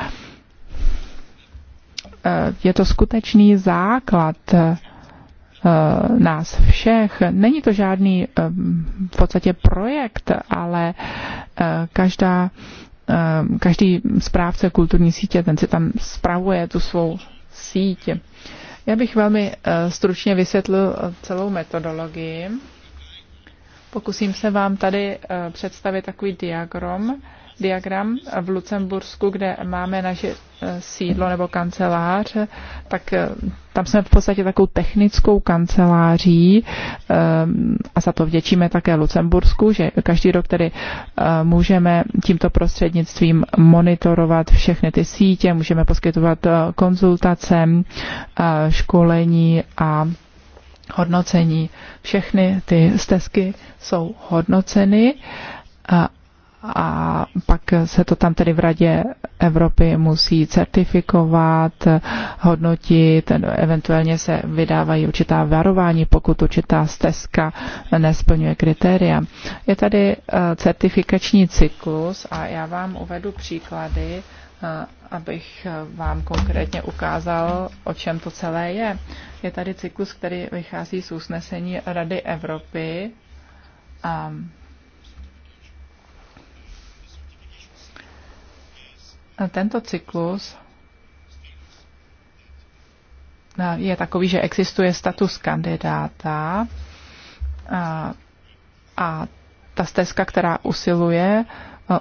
je to skutečný základ eh, nás všech. Není to žádný eh, v podstatě projekt, ale každá, každý správce kulturní sítě, ten si tam spravuje tu svou síť. Já bych velmi eh, stručně vysvětlil eh, celou metodologii. Pokusím se vám tady eh, představit takový diagram, diagram v Lucembursku, kde máme naše e, sídlo nebo kancelář, tak e, tam jsme v podstatě takovou technickou kanceláří e, a za to vděčíme také Lucembursku, že každý rok tedy můžeme tímto prostřednictvím monitorovat všechny ty sítě, můžeme poskytovat konzultace, školení a hodnocení. Všechny ty stezky jsou hodnoceny a pak se to tam tedy v Radě Evropy musí certifikovat, hodnotit, eventuálně se vydávají určitá varování, pokud určitá stezka nesplňuje kritéria. Je tady eh, certifikační cyklus a já vám uvedu příklady, eh, abych vám konkrétně ukázal, o čem to celé je. Je tady cyklus, který vychází z usnesení Rady Evropy. A tento cyklus eh, je takový, že existuje status kandidáta a, a ta stezka, která usiluje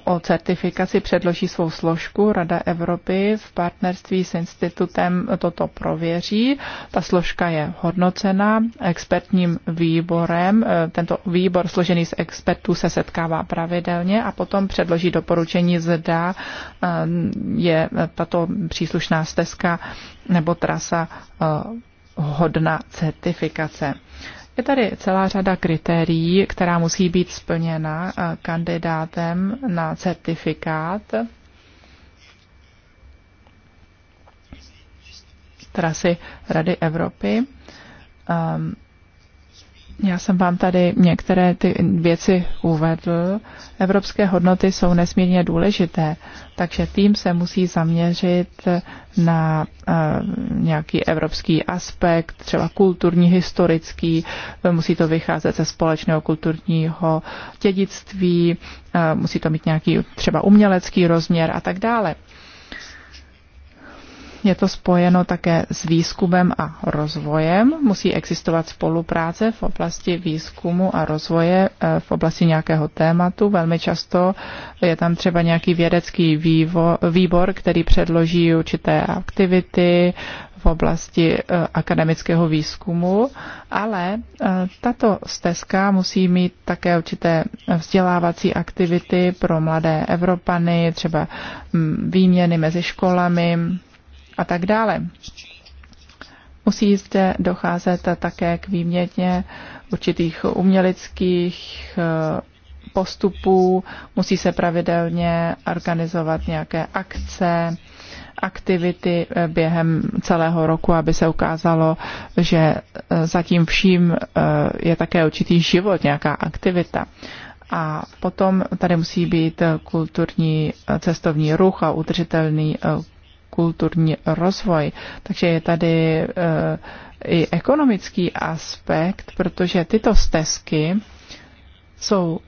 o certifikaci předloží svou složku. Rada Evropy v partnerství s institutem toto prověří. Ta složka je hodnocena expertním výborem. Tento výbor složený z expertů se setkává pravidelně a potom předloží doporučení, zda eh, je tato příslušná stezka nebo trasa eh, hodna certifikace. Je tady celá řada kritérií, která musí být splněna eh, kandidátem na certifikát. trasy Rady Evropy. Ehm, já jsem vám tady některé ty věci uvedl. Evropské hodnoty jsou nesmírně důležité, takže tým se musí zaměřit na eh, nějaký evropský aspekt, třeba kulturní, historický, musí to vycházet ze společného kulturního dědictví, eh, musí to mít nějaký třeba umělecký rozměr a tak dále je to spojeno také s výzkumem a rozvojem. Musí existovat spolupráce v oblasti výzkumu a rozvoje eh, v oblasti nějakého tématu. Velmi často je tam třeba nějaký vědecký vývo, výbor, který předloží určité aktivity v oblasti eh, akademického výzkumu, ale eh, tato stezka musí mít také určité vzdělávací aktivity pro mladé Evropany, třeba mm, výměny mezi školami, a tak dále. Musí zde docházet také k výměně určitých uměleckých eh, postupů, musí se pravidelně organizovat nějaké akce, aktivity eh, během celého roku, aby se ukázalo, že eh, zatím vším je také určitý život, nějaká aktivita. A potom tady musí být kulturní cestovní ruch a udržitelný kulturní rozvoj. Takže je tady eh, i ekonomický aspekt, protože tyto stezky jsou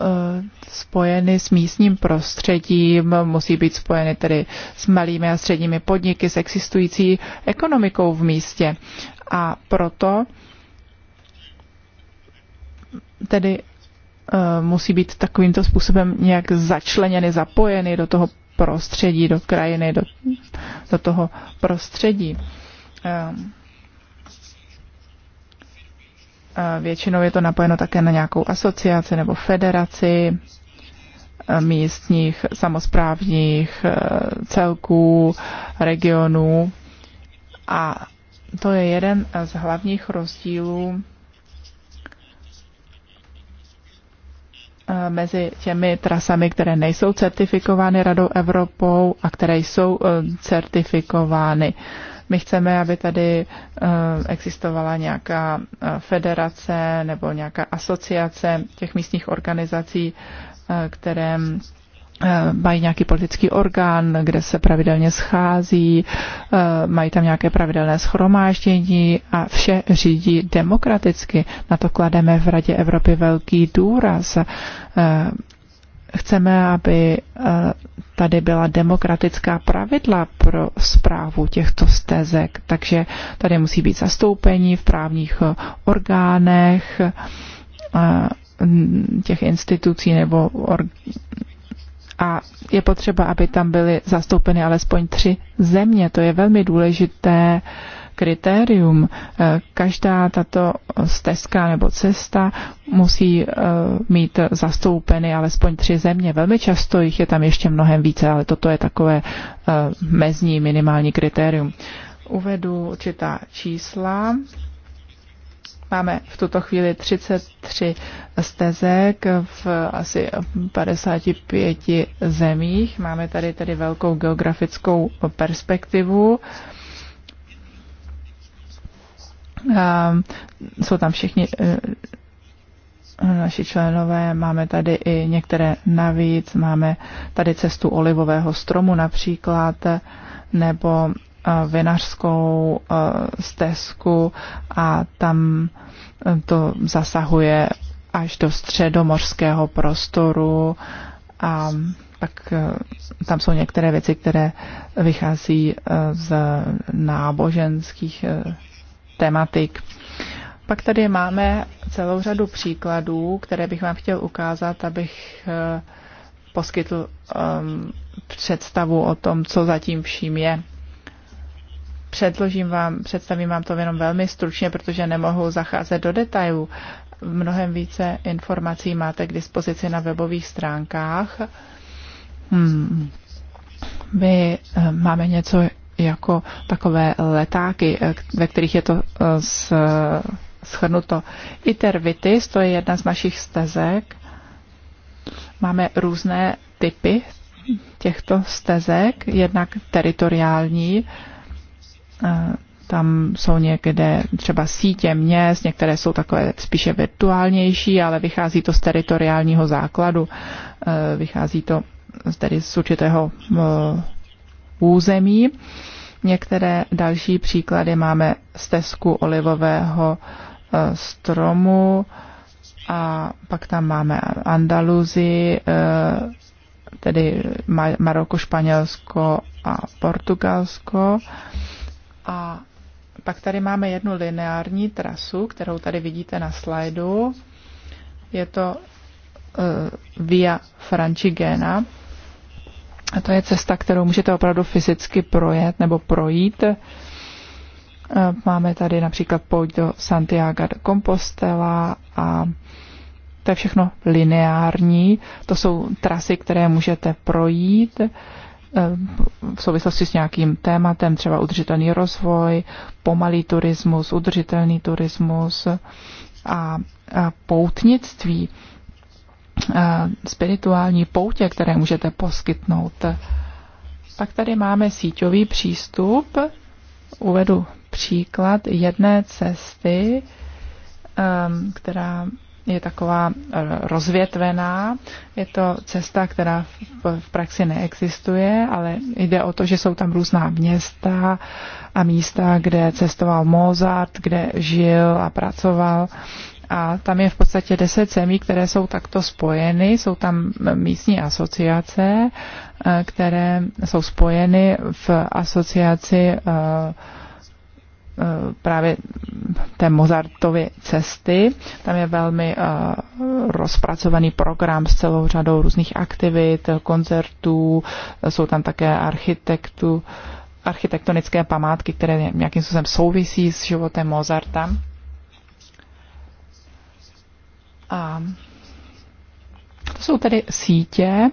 eh, spojeny s místním prostředím, musí být spojeny tedy s malými a středními podniky, s existující ekonomikou v místě. A proto tedy eh, musí být takovýmto způsobem nějak začleněny, zapojeny do toho prostředí, do krajiny, do, do toho prostředí. Ehm, většinou je to napojeno také na nějakou asociaci nebo federaci eh, místních samozprávních eh, celků, regionů. A to je jeden z hlavních rozdílů Eh, mezi těmi trasami, které nejsou certifikovány Radou Evropou a které jsou eh, certifikovány. My chceme, aby tady eh, existovala nějaká federace nebo nějaká asociace těch místních organizací, které Eh, mají nějaký politický orgán, kde se pravidelně schází, eh, mají tam nějaké pravidelné schromáždění a vše řídí demokraticky. Na to klademe v Radě Evropy velký důraz. Eh, chceme, aby tady byla demokratická pravidla pro zprávu těchto stezek, takže tady musí být zastoupení v právních orgánech těch institucí nebo a je potřeba, aby tam byly zastoupeny alespoň tři země. To je velmi důležité kritérium. E, každá tato stezka nebo cesta musí e, mít zastoupeny alespoň tři země. Velmi často jich je tam ještě mnohem více, ale toto je takové e, mezní minimální kritérium. Uvedu určitá čísla. Máme v tuto chvíli 33 stezek v asi 55 zemích. Máme tady tedy velkou geografickou perspektivu. A jsou tam všichni eh, naši členové, máme tady i některé navíc, máme tady cestu olivového stromu například, nebo vinařskou stezku a tam e, to zasahuje až do středomorského prostoru a tak e, tam jsou některé věci, které vychází e, z náboženských tematik. Pak tady máme celou řadu příkladů, které bych vám chtěl ukázat, abych poskytl um, představu o tom, co zatím vším je. Předložím vám, představím vám to jenom velmi stručně, protože nemohu zacházet do detailů. Mnohem více informací máte k dispozici na webových stránkách. Hmm. My eh, máme něco jako takové letáky, eh, ve kterých je to z, eh, schrnuto. Itervitis, to je jedna z našich stezek. Máme různé typy těchto stezek, jednak teritoriální, Eh, tam jsou někde třeba sítě měst, některé jsou takové spíše virtuálnější, ale vychází to z teritoriálního základu, eh, vychází to tedy z určitého eh, území. Některé další příklady máme stezku olivového stromu a pak tam máme Andaluzi, tedy Maroko, Španělsko a Portugalsko. A pak tady máme jednu lineární trasu, kterou tady vidíte na slajdu. Je to uh, Via Francigena. A to je cesta, kterou můžete opravdu fyzicky projet nebo projít. Eh, máme tady například pojď do Santiago de Compostela a to je všechno lineární. To jsou trasy, které můžete projít v souvislosti s nějakým tématem, třeba udržitelný rozvoj, pomalý turismus, udržitelný turismus a poutnictví, spirituální poutě, které můžete poskytnout. Pak tady máme síťový přístup. Uvedu příklad jedné cesty, um, která je taková e, rozvětvená. Je to cesta, která v praxi neexistuje, ale jde o to, že jsou tam různá města a místa, kde cestoval Mozart, kde žil a pracoval. A tam je v podstatě deset zemí, které jsou takto spojeny. Jsou tam místní asociace, e, které jsou spojeny v asociaci e, Eh, právě té Mozartovy cesty. Tam je velmi eh, rozpracovaný program s celou řadou různých aktivit, koncertů, jsou tam také architektu, architektonické památky, které nějakým způsobem souvisí s životem Mozarta. A to jsou tedy sítě,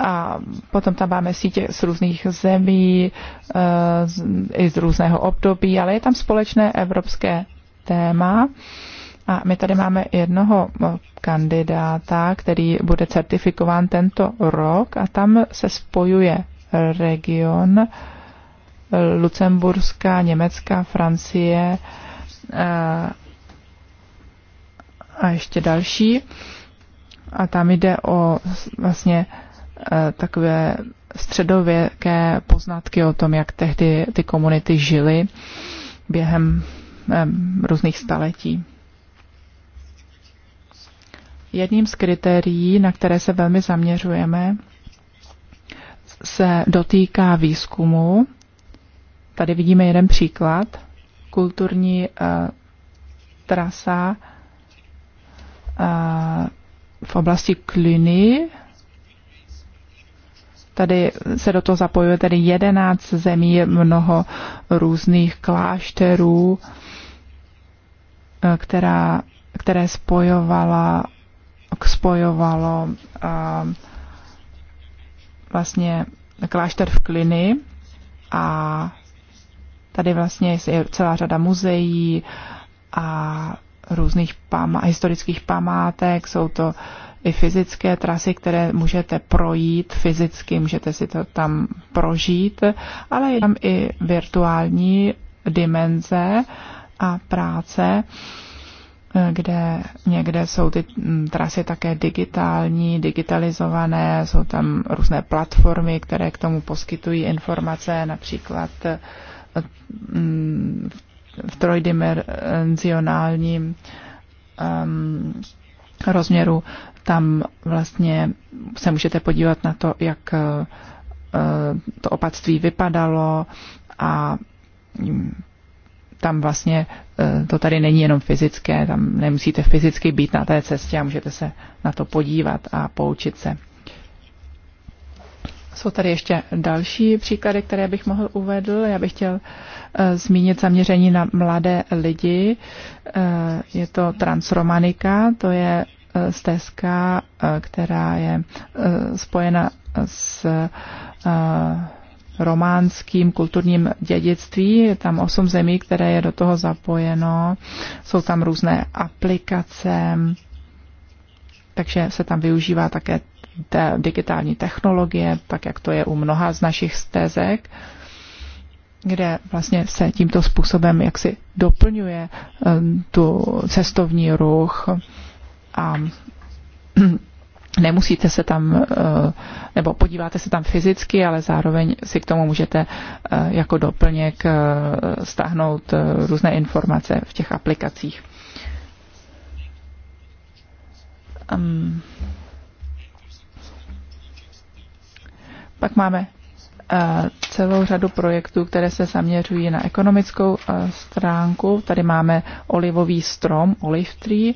a potom tam máme sítě z různých zemí, eh, i z různého období, ale je tam společné evropské téma. A my tady máme jednoho eh, kandidáta, který bude certifikován tento rok a tam se spojuje region Lucemburska, Německa, Francie eh, a ještě další. A tam jde o vlastně Eh, takové středověké poznatky o tom, jak tehdy ty komunity žily během různých staletí. Jedním z kritérií, na které se velmi zaměřujeme, se dotýká výzkumu. Tady vidíme jeden příklad. Kulturní uh, trasa uh, v oblasti Kliny, Tady se do toho zapojuje tedy 11 zemí, mnoho různých klášterů, eh, která, které spojovala, spojovalo a, eh, vlastně klášter v Kliny a tady vlastně je celá řada muzeí a různých pam historických památek, jsou to i fyzické trasy, které můžete projít fyzicky, můžete si to tam prožít, ale je tam i virtuální dimenze a práce, kde někde jsou ty mm, trasy také digitální, digitalizované, jsou tam různé platformy, které k tomu poskytují informace, například mm, v trojdimenzionálním um, rozměru tam vlastně se můžete podívat na to, jak eh, to opatství vypadalo a mm, tam vlastně eh, to tady není jenom fyzické, tam nemusíte fyzicky být na té cestě a můžete se na to podívat a poučit se. Jsou tady ještě další příklady, které bych mohl uvedl. Já bych chtěl eh, zmínit zaměření na mladé lidi. Eh, je to Transromanika, to je eh, stezka, která je spojena s románským kulturním dědictví. Je tam osm zemí, které je do toho zapojeno. Jsou tam různé aplikace, takže se tam využívá také te digitální technologie, tak jak to je u mnoha z našich stezek, kde vlastně se tímto způsobem jaksi doplňuje eh, tu cestovní ruch a nemusíte se tam, eh, nebo podíváte se tam fyzicky, ale zároveň si k tomu můžete eh, jako doplněk stáhnout různé informace v těch aplikacích. Ehm. Pak máme eh, celou řadu projektů, které se zaměřují na ekonomickou eh, stránku. Tady máme olivový strom, olive tree,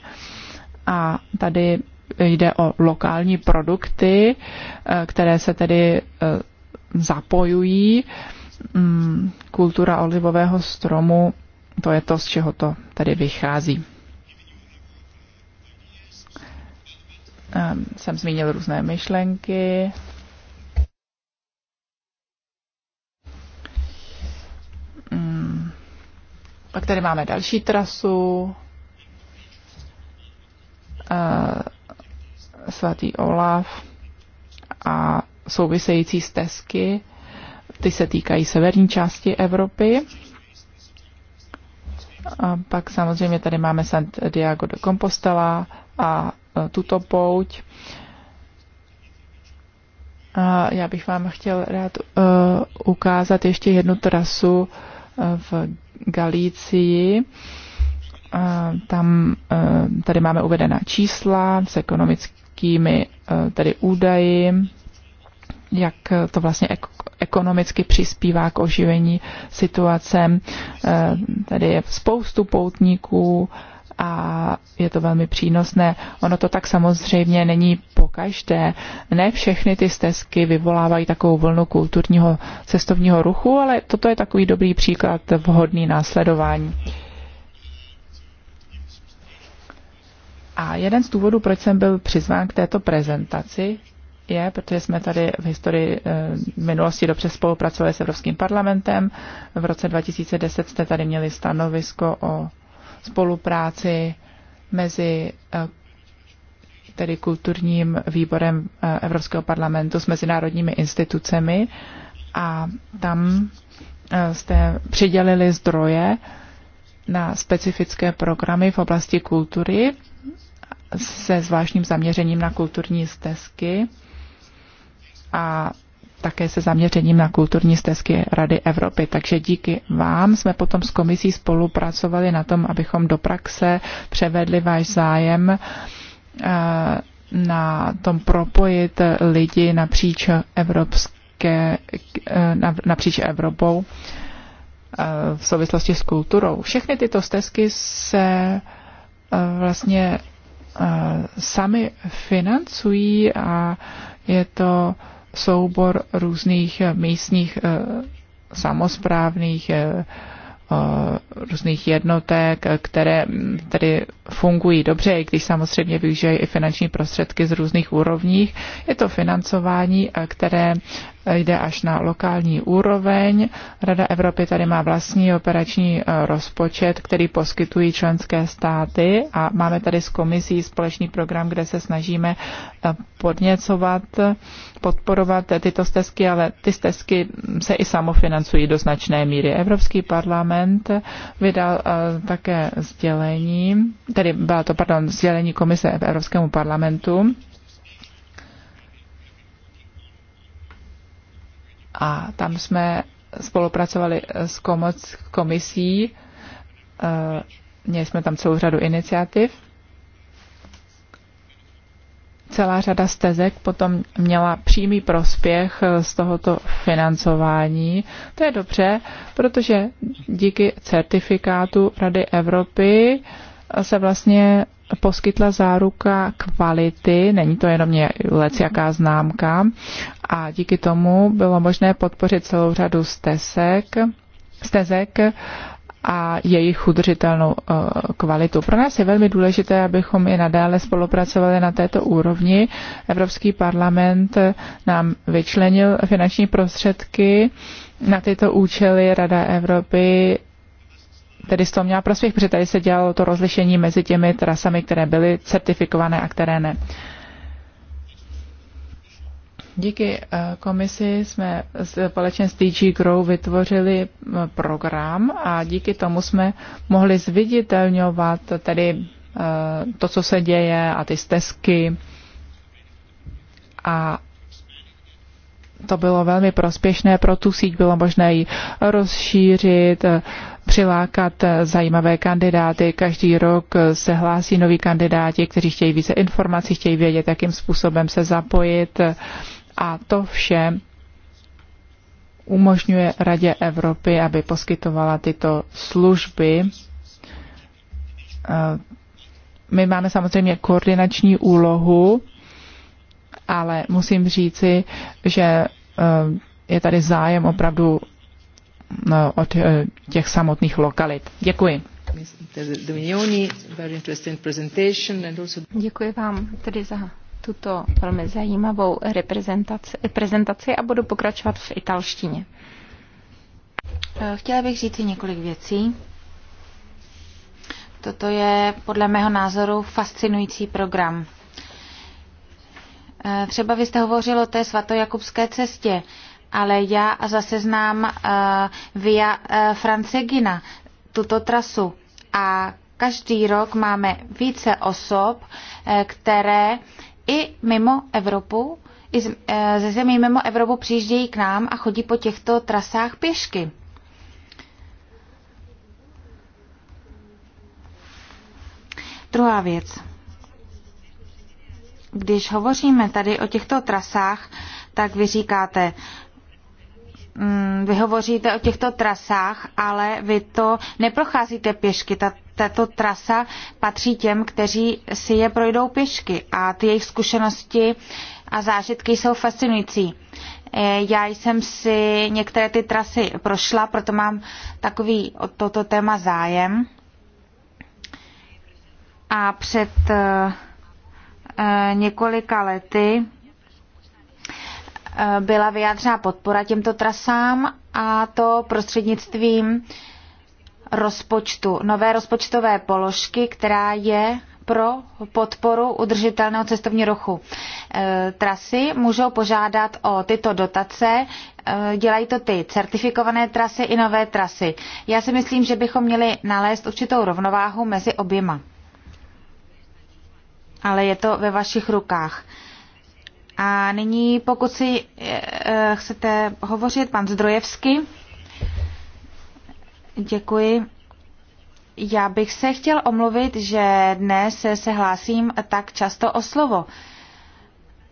a tady jde o lokální produkty, eh, které se tedy zapojují. Mm, kultura olivového stromu, to je to, z čeho to tady vychází. Ehm, jsem zmínil různé myšlenky, Pak tady máme další trasu. Eh, svatý Olaf a související stezky. Ty se týkají severní části Evropy. A pak samozřejmě tady máme Santiago de Compostela a e, tuto pouť. A já bych vám chtěl rád uh, ukázat ještě jednu trasu v Galicii. Tam e, tady máme uvedená čísla s ekonomickými e, tedy údaji, jak to vlastně ekonomicky přispívá k oživení situace. E, tady je spoustu poutníků, a je to velmi přínosné. Ono to tak samozřejmě není pokaždé. Ne všechny ty stezky vyvolávají takovou vlnu kulturního cestovního ruchu, ale toto je takový dobrý příklad vhodný následování. A jeden z důvodů, proč jsem byl přizván k této prezentaci, je, protože jsme tady v historii eh, v minulosti dobře spolupracovali s Evropským parlamentem. V roce 2010 jste tady měli stanovisko o spolupráci mezi eh, tedy kulturním výborem eh, Evropského parlamentu s mezinárodními institucemi a tam eh, jste přidělili zdroje na specifické programy v oblasti kultury se zvláštním zaměřením na kulturní stezky a také se zaměřením na kulturní stezky Rady Evropy. Takže díky vám jsme potom s komisí spolupracovali na tom, abychom do praxe převedli váš zájem eh, na tom propojit lidi napříč, evropské, eh, napříč Evropou eh, v souvislosti s kulturou. Všechny tyto stezky se vlastně sami financují a je to soubor různých eh, místních eh, samozprávných eh, různých jednotek, které mm, tedy fungují dobře, i když samozřejmě využívají i finanční prostředky z různých úrovních. Je to financování, které jde až na lokální úroveň. Rada Evropy tady má vlastní operační e, rozpočet, který poskytují členské státy a máme tady s komisí společný program, kde se snažíme e, podněcovat, podporovat tyto stezky, ale ty stezky se i samofinancují do značné míry. Evropský parlament vydal e, také sdělení, tedy byla to, pardon, sdělení komise Evropskému parlamentu, a tam jsme spolupracovali s komoc, komisí, e, měli jsme tam celou řadu iniciativ. Celá řada stezek potom měla přímý prospěch z tohoto financování. To je dobře, protože díky certifikátu Rady Evropy se vlastně poskytla záruka kvality, není to jenom lec jaká známka, a díky tomu bylo možné podpořit celou řadu stezek, stezek a jejich udržitelnou eh, kvalitu. Pro nás je velmi důležité, abychom i nadále spolupracovali na této úrovni. Evropský parlament nám vyčlenil finanční prostředky na tyto účely. Rada Evropy tedy z toho měla prospěch, protože tady se dělalo to rozlišení mezi těmi trasami, které byly certifikované a které ne. Díky eh, komisi jsme společně s DG Grow vytvořili eh, program a díky tomu jsme mohli zviditelňovat tedy eh, to, co se děje a ty stezky a to bylo velmi prospěšné pro tu síť, bylo možné ji rozšířit, přilákat zajímavé kandidáty. Každý rok se hlásí noví kandidáti, kteří chtějí více informací, chtějí vědět, jakým způsobem se zapojit. A to vše umožňuje Radě Evropy, aby poskytovala tyto služby. Eh, my máme samozřejmě koordinační úlohu ale musím říci, že eh, je tady zájem opravdu no, od eh, těch samotných lokalit. Děkuji. Děkuji vám tedy za tuto velmi zajímavou reprezentaci, prezentaci a budu pokračovat v italštině. Eh, chtěla bych říct několik věcí. Toto je podle mého názoru fascinující program. Eh, třeba vy jste hovořil o té svatojakubské cestě, ale já zase znám eh, via eh, Francegina, tuto trasu. A každý rok máme více osob, které i mimo Evropu, i ze zemí mimo Evropu přijíždějí k nám a chodí po těchto trasách pěšky. Druhá věc. Když hovoříme tady o těchto trasách, tak vy říkáte, mm, vy hovoříte o těchto trasách, ale vy to neprocházíte pěšky. Ta, tato trasa patří těm, kteří si je projdou pěšky a ty jejich zkušenosti a zážitky jsou fascinující. E, já jsem si některé ty trasy prošla, proto mám takový o toto téma zájem. A před e, Eh, několika lety eh, byla vyjádřena podpora těmto trasám a to prostřednictvím rozpočtu, nové rozpočtové položky, která je pro podporu udržitelného cestovního ruchu. Eh, trasy můžou požádat o tyto dotace, dělají to ty certifikované trasy i nové trasy. Já si myslím, že bychom měli nalézt určitou rovnováhu mezi oběma ale je to ve vašich rukách. A nyní, pokud si e, chcete hovořit, pan Zdrojevsky. Děkuji. Já bych se chtěl omluvit, že dnes se hlásím tak často o slovo.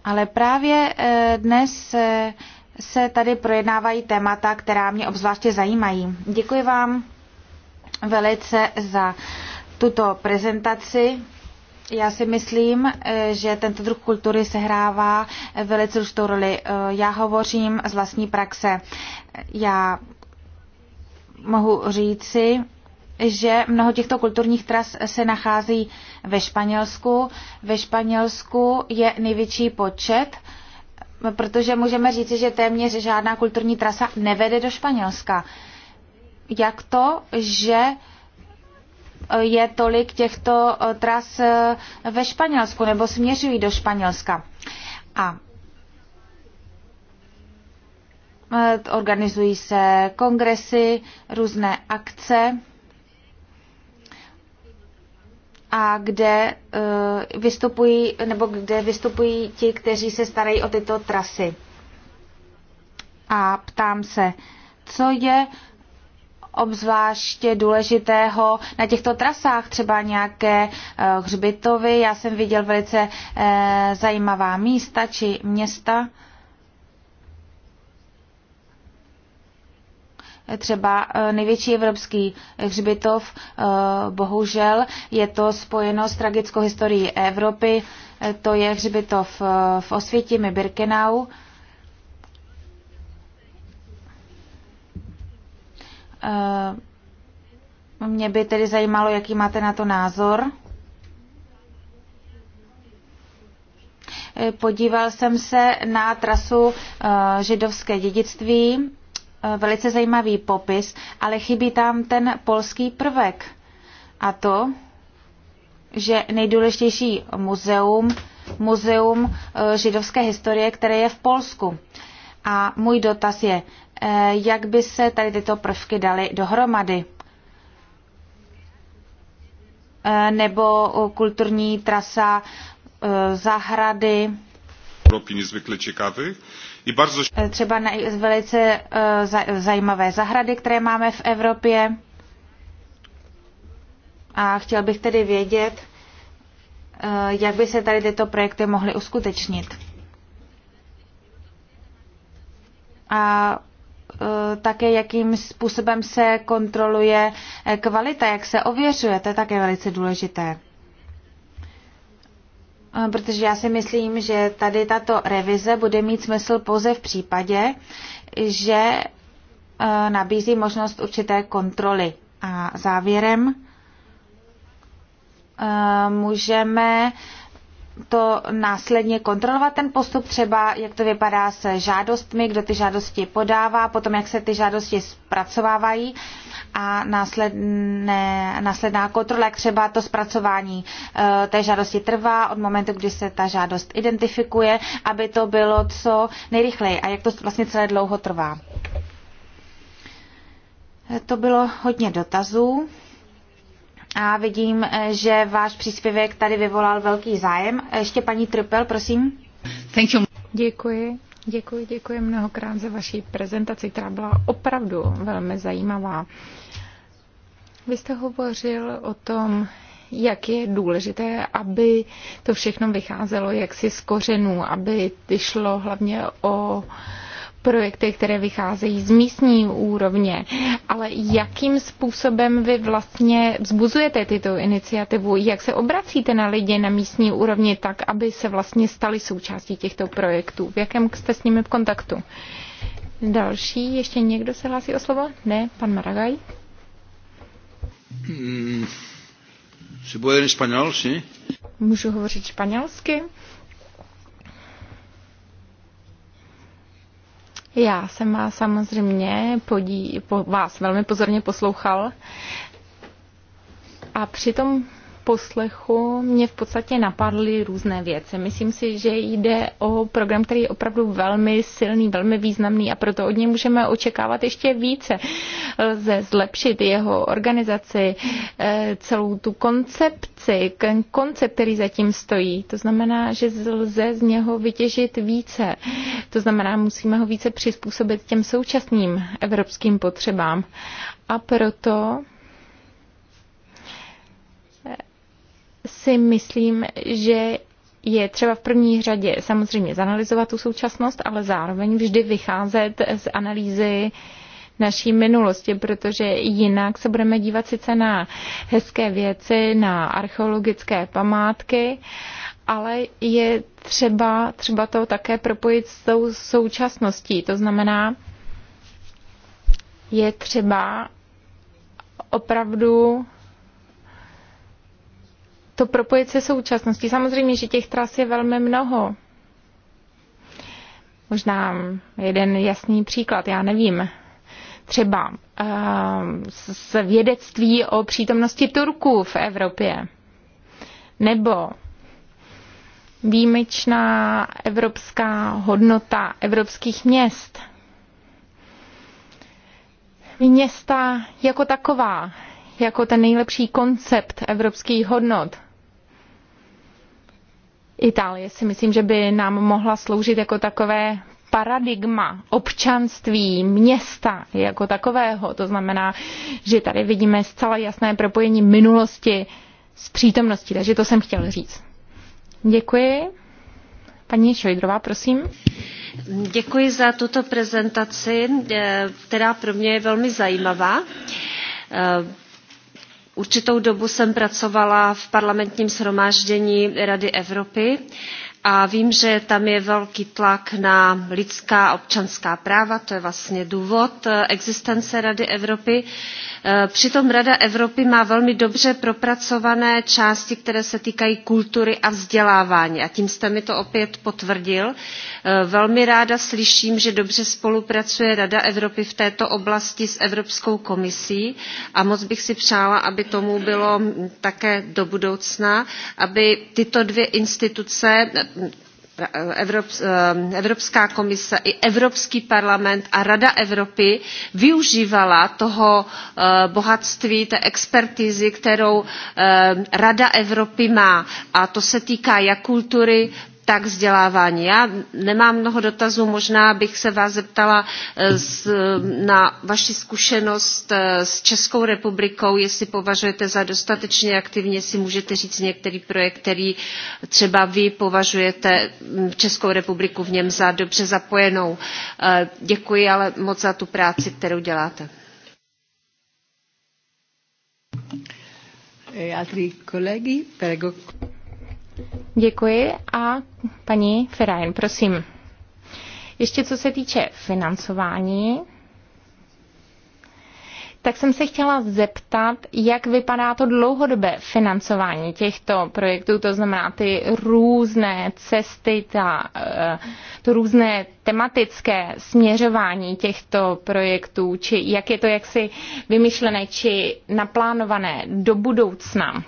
Ale právě eh, dnes se tady projednávají témata, která mě obzvláště zajímají. Děkuji vám velice za tuto prezentaci já si myslím, eh, že tento druh kultury sehrává velice důležitou roli. Eh, já hovořím z vlastní praxe. Já mohu říci, že mnoho těchto kulturních tras se nachází ve Španělsku. Ve Španělsku je největší počet, protože můžeme říci, že téměř žádná kulturní trasa nevede do Španělska. Jak to, že je tolik těchto eh, tras eh, ve Španělsku nebo směřují do Španělska. A eh, organizují se kongresy, různé akce, a kde vystupují, nebo kde vystupují ti, kteří se starají o tyto trasy. A ptám se, co je obzvláště důležitého na těchto trasách, třeba nějaké eh, hřbitovy. Já jsem viděl velice eh, zajímavá místa či města. třeba eh, největší evropský hřbitov, bohužel je to spojeno s tragickou historií Evropy, to je hřbitov v Osvětimi Birkenau. Eh, mě by tedy zajímalo, jaký máte na to názor. Eh, podíval jsem se na trasu eh, židovské dědictví, velice zajímavý popis, ale chybí tam ten polský prvek. A to, že nejdůležitější muzeum, muzeum židovské historie, které je v Polsku. A můj dotaz je, eh, jak by se tady tyto prvky daly dohromady? Eh, nebo kulturní trasa eh, zahrady? nezvykle ciekawych. I bardzo... Třeba na, velice zajímavé zahrady, které máme v Evropě. A chtěl bych tedy vědět, jak by se tady tyto projekty mohly uskutečnit. a e, také jakým způsobem se kontroluje e, kvalita, jak se ověřuje, to je také velice důležité. E, protože já si myslím, že tady tato revize bude mít smysl pouze v případě, že nabízí možnost určité kontroly. A závěrem můžeme to následně kontrolovat ten postup, třeba jak to vypadá se žádostmi, kdo ty žádosti podává, potom jak se ty žádosti zpracovávají a následné, následná kontrola, jak třeba to zpracování e, té žádosti trvá od momentu, kdy se ta žádost identifikuje, aby to bylo co nejrychleji a jak to vlastně celé dlouho trvá. Eh, to bylo hodně dotazů. A vidím, že váš příspěvek tady vyvolal velký zájem. Ještě paní Trpel, prosím. Thank you. Děkuji. Děkuji, děkuji mnohokrát za vaši prezentaci, která byla opravdu velmi zajímavá. Vy jste hovořil o tom, jak je důležité, aby to všechno vycházelo jaksi z kořenů, aby šlo hlavně o uh, projekty, které vycházejí z místní úrovně, ale jakým způsobem vy vlastně vzbuzujete tyto iniciativu, jak se obracíte na lidi na místní úrovni tak, aby se vlastně stali součástí těchto projektů, v jakém jste s nimi v kontaktu? Další, ještě někdo se hlásí o slovo? Ne, pan Maragaj. Mm, se Můžu hovořit španělsky? Já jsem vás samozřejmě podí, po, vás velmi pozorně poslouchal a přitom poslechu mě v podstatě napadly různé věci. Myslím si, že jde o program, který je opravdu velmi silný, velmi významný a proto od něj můžeme očekávat ještě více. Lze zlepšit jeho organizaci, eh, celou tu koncepci, koncept, který zatím stojí. To znamená, že lze z něho vytěžit více. To znamená, musíme ho více přizpůsobit těm současným evropským potřebám. A proto si myslím, že je třeba v první řadě samozřejmě zanalizovat tu současnost, ale zároveň vždy vycházet z analýzy naší minulosti, protože jinak se budeme dívat sice na hezké věci, na archeologické památky, ale je třeba, třeba to také propojit s tou současností. To znamená, je třeba opravdu to propojit se současností. Samozřejmě, že těch tras je velmi mnoho. Možná jeden jasný příklad, já nevím. Třeba uh, ehm, z vědectví o přítomnosti Turků v Evropě. Nebo výjimečná evropská hodnota evropských měst. Města jako taková, jako ten nejlepší koncept evropských hodnot. Itálie si myslím, že by nám mohla sloužit jako takové paradigma občanství města jako takového. To znamená, že tady vidíme zcela jasné propojení minulosti s přítomností. Takže to jsem chtěl říct. Děkuji. Paní Šojdrová, prosím. Děkuji za tuto prezentaci, eh, která pro mě je velmi zajímavá. Eh, Určitou dobu jsem pracovala v parlamentním shromáždění Rady Evropy a vím, že tam je velký tlak na lidská občanská práva, to je vlastně důvod eh, existence Rady Evropy. Uh, Eh, přitom Rada Evropy má velmi dobře propracované části, které se týkají kultury a vzdělávání. A tím jste mi to opět potvrdil. Eh, velmi ráda slyším, že dobře spolupracuje Rada Evropy v této oblasti s Evropskou komisí a moc bych si přála, aby tomu bylo také do budoucna, aby tyto dvě instituce Eh, Evropská komise i Evropský parlament a Rada Evropy využívala toho eh, bohatství, té expertízy, kterou eh, Rada Evropy má. A to se týká jak kultury, tak vzdělávání. Já nemám mnoho dotazů, možná bych se vás zeptala eh, z, eh, na vaši zkušenost eh, s Českou republikou, jestli považujete za dostatečně aktivně, si můžete říct některý projekt, který třeba vy považujete mm, Českou republiku v něm za dobře zapojenou. Děkuji ale moc za tu práci, kterou děláte. E, altri colleghi, prego. Děkuji a paní Ferajn, prosím. Ještě co se týče financování, tak jsem se chtěla zeptat, jak vypadá to dlouhodobé financování těchto projektů, to znamená ty různé cesty, ta, eh, to různé tematické směřování těchto projektů, či jak je to jaksi vymyšlené, či naplánované do budoucna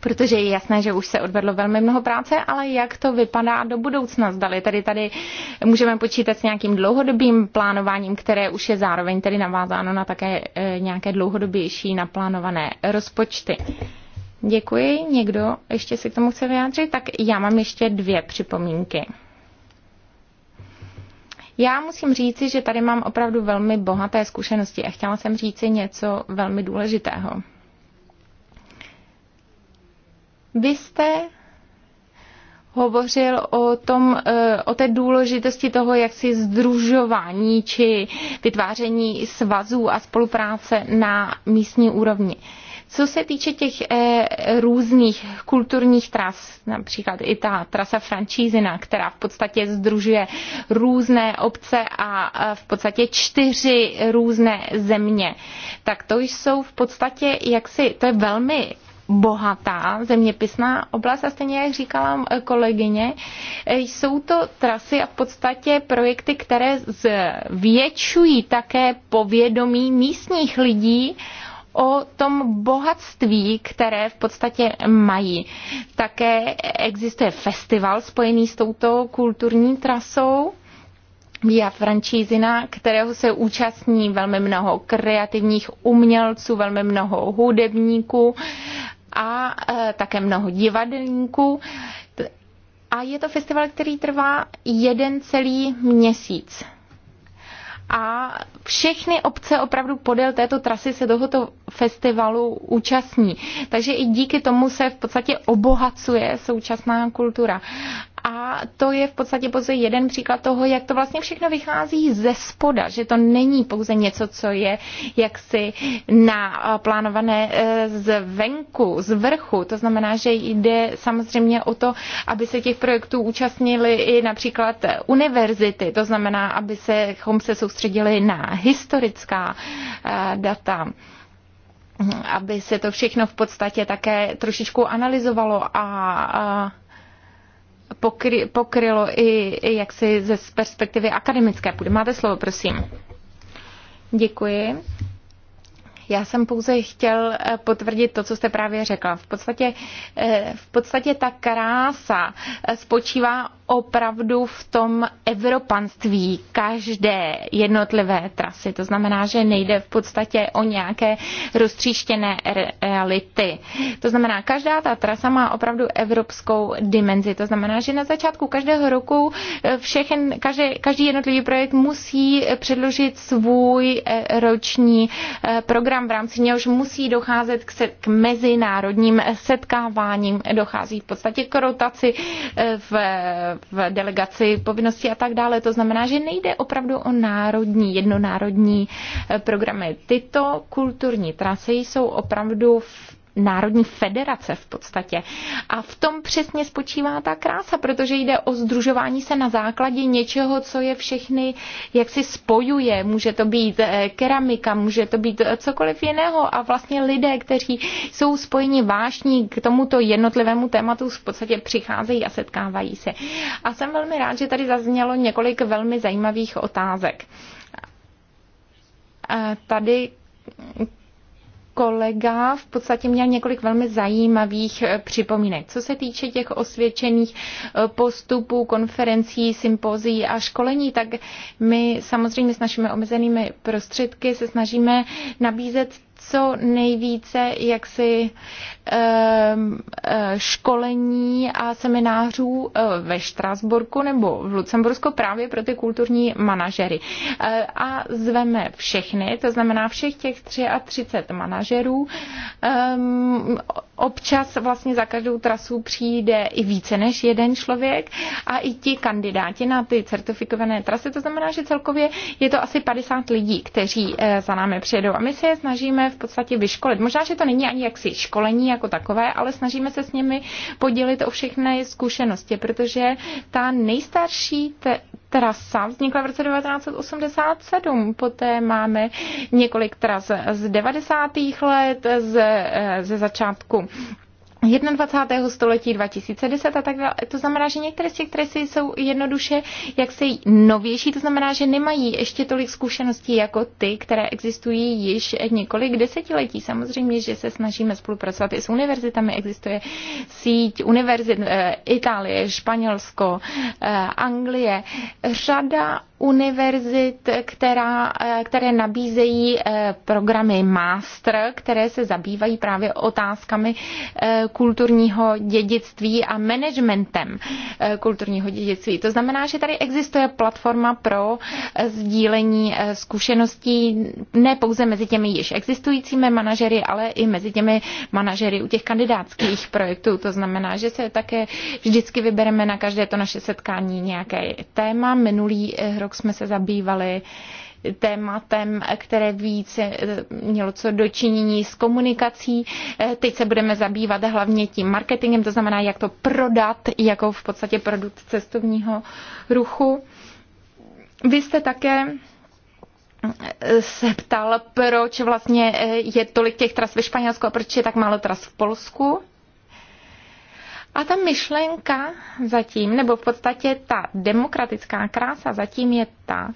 protože je jasné, že už se odvedlo velmi mnoho práce, ale jak to vypadá do budoucna? Zdali tady tady můžeme počítat s nějakým dlouhodobým plánováním, které už je zároveň tedy navázáno na také eh, nějaké dlouhodobější naplánované rozpočty. Děkuji. Někdo ještě si k tomu chce vyjádřit? Tak já mám ještě dvě připomínky. Já musím říci, že tady mám opravdu velmi bohaté zkušenosti a chtěla jsem říci něco velmi důležitého. Vy jste hovořil o, tom, eh, o té důležitosti toho, jak si združování či vytváření svazů a spolupráce na místní úrovni. Co se týče těch e, různých kulturních tras, například i ta trasa Francízina, která v podstatě združuje různé obce a e, v podstatě čtyři různé země, tak to jsou v podstatě jaksi, to je velmi bohatá zeměpisná oblast a stejně jak říkala kolegyně, jsou to trasy a v podstatě projekty, které zvětšují také povědomí místních lidí o tom bohatství, které v podstatě mají. Také existuje festival spojený s touto kulturní trasou Via Francízina, kterého se účastní velmi mnoho kreativních umělců, velmi mnoho hudebníků a e, také mnoho divadelníků. A je to festival, který trvá jeden celý měsíc. A všechny obce opravdu podél této trasy se tohoto festivalu účastní. Takže i díky tomu se v podstatě obohacuje současná kultura. A to je v podstatě pouze jeden příklad toho, jak to vlastně všechno vychází ze spoda, že to není pouze něco, co je jaksi naplánované eh, eh, z venku, z vrchu. To znamená, že jde samozřejmě o to, aby se těch projektů účastnili i například eh, univerzity. To znamená, aby se, se soustředili na historická data aby se to všechno v podstatě také trošičku analyzovalo a, a pokry, pokrylo i, i jaksi ze z perspektivy akademické půdy. Máte slovo, prosím. Děkuji. Já jsem pouze chtěl eh, potvrdit to, co jste právě řekla. V podstatě, eh, v podstatě ta krása eh, spočívá opravdu v tom evropanství každé jednotlivé trasy. To znamená, že nejde v podstatě o nějaké roztříštěné reality. To znamená, každá ta trasa má opravdu evropskou dimenzi. To znamená, že na začátku každého roku eh, všechen, každý, každý jednotlivý projekt musí předložit svůj eh, roční eh, program, v rámci něhož musí docházet k, se, k mezinárodním setkáváním, dochází v podstatě k rotaci v v delegaci povinnosti a tak dále. To znamená, že nejde opravdu o národní, jednonárodní eh, programy. Tyto kulturní trasy jsou opravdu v národní federace v podstatě. A v tom přesně spočívá ta krása, protože jde o združování se na základě něčeho, co je všechny, jak si spojuje. Může to být eh, keramika, může to být eh, cokoliv jiného a vlastně lidé, kteří jsou spojeni vášní k tomuto jednotlivému tématu, v podstatě přicházejí a setkávají se. A jsem velmi rád, že tady zaznělo několik velmi zajímavých otázek. Eh, tady kolega v podstatě měl několik velmi zajímavých eh, připomínek. Co se týče těch osvědčených eh, postupů, konferencí, sympozí a školení, tak my samozřejmě s našimi omezenými prostředky se snažíme nabízet co nejvíce jaksi ehm, eh, školení a seminářů eh, ve Štrasburku nebo v Lucembursku právě pro ty kulturní manažery. Eh, a zveme všechny, to znamená všech těch 33 manažerů. Ehm, občas vlastně za každou trasu přijde i více než jeden člověk a i ti kandidáti na ty certifikované trasy, to znamená, že celkově je to asi 50 lidí, kteří za námi přijedou. A my se je snažíme v podstatě vyškolit. Možná, že to není ani jaksi školení jako takové, ale snažíme se s nimi podělit o všechny zkušenosti, protože ta nejstarší te- trasa vznikla v roce 1987. Poté máme několik tras z 90. let, z, eh, ze začátku 21. století 2010 a tak dále. To znamená, že některé z těch trestů jsou jednoduše jaksi novější, to znamená, že nemají ještě tolik zkušeností jako ty, které existují již několik desetiletí. Samozřejmě, že se snažíme spolupracovat i s univerzitami, existuje síť univerzit eh, Itálie, Španělsko, eh, Anglie, řada univerzit, která, eh, které nabízejí eh, programy master, které se zabývají právě otázkami eh, kulturního dědictví a managementem kulturního dědictví. To znamená, že tady existuje platforma pro sdílení zkušeností ne pouze mezi těmi již existujícími manažery, ale i mezi těmi manažery u těch kandidátských projektů. To znamená, že se také vždycky vybereme na každé to naše setkání nějaké téma. Minulý rok rok jsme se zabývali tématem, které více mělo co dočinění s komunikací. Teď se budeme zabývat hlavně tím marketingem, to znamená, jak to prodat jako v podstatě produkt cestovního ruchu. Vy jste také se ptal, proč vlastně je tolik těch tras ve Španělsku a proč je tak málo tras v Polsku. A ta myšlenka zatím, nebo v podstatě ta demokratická krása zatím je ta,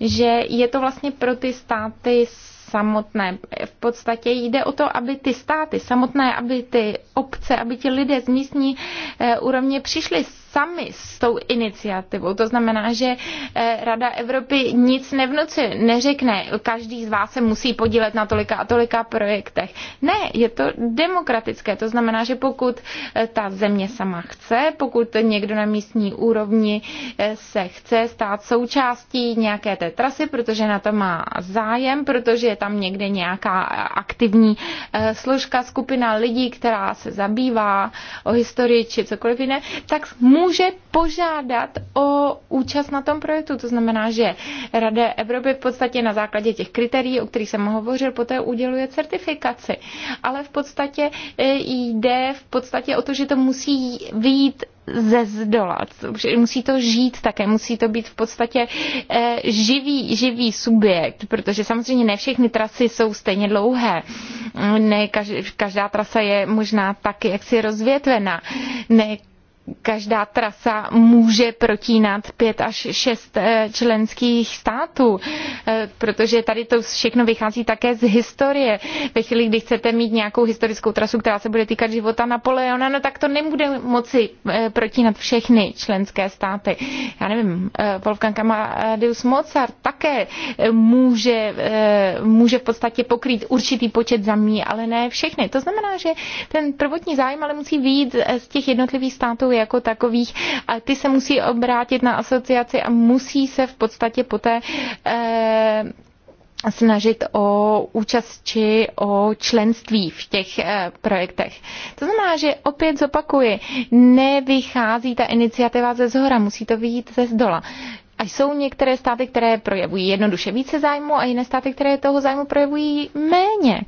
že je to vlastně pro ty státy samotné. V podstatě jde o to, aby ty státy samotné, aby ty obce, aby ti lidé z místní eh, úrovně přišli s sami s tou iniciativou. To znamená, že eh, Rada Evropy nic nevnoce neřekne, každý z vás se musí podílet na tolika a tolika projektech. Ne, je to demokratické. To znamená, že pokud eh, ta země sama chce, pokud někdo na místní úrovni eh, se chce stát součástí nějaké té trasy, protože na to má zájem, protože je tam někde nějaká aktivní složka, skupina lidí, která se zabývá o historii či cokoliv jiné, tak mu může požádat o účast na tom projektu. To znamená, že Rada Evropy v podstatě na základě těch kritérií, o kterých jsem hovořil, poté uděluje certifikaci. Ale v podstatě e, jde v podstatě o to, že to musí vyjít ze zdola. Musí to žít také, musí to být v podstatě e, živý, živý subjekt, protože samozřejmě ne všechny trasy jsou stejně dlouhé. Ne každá trasa je možná tak jaksi rozvětvená. Ne každá trasa může protínat pět až šest eh, členských států, eh, protože tady to všechno vychází také z historie. Ve chvíli, kdy chcete mít nějakou historickou trasu, která se bude týkat života Napoleona, no tak to nebude moci eh, protínat všechny členské státy. Já nevím, Wolfgang Amadeus Mozart také může, může v podstatě pokrýt určitý počet zemí, ale ne všechny. To znamená, že ten prvotní zájem ale musí výjít z těch jednotlivých států produktů jako takových a ty se musí obrátit na asociaci a musí se v podstatě poté eh, snažit o účast či o členství v těch eh, projektech. To znamená, že opět zopakuji, nevychází ta iniciativa ze zhora, musí to vyjít ze zdola. A jsou některé státy, které projevují jednoduše více zájmu a jiné státy, které toho zájmu projevují méně.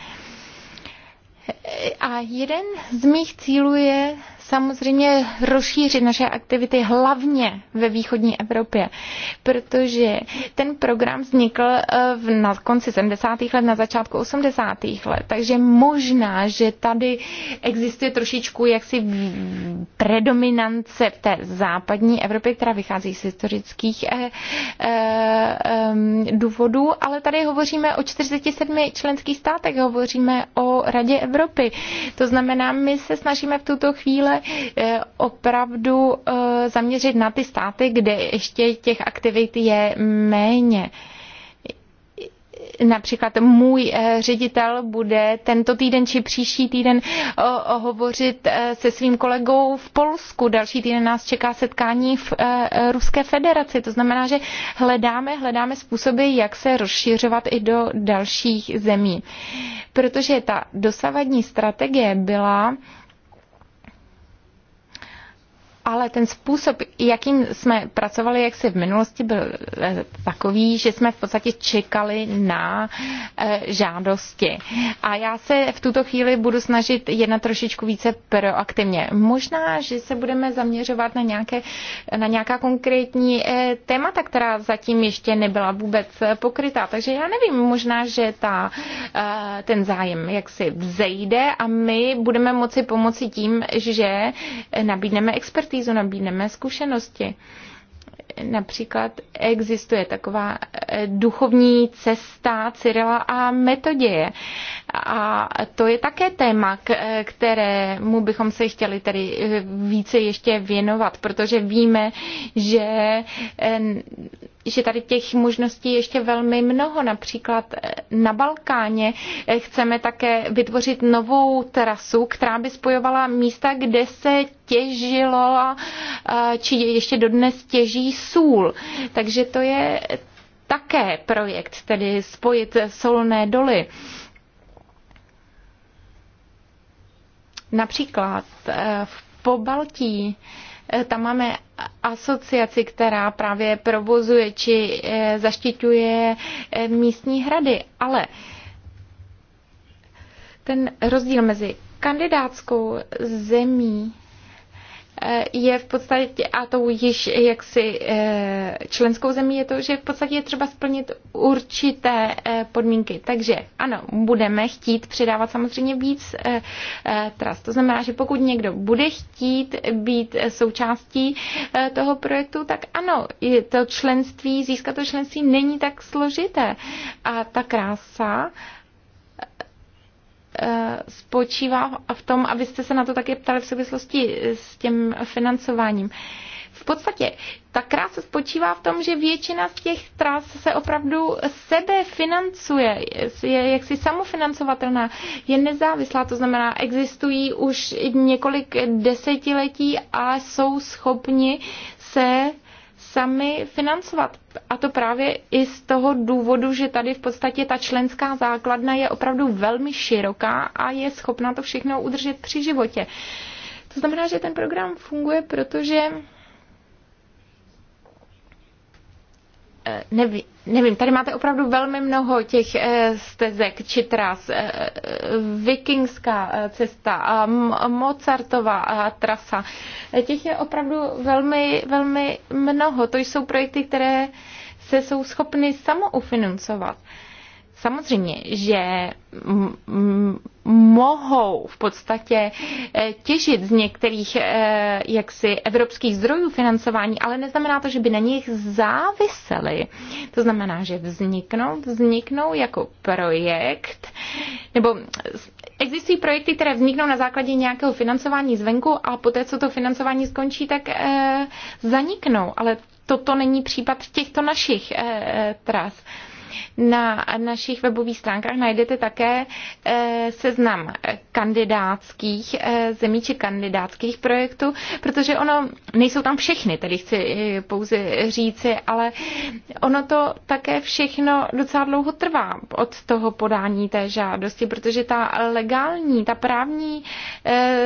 A jeden z mých cílů je samozřejmě rozšířit naše aktivity hlavně ve východní Evropě, protože ten program vznikl eh, v, na konci 70. let, na začátku 80. let, takže možná, že tady existuje trošičku jaksi predominance v té západní Evropě, která vychází z historických eh, eh, důvodů, ale tady hovoříme o 47 členských státech, hovoříme o Radě Evropy. To znamená, my se snažíme v tuto chvíle Eh, opravdu eh, zaměřit na ty státy, kde ještě těch aktivit je méně například můj eh, ředitel bude tento týden či příští týden hovořit se svým kolegou v Polsku. Další týden nás čeká setkání v Ruské federaci. To znamená, že hledáme, hledáme způsoby, jak se rozšiřovat i do dalších zemí. Protože ta dosavadní strategie byla ale ten způsob, jakým jsme pracovali, jak si v minulosti byl eh, takový, že jsme v podstatě čekali na eh, žádosti. A já se v tuto chvíli budu snažit jednat trošičku více proaktivně. Možná, že se budeme zaměřovat na, nějaké, na nějaká konkrétní eh, témata, která zatím ještě nebyla vůbec pokrytá. Takže já nevím, možná, že ta, ten zájem jaksi vzejde a my budeme moci pomoci tím, že nabídneme experty expertízu, nabídneme zkušenosti. Například existuje taková eh, duchovní cesta Cyrila a Metoděje. A to je také téma, eh, kterému bychom se chtěli tedy eh, více ještě věnovat, protože víme, že že tady těch možností ještě velmi mnoho. Například eh, na Balkáně eh, chceme také vytvořit novou trasu, která by spojovala místa, kde se těžilo, eh, či ještě dodnes těží sůl. Takže to je také projekt, tedy spojit solné doly. Například v Pobaltí tam máme asociaci, která právě provozuje či eh, zaštiťuje eh, místní hrady, ale ten rozdíl mezi kandidátskou zemí Eh, je v podstatě, a to již jaksi eh, členskou zemí, je to, že v podstatě je třeba splnit určité eh, podmínky. Takže ano, budeme chtít přidávat samozřejmě víc tras. To znamená, že pokud někdo bude chtít být součástí toho projektu, tak ano, to členství, získat to členství není tak složité. A ta krása Eh, spočívá v tom, abyste se na to také ptali v souvislosti s tím financováním. V podstatě ta krása spočívá v tom, že většina z těch tras se opravdu sebe financuje, je jaksi samofinancovatelná, je nezávislá, to znamená, existují už několik desetiletí a jsou schopni se sami financovat a to právě i z toho důvodu, že tady v podstatě ta členská základna je opravdu velmi široká a je schopná to všechno udržet při životě. To znamená, že ten program funguje, protože Eh, nevím, nevím, tady máte opravdu velmi mnoho těch eh, stezek či tras. Eh, vikingská cesta, Mozartová trasa. Těch je opravdu velmi, velmi mnoho. To jsou projekty, které se jsou schopny samoufinancovat. Uh, Samozřejmě, že mohou v podstatě e, těžit z některých e, jaksi evropských zdrojů financování, ale neznamená to, že by na nich záviseli. To znamená, že vzniknou, vzniknou jako projekt, nebo existují projekty, které vzniknou na základě nějakého financování zvenku a poté, co to financování skončí, tak e, zaniknou. Ale toto není případ těchto našich tras. Na našich webových stránkách najdete také eh, seznam kandidátských eh, zemí či kandidátských projektů, protože ono, nejsou tam všechny, tedy chci eh, pouze říci, ale ono to také všechno docela dlouho trvá od toho podání té žádosti, protože ta legální, ta právní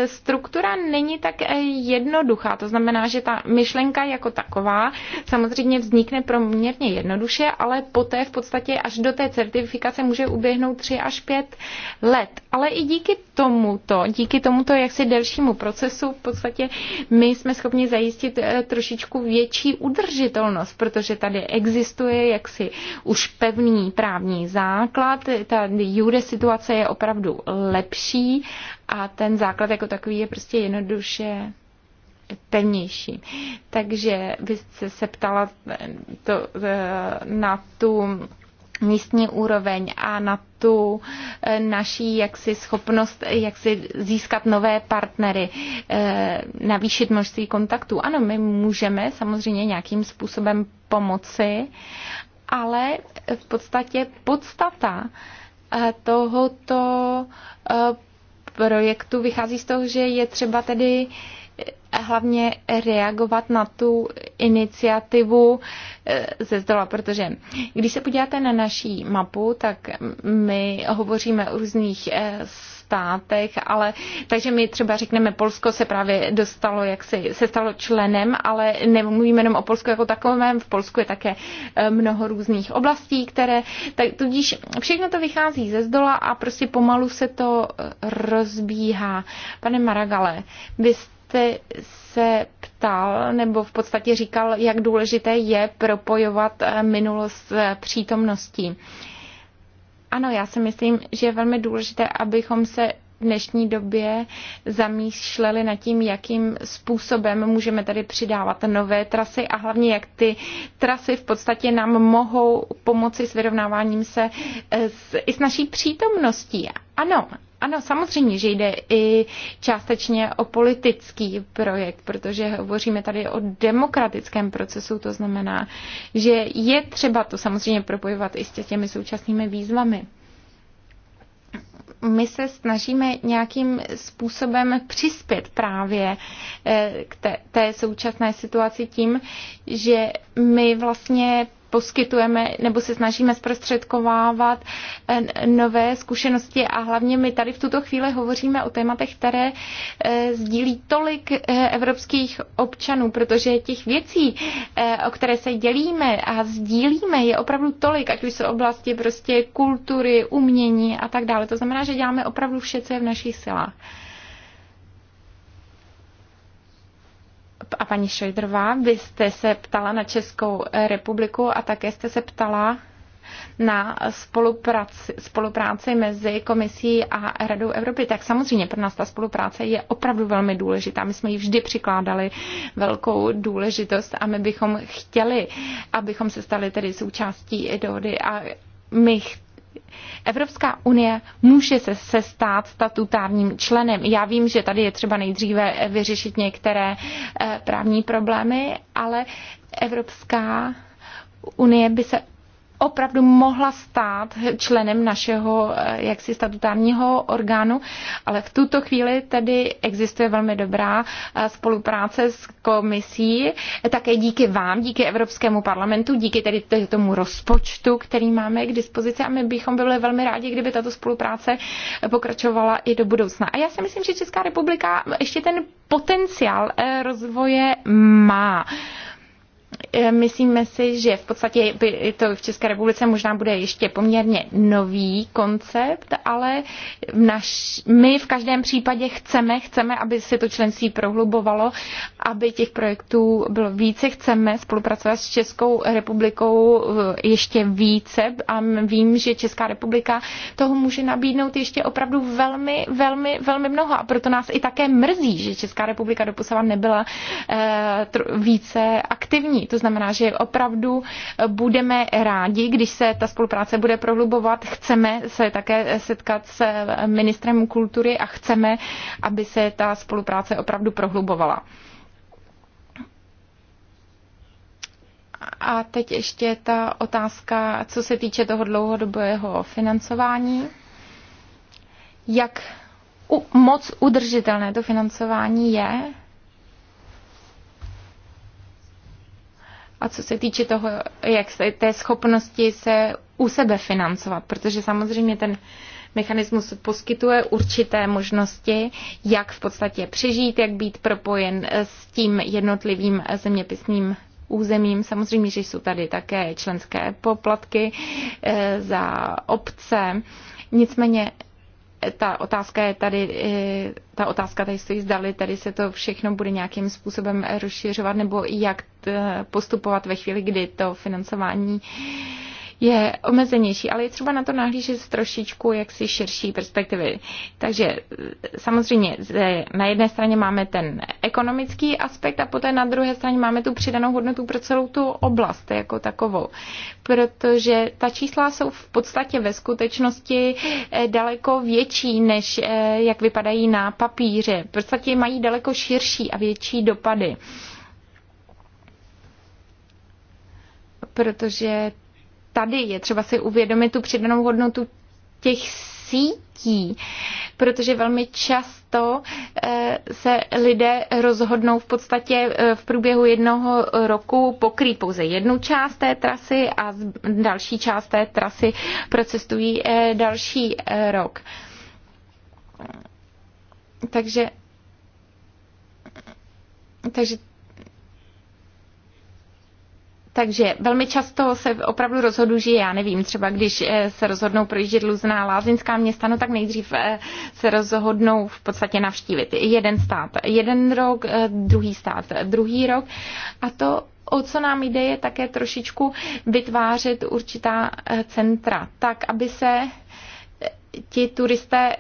struktura není tak jednoduchá. To znamená, že ta myšlenka jako taková samozřejmě vznikne poměrně jednoduše, ale poté v podstatě podstatě až do té certifikace může uběhnout 3 až 5 let. Ale i díky tomuto, díky tomuto jaksi delšímu procesu v podstatě my jsme schopni zajistit eh, trošičku větší udržitelnost, protože tady existuje jaksi už pevný právní základ, ta jure situace je opravdu lepší a ten základ jako takový je prostě jednoduše pevnější. Takže vy jste se ptala eh, to, eh, na tu místní úroveň a na tu eh, naší jaksi schopnost jaksi získat nové partnery, eh, navýšit množství kontaktů. Ano, my můžeme samozřejmě nějakým způsobem pomoci, ale v podstatě podstata eh, tohoto projektu vychází z toho, že je třeba tedy hlavně reagovat na tu iniciativu eh, ze zdola, protože když se podíváte na naší mapu, tak my hovoříme o různých eh, státech, ale takže my třeba řekneme, Polsko se právě dostalo, jak se, se stalo členem, ale nemluvíme jenom o Polsku jako takovém, v Polsku je také eh, mnoho různých oblastí, které, tak tudíž všechno to vychází ze zdola a prostě pomalu se to rozbíhá. Pane Maragale, vy jste jste se ptal, nebo v podstatě říkal, jak důležité je propojovat eh, minulost s přítomností. Ano, já si myslím, že je velmi důležité, abychom se v dnešní době zamýšleli nad tím, jakým způsobem můžeme tady přidávat nové trasy a hlavně jak ty trasy v podstatě nám mohou pomoci s vyrovnáváním se eh, s, i s naší přítomností. Ano, ano, samozřejmě, že jde i částečně o politický projekt, protože hovoříme tady o demokratickém procesu, to znamená, že je třeba to samozřejmě propojovat i s těmi současnými výzvami my se snažíme nějakým způsobem přispět právě eh, k té, té současné situaci tím, že my vlastně poskytujeme nebo se snažíme zprostředkovávat eh, nové zkušenosti a hlavně my tady v tuto chvíli hovoříme o tématech, které eh, sdílí tolik eh, evropských občanů, protože těch věcí, o které se dělíme a sdílíme, je opravdu tolik, ať už jsou oblasti prostě kultury, umění a tak dále. To znamená, že děláme opravdu vše, co je v našich silách. a paní Šojdrová, vy jste se ptala na Českou republiku a také jste se ptala na spolupráci, spolupráci mezi komisí a Radou Evropy, tak samozřejmě pro nás ta spolupráce je opravdu velmi důležitá. My jsme ji vždy přikládali velkou důležitost a my bychom chtěli, abychom se stali tedy součástí dohody a my Evropská unie může se, se stát statutárním členem. Já vím, že tady je třeba nejdříve vyřešit některé eh, právní problémy, ale Evropská unie by se opravdu mohla stát členem našeho eh, jaksi statutárního orgánu, ale v tuto chvíli tedy existuje velmi dobrá eh, spolupráce s komisí, eh, také díky vám, díky Evropskému parlamentu, díky tedy tomu rozpočtu, který máme k dispozici a my bychom byli velmi rádi, kdyby tato spolupráce pokračovala i do budoucna. A já si myslím, že Česká republika ještě ten potenciál rozvoje má. E, myslíme si, že v podstatě by to v České republice možná bude ještě poměrně nový koncept, ale v naš, my v každém případě chceme, chceme, aby se to členství prohlubovalo, aby těch projektů bylo více, chceme spolupracovat s Českou republikou e, ještě více a vím, že Česká republika toho může nabídnout ještě opravdu velmi, velmi, velmi mnoho a proto nás i také mrzí, že Česká republika doposava nebyla eh, více aktivní to znamená, že opravdu eh, budeme rádi, když se ta spolupráce bude prohlubovat. Chceme se také setkat s eh, ministrem kultury a chceme, aby se ta spolupráce opravdu prohlubovala. A teď ještě ta otázka, co se týče toho dlouhodobého financování. Jak moc udržitelné to financování je? a co se týče toho, jak se, té schopnosti se u sebe financovat, protože samozřejmě ten mechanismus poskytuje určité možnosti, jak v podstatě přežít, jak být propojen s tím jednotlivým zeměpisným územím. Samozřejmě, že jsou tady také členské poplatky eh, za obce. Nicméně ta otázka je tady, eh, ta otázka tady stojí zdali, tady se to všechno bude nějakým způsobem rozšiřovat, nebo jak eh, postupovat ve chvíli, kdy to financování je omezenější, ale je třeba na to nahlížet z trošičku jaksi širší perspektivy. Takže e, samozřejmě na jedné straně máme ten ekonomický aspekt a poté na druhé straně máme tu přidanou hodnotu pro celou tu oblast jako takovou. Protože ta čísla jsou v podstatě ve skutečnosti e, daleko větší, než e, jak vypadají na papíře. V podstatě mají daleko širší a větší dopady protože tady je třeba si uvědomit tu přidanou hodnotu těch sítí, protože velmi často eh, se lidé rozhodnou v podstatě eh, v průběhu jednoho roku pokrýt pouze jednu část té trasy a další část té trasy procestují eh, další rok. Takže takže takže velmi často se opravdu rozhodu, že já nevím, třeba když eh, se rozhodnou projíždět Luzná Lázinská města, no tak nejdřív eh, se rozhodnou v podstatě navštívit jeden stát, jeden rok, eh, druhý stát, druhý rok a to o co nám jde, je také trošičku vytvářet určitá centra, tak aby se ti turisté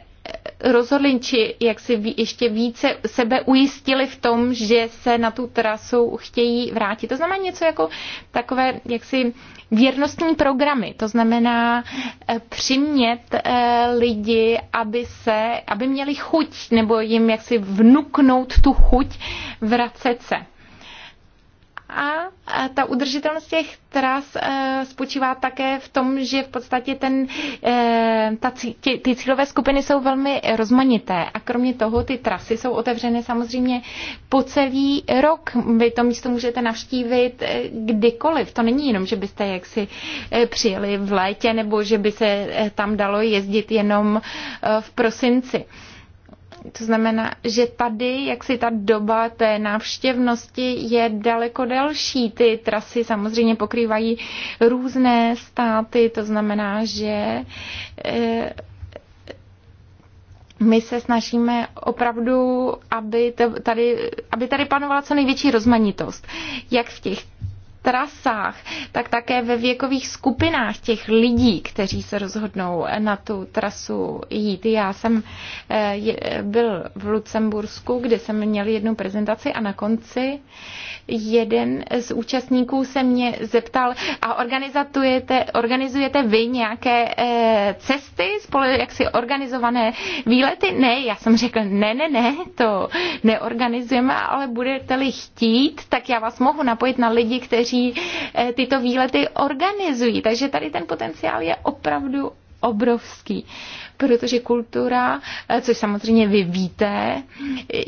rozhodli, či jak si ještě více sebe ujistili v tom, že se na tu trasu chtějí vrátit. To znamená něco jako takové jak si věrnostní programy. To znamená eh, přimět eh, lidi, aby, se, aby měli chuť nebo jim jaksi vnuknout tu chuť vracet se. A ta udržitelnost těch tras e, spočívá také v tom, že v podstatě ten, e, ta, ty, ty cílové skupiny jsou velmi rozmanité a kromě toho ty trasy jsou otevřeny samozřejmě po celý rok. Vy to místo můžete navštívit e, kdykoliv. To není jenom, že byste jaksi přijeli v létě nebo že by se tam dalo jezdit jenom v prosinci. To znamená, že tady, jak si ta doba té návštěvnosti je daleko delší. Ty trasy samozřejmě pokrývají různé státy, to znamená, že eh, my se snažíme opravdu, aby tady, aby tady panovala co největší rozmanitost, jak v těch trasách, tak také ve věkových skupinách těch lidí, kteří se rozhodnou na tu trasu jít. Já jsem eh, byl v Lucembursku, kde jsem měl jednu prezentaci a na konci jeden z účastníků se mě zeptal, a organizujete, organizujete vy nějaké eh, cesty, spole, jaksi organizované výlety? Ne, já jsem řekl, ne, ne, ne, to neorganizujeme, ale budete-li chtít, tak já vás mohu napojit na lidi, kteří kteří eh, tyto výlety organizují. Takže tady ten potenciál je opravdu obrovský protože kultura, eh, což samozřejmě vy víte,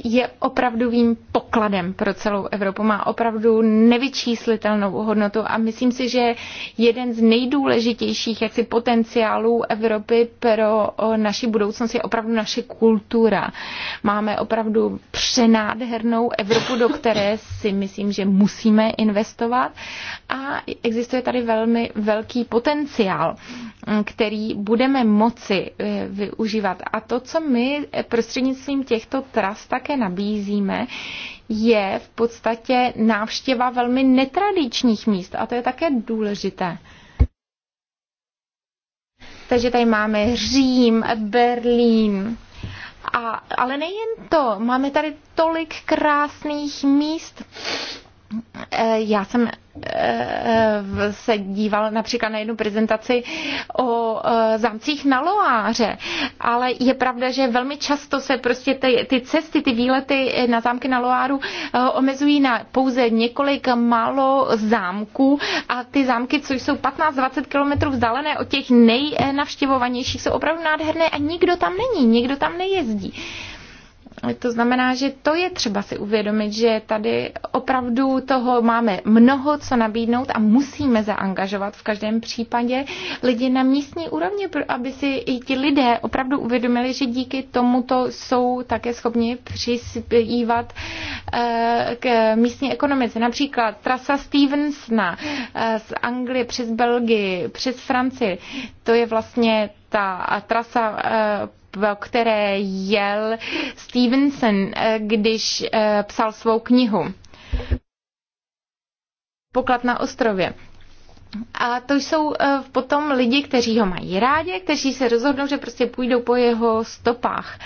je opravdovým pokladem pro celou Evropu. Má opravdu nevyčíslitelnou hodnotu a myslím si, že jeden z nejdůležitějších jaksi potenciálů Evropy pro naši budoucnost je opravdu naše kultura. Máme opravdu přenádhernou Evropu, do které si myslím, že musíme investovat a existuje tady velmi velký potenciál, mm, který budeme moci eh, využívat. A to, co my prostřednictvím těchto tras také nabízíme, je v podstatě návštěva velmi netradičních míst a to je také důležité. Takže tady máme Řím, Berlín, a, ale nejen to, máme tady tolik krásných míst, Eh, já jsem eh, se díval například na jednu prezentaci o eh, zámcích na Loáře, ale je pravda, že velmi často se prostě ty, ty cesty, ty výlety na zámky na Loáru omezují na pouze několik málo zámků a ty zámky, co jsou 15-20 kilometrů vzdálené od těch nejnavštěvovanějších, jsou opravdu nádherné a nikdo tam není, nikdo tam nejezdí. To znamená, že to je třeba si uvědomit, že tady opravdu toho máme mnoho co nabídnout a musíme zaangažovat v každém případě lidi na místní úrovni, aby si i ti lidé opravdu uvědomili, že díky tomuto jsou také schopni přispívat eh, k místní ekonomice. Například trasa Stevensona eh, z Anglie přes Belgii, přes Francii, to je vlastně ta trasa eh, pro které jel Stevenson, eh, když eh, psal svou knihu. Poklad na ostrově. A to jsou eh, potom lidi, kteří ho mají rádi, kteří se rozhodnou, že prostě půjdou po jeho stopách.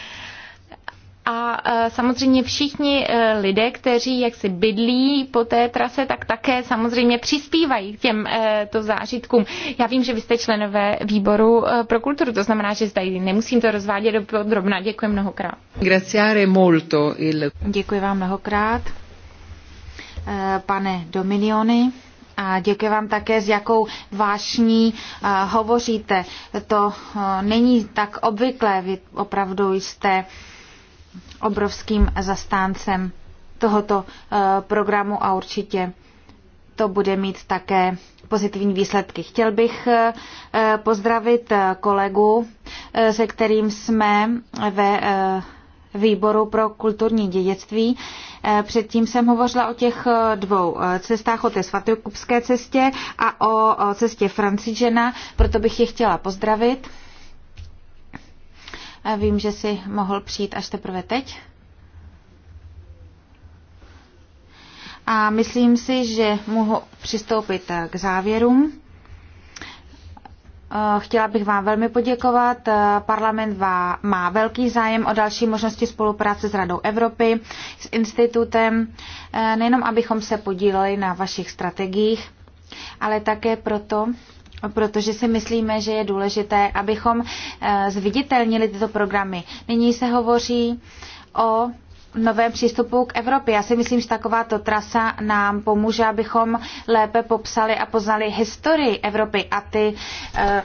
A e, samozřejmě všichni e, lidé, kteří jaksi bydlí po té trase, tak také samozřejmě přispívají k těm e, to zážitkům. Já vím, že vy jste členové výboru pro kulturu, to znamená, že zde nemusím to rozvádět do podrobna. Děkuji mnohokrát. Graciare molto il... Děkuji vám mnohokrát, pane Dominiony. A děkuji vám také, s jakou vášní hovoříte. To není tak obvyklé, vy opravdu jste uh, obrovským zastáncem tohoto eh, programu a určitě to bude mít také pozitivní výsledky. Chtěl bych eh, pozdravit eh, kolegu, se kterým jsme ve výboru pro kulturní dědictví. Předtím jsem hovořila o těch dvou cestách, o té svatokupské cestě a o cestě Francižena, proto bych je chtěla pozdravit. Vím, že si mohl přijít až teprve teď. A myslím si, že mohu přistoupit k závěrům. Eh, chtěla bych vám velmi poděkovat. Eh, Parlament má velký zájem o další možnosti spolupráce s Radou Evropy, s institutem, eh, nejenom abychom se podíleli na vašich strategiích, ale také proto, protože si myslíme, že je důležité, abychom eh, zviditelnili tyto programy. Nyní se hovoří o novém přístupu k Evropě. Já si myslím, že takováto trasa nám pomůže, abychom lépe popsali a poznali historii Evropy a ty eh,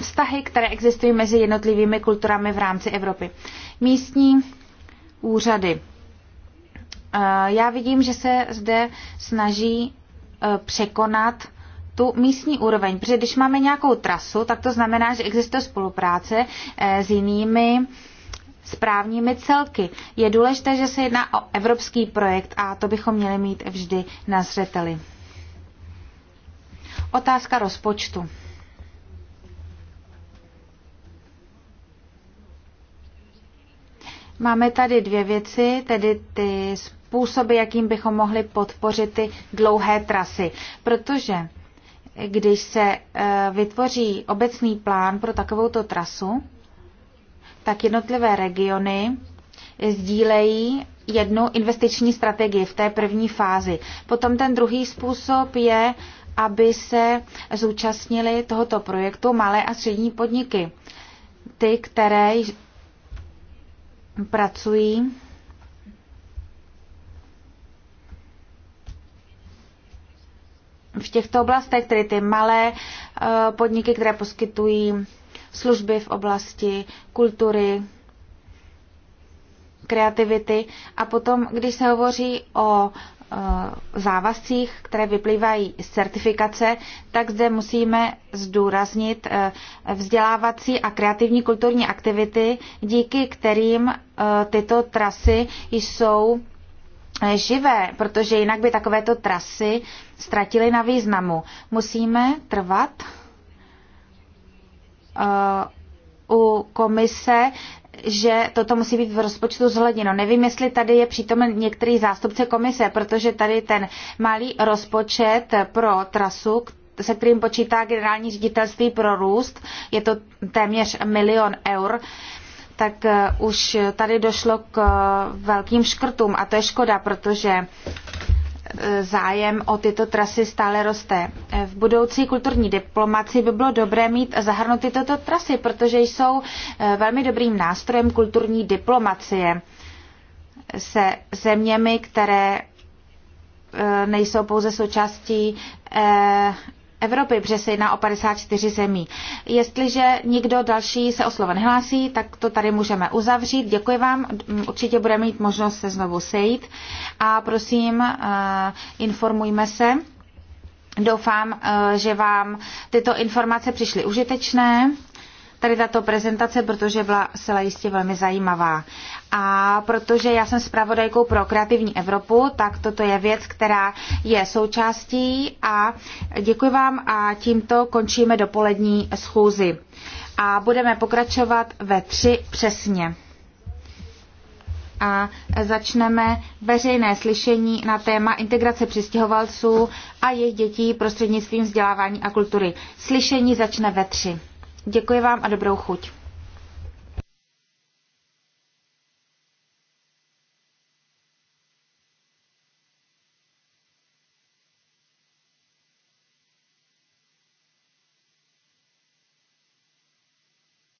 vztahy, které existují mezi jednotlivými kulturami v rámci Evropy. Místní úřady. Eh, já vidím, že se zde snaží překonat tu místní úroveň, protože když máme nějakou trasu, tak to znamená, že existuje spolupráce eh, s jinými správními celky. Je důležité, že se jedná o evropský projekt a to bychom měli mít vždy na zřeteli. Otázka rozpočtu. Máme tady dvě věci, tedy ty způsoby, jakým bychom mohli podpořit ty dlouhé trasy, protože když se e, vytvoří obecný plán pro takovouto trasu, tak jednotlivé regiony sdílejí jednu investiční strategii v té první fázi. Potom ten druhý způsob je, aby se zúčastnili tohoto projektu malé a střední podniky. Ty, které pracují v těchto oblastech, tedy ty malé eh, podniky, které poskytují služby v oblasti kultury, kreativity. A potom, když se hovoří o eh, závazcích, které vyplývají z certifikace, tak zde musíme zdůraznit eh, vzdělávací a kreativní kulturní aktivity, díky kterým tyto trasy jsou živé, protože jinak by takovéto trasy ztratily na významu. Musíme trvat uh, u komise že toto musí být v rozpočtu zhledněno. Nevím, jestli tady je přítomen některý zástupce komise, protože tady ten malý rozpočet pro trasu, se kterým počítá generální ředitelství pro růst, je to téměř milion eur, tak eh, už tady došlo k eh, velkým škrtům a to je škoda, protože eh, zájem o tyto trasy stále roste. V budoucí kulturní diplomaci by bylo dobré mít zahrnout tyto trasy, protože jsou velmi dobrým nástrojem kulturní diplomacie se zeměmi, které nejsou pouze součástí Evropy, protože se jedná o 54 zemí. Jestliže nikdo další se o slovo nehlásí, tak to tady můžeme uzavřít. Děkuji vám, určitě budeme mít možnost se znovu sejít a prosím, eh, informujme se. Doufám, eh, že vám tyto informace přišly užitečné tady tato prezentace, protože byla zcela jistě velmi zajímavá. A protože já jsem zpravodajkou pro kreativní Evropu, tak toto je věc, která je součástí a děkuji vám a tímto končíme dopolední schůzi. A budeme pokračovat ve tři přesně a začneme veřejné slyšení na téma integrace přistěhovalců a jejich dětí prostřednictvím vzdělávání a kultury. Slyšení začne ve tři. Děkuji vám a dobrou chuť.